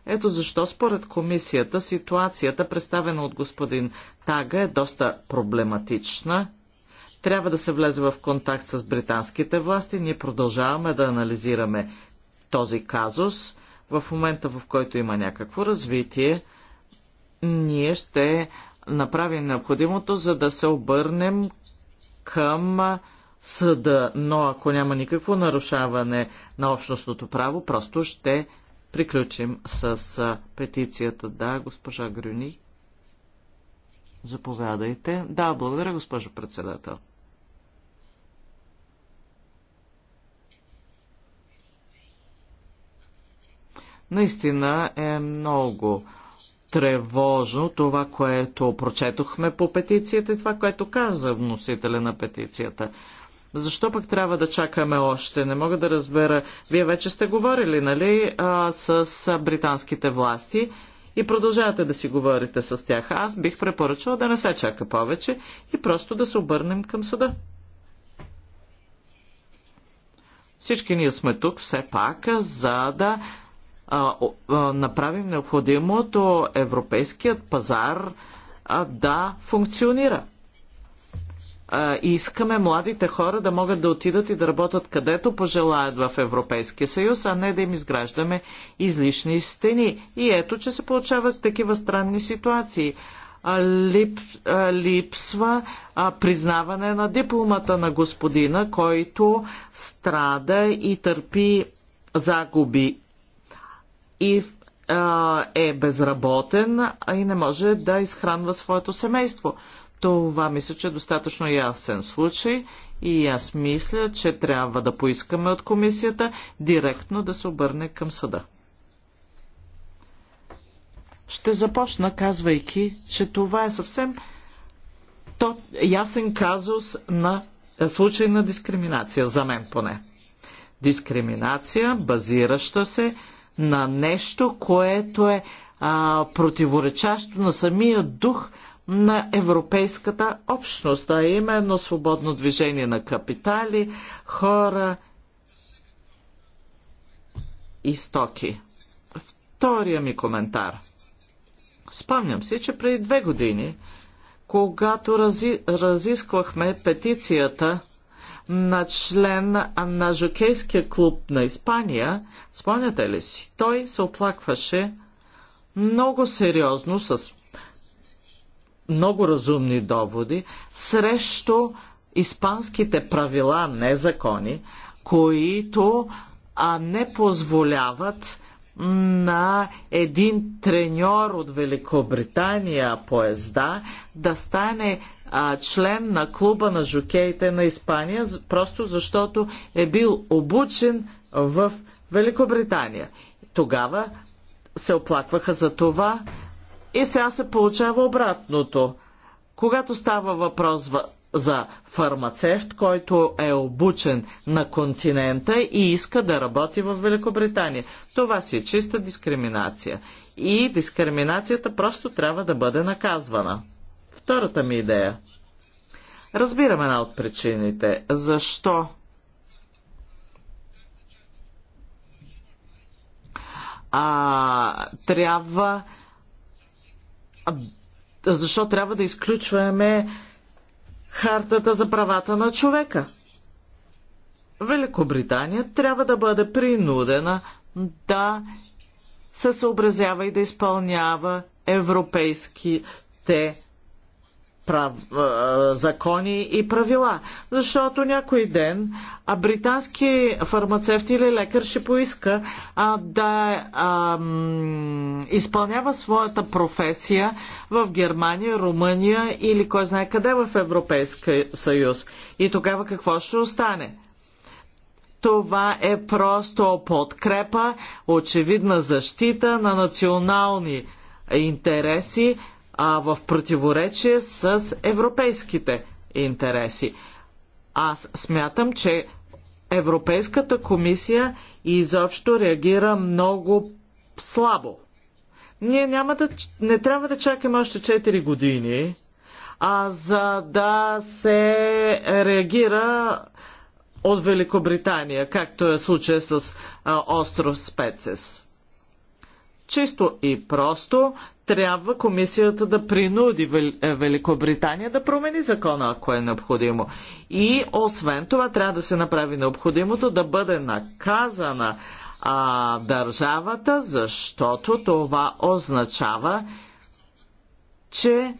Ето защо според комисията ситуацията, представена от господин Тага, е доста проблематична. Трябва да се влезе в контакт с британските власти. Ние продължаваме да анализираме този казус. В момента, в който има някакво развитие, ние ще направим необходимото, за да се обърнем към съда. Но ако няма никакво нарушаване на общностното право, просто ще приключим с петицията. Да, госпожа Грюни. Заповядайте. Да, благодаря, госпожо председател. Наистина е много тревожно това, което прочетохме по петицията и това, което каза вносителя на петицията. Защо пък трябва да чакаме още? Не мога да разбера. Вие вече сте говорили, нали, а, с британските власти и продължавате да си говорите с тях. Аз бих препоръчала да не се чака повече и просто да се обърнем към съда. Всички ние сме тук все пак, за да а, а, направим необходимото европейският пазар а, да функционира. И искаме младите хора да могат да отидат и да работят където пожелаят в Европейския съюз, а не да им изграждаме излишни стени. И ето, че се получават такива странни ситуации. лип, липсва признаване на дипломата на господина, който страда и търпи загуби и е безработен и не може да изхранва своето семейство. Това мисля, че е достатъчно ясен случай и аз мисля, че трябва да поискаме от комисията директно да се обърне към съда. Ще започна казвайки, че това е съвсем то, ясен казус на е, случай на дискриминация, за мен поне. Дискриминация, базираща се на нещо, което е а, противоречащо на самия дух на европейската общност, а именно свободно движение на капитали, хора и стоки. Втория ми коментар. Спомням си, че преди две години, когато рази, разисквахме петицията на член на Жокейския клуб на Испания, спомняте ли си, той се оплакваше много сериозно с много разумни доводи срещу испанските правила, не закони, които а, не позволяват на един треньор от Великобритания поезда, да стане а, член на клуба на жокеите на Испания, просто защото е бил обучен в Великобритания. Тогава се оплакваха за това, и сега се получава обратното. Когато става въпрос за фармацевт, който е обучен на континента и иска да работи в Великобритания. Това си е чиста дискриминация. И дискриминацията просто трябва да бъде наказвана. Втората ми идея. Разбирам една от причините. Защо а, трябва защо трябва да изключваме хартата за правата на човека? Великобритания трябва да бъде принудена да се съобразява и да изпълнява европейските прав, закони и правила. Защото някой ден а британски фармацевт или лекар ще поиска а, да а, м, изпълнява своята професия в Германия, Румъния или кой знае къде в Европейския съюз. И тогава какво ще остане? Това е просто подкрепа, очевидна защита на национални интереси, а, в противоречие с европейските интереси. Аз смятам, че Европейската комисия изобщо реагира много слабо. Ние няма да, не трябва да чакаме още 4 години, а за да се реагира от Великобритания, както е случая с а, остров Спецес. Чисто и просто трябва комисията да принуди е, Великобритания да промени закона, ако е необходимо. И освен това трябва да се направи необходимото да бъде наказана а, държавата, защото това означава, че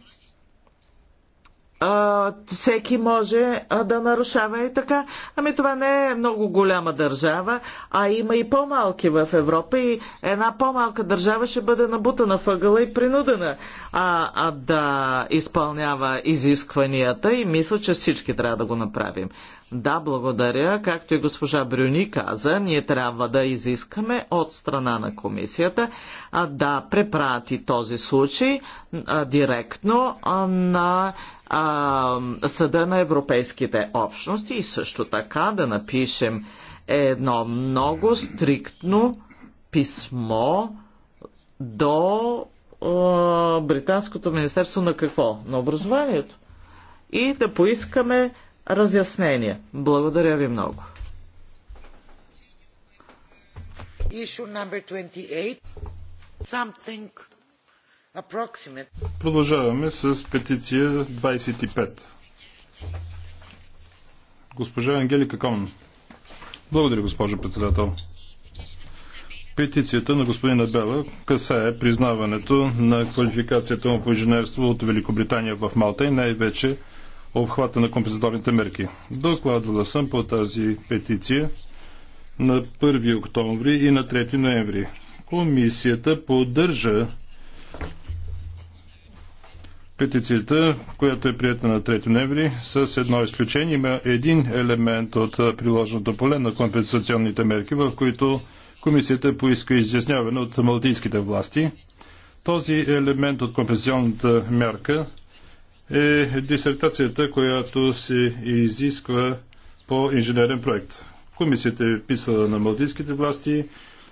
а, всеки може а, да нарушава и така. Ами това не е много голяма държава, а има и по-малки в Европа и една по-малка държава ще бъде набутана въгъла и принудена а, а да изпълнява изискванията и мисля, че всички трябва да го направим. Да, благодаря. Както и госпожа Брюни каза, ние трябва да изискаме от страна на комисията а, да препрати този случай а, директно а, на а, съда на европейските общности и също така да напишем едно много стриктно писмо до а, Британското министерство на какво? На образованието. И да поискаме разяснение. Благодаря ви много. Issue number 28. Something Продължаваме с петиция 25. Госпожа Ангелика Комен. Благодаря, госпожо председател. Петицията на господин Абела касае признаването на квалификацията му по инженерство от Великобритания в Малта и най-вече обхвата на компенсаторните мерки. Докладвала съм по тази петиция на 1 октомври и на 3 ноември. Комисията поддържа петицията, която е прията на 3 ноември, с едно изключение. Има един елемент от приложното поле на компенсационните мерки, в които комисията поиска изясняване от малтийските власти. Този елемент от компенсационната мерка е дисертацията, която се изисква по инженерен проект. Комисията е писала на малтийските власти,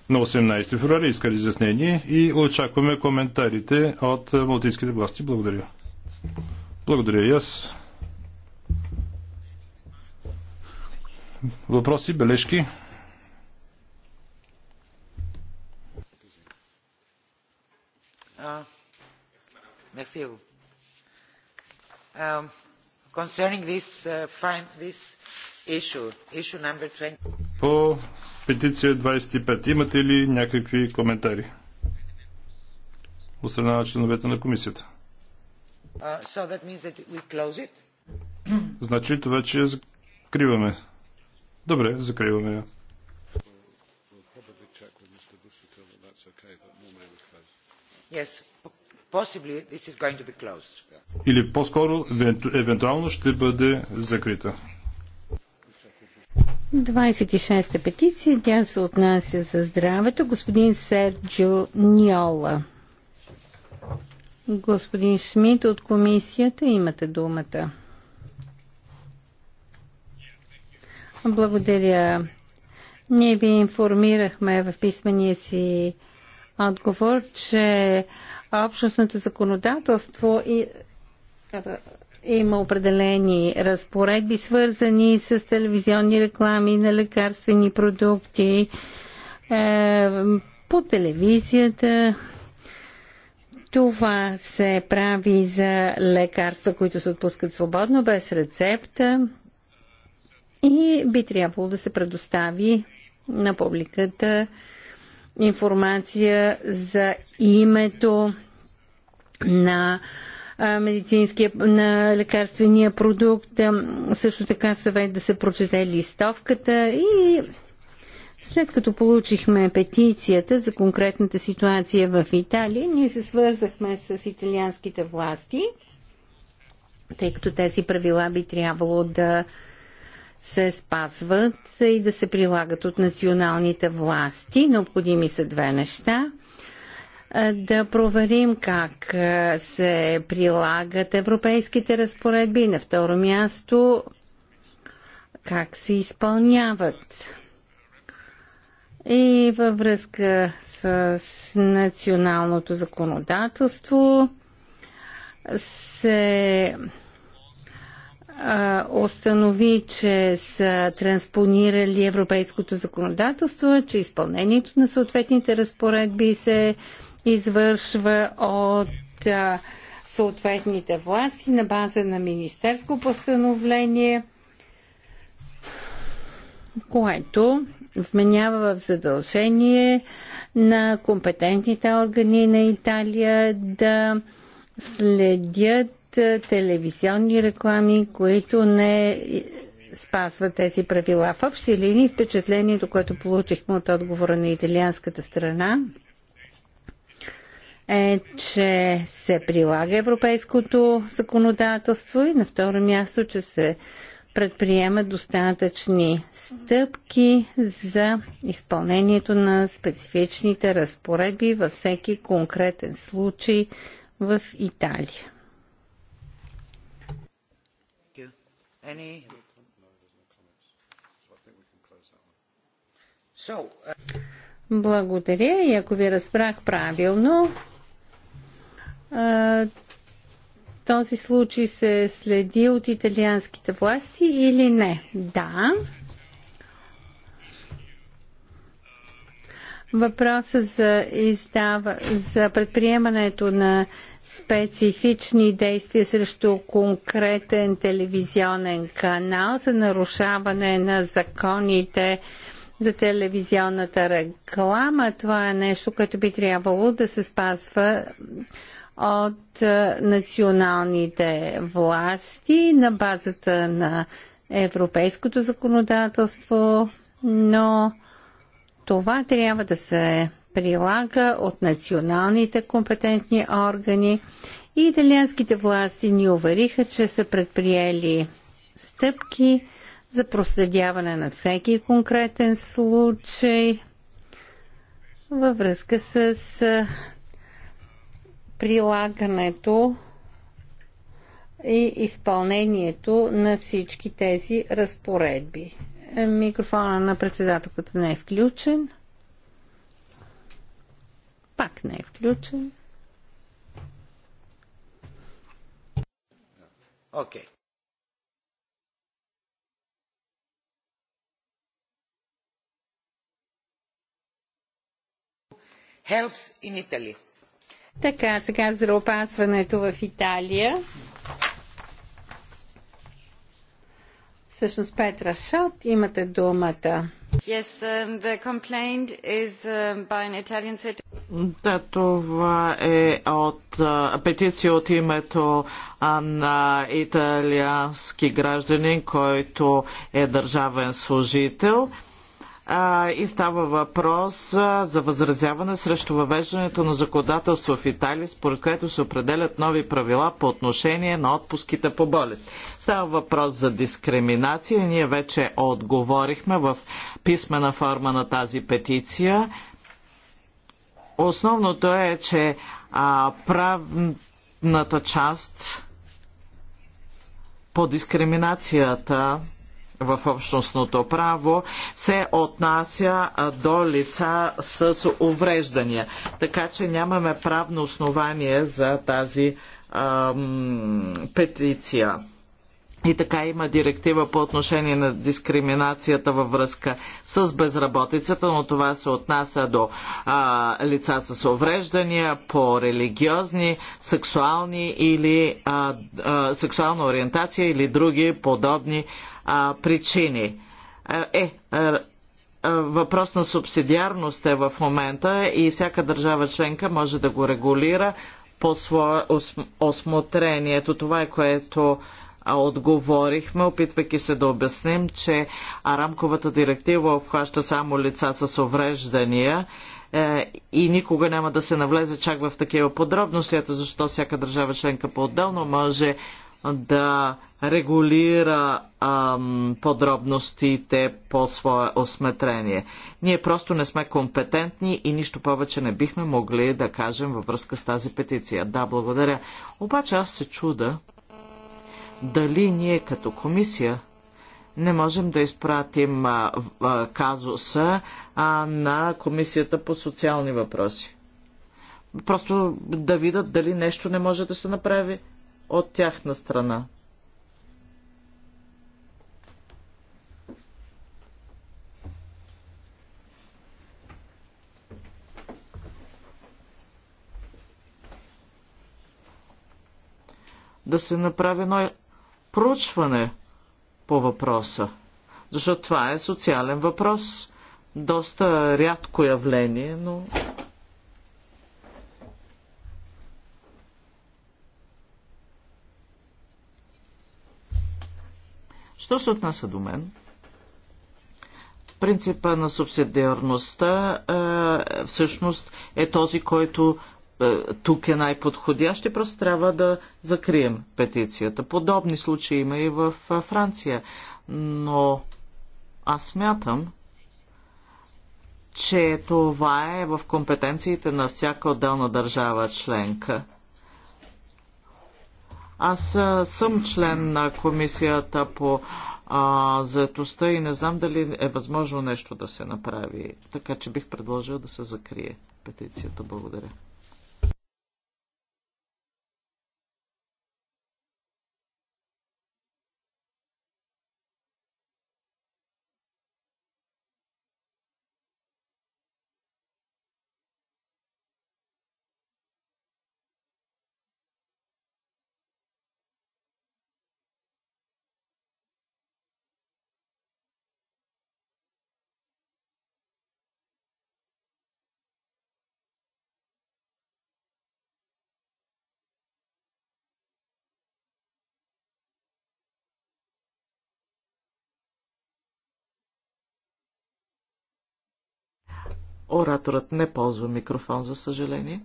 на 18 февруари искали изяснение и очакваме коментарите от малтийските власти. Благодаря. Благодаря и аз. Въпроси, бележки? Merci à vous. Um, concerning this, uh, find this issue, issue number 20. По петиция 25. Имате ли някакви коментари? От на членовете на комисията. Uh, so that that значи това, че закриваме. Добре, закриваме я. Yes, Или по-скоро, евентуално ще бъде закрита. 26-та петиция, тя се отнася за здравето. Господин Серджо Ньола. Господин Шмидт от комисията, имате думата. Благодаря. Ние ви информирахме в писмения си отговор, че общностното законодателство и има определени разпоредби, свързани с телевизионни реклами на лекарствени продукти е, по телевизията. Това се прави за лекарства, които се отпускат свободно, без рецепта и би трябвало да се предостави на публиката информация за името на медицинския, на лекарствения продукт. Също така съвет да се прочете листовката и след като получихме петицията за конкретната ситуация в Италия, ние се свързахме с италианските власти, тъй като тези правила би трябвало да се спазват и да се прилагат от националните власти. Необходими са две неща – да проверим как се прилагат европейските разпоредби. На второ място, как се изпълняват. И във връзка с националното законодателство се установи, че са транспонирали европейското законодателство, че изпълнението на съответните разпоредби се извършва от а, съответните власти на база на министерско постановление, което вменява в задължение на компетентните органи на Италия да следят телевизионни реклами, които не спазват тези правила. В общи линии впечатлението, което получихме от отговора на италианската страна, е, че се прилага европейското законодателство и на второ място, че се предприемат достатъчни стъпки за изпълнението на специфичните разпоредби във всеки конкретен случай в Италия. Uh- Благодаря и ако ви разбрах правилно, този случай се следи от италианските власти или не? Да. Въпроса за, издава, за предприемането на специфични действия срещу конкретен телевизионен канал за нарушаване на законите за телевизионната реклама. Това е нещо, което би трябвало да се спазва от е, националните власти на базата на европейското законодателство, но това трябва да се прилага от националните компетентни органи и италианските власти ни увериха, че са предприели стъпки за проследяване на всеки конкретен случай във връзка с е, прилагането и изпълнението на всички тези разпоредби. Микрофона на председателката не е включен. Пак не е включен. Окей. Okay. Health in Italy. Така, сега здравеопазването в Италия. Всъщност Петра Шот, имате думата. Yes, um, the complaint is um, by an Italian citizen. Да, това е от петиция от името на италиански гражданин, който е държавен служител а, и става въпрос а, за възразяване срещу въвеждането на законодателство в Италия, според което се определят нови правила по отношение на отпуските по болест. Става въпрос за дискриминация. Ние вече отговорихме в писмена форма на тази петиция. Основното е, че а, правната част по дискриминацията в общностното право се отнася до лица с увреждания. Така че нямаме правно основание за тази ам, петиция. И така има директива по отношение на дискриминацията във връзка с безработицата, но това се отнася до а, лица с увреждания по религиозни, сексуални или а, а, сексуална ориентация или други подобни а, причини. Е, е въпрос на субсидиарност е в момента и всяка държава членка може да го регулира по свое осмотрението. Това е което отговорихме, опитвайки се да обясним, че рамковата директива обхваща само лица с увреждания е, и никога няма да се навлезе чак в такива подробности, ето защо всяка държава членка по-отделно може да регулира ам, подробностите по свое осметрение. Ние просто не сме компетентни и нищо повече не бихме могли да кажем във връзка с тази петиция. Да, благодаря. Обаче аз се чуда дали ние като комисия не можем да изпратим а, а, казуса а, на Комисията по социални въпроси. Просто да видят дали нещо не може да се направи от тяхна страна. Да се направи едно проучване по въпроса, защото това е социален въпрос, доста рядко явление, но Що се отнася до мен? Принципа на субсидиарността е, всъщност е този, който е, тук е най-подходящ и просто трябва да закрием петицията. Подобни случаи има и в Франция. Но аз смятам, че това е в компетенциите на всяка отделна държава членка. Аз съм член на комисията по а, заетостта и не знам дали е възможно нещо да се направи. Така че бих предложил да се закрие петицията. Благодаря. Ораторът не ползва микрофон, за съжаление.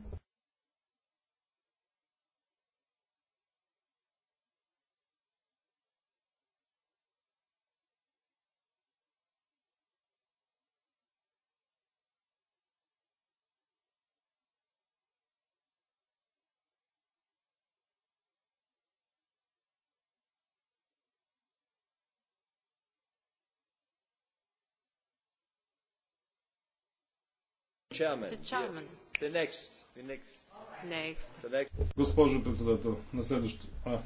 chairman. The chairman. The next. The next. Next. The next. Госпожо председател, на следващото, а,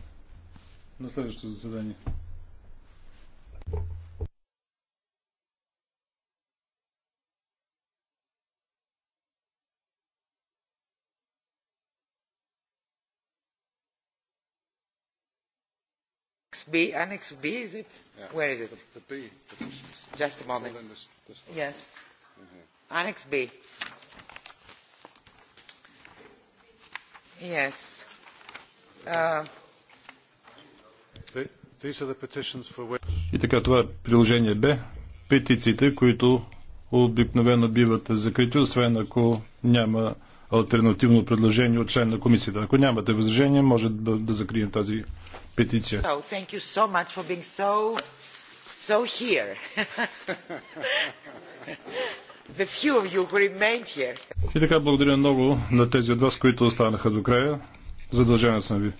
на следващото заседание. B, Annex B, is it? Yeah. Where is it? The, the B. The Just a moment. yes. Mm-hmm. Annex B. Yes. Uh... For... И така, това е приложение Б. Петициите, които обикновено биват закрити, освен ако няма альтернативно предложение от член на комисията. Ако нямате възражение, може да, да закрием тази петиция. Oh, so, so И така благодаря много на тези от вас, които останаха до края. Задължена съм ви.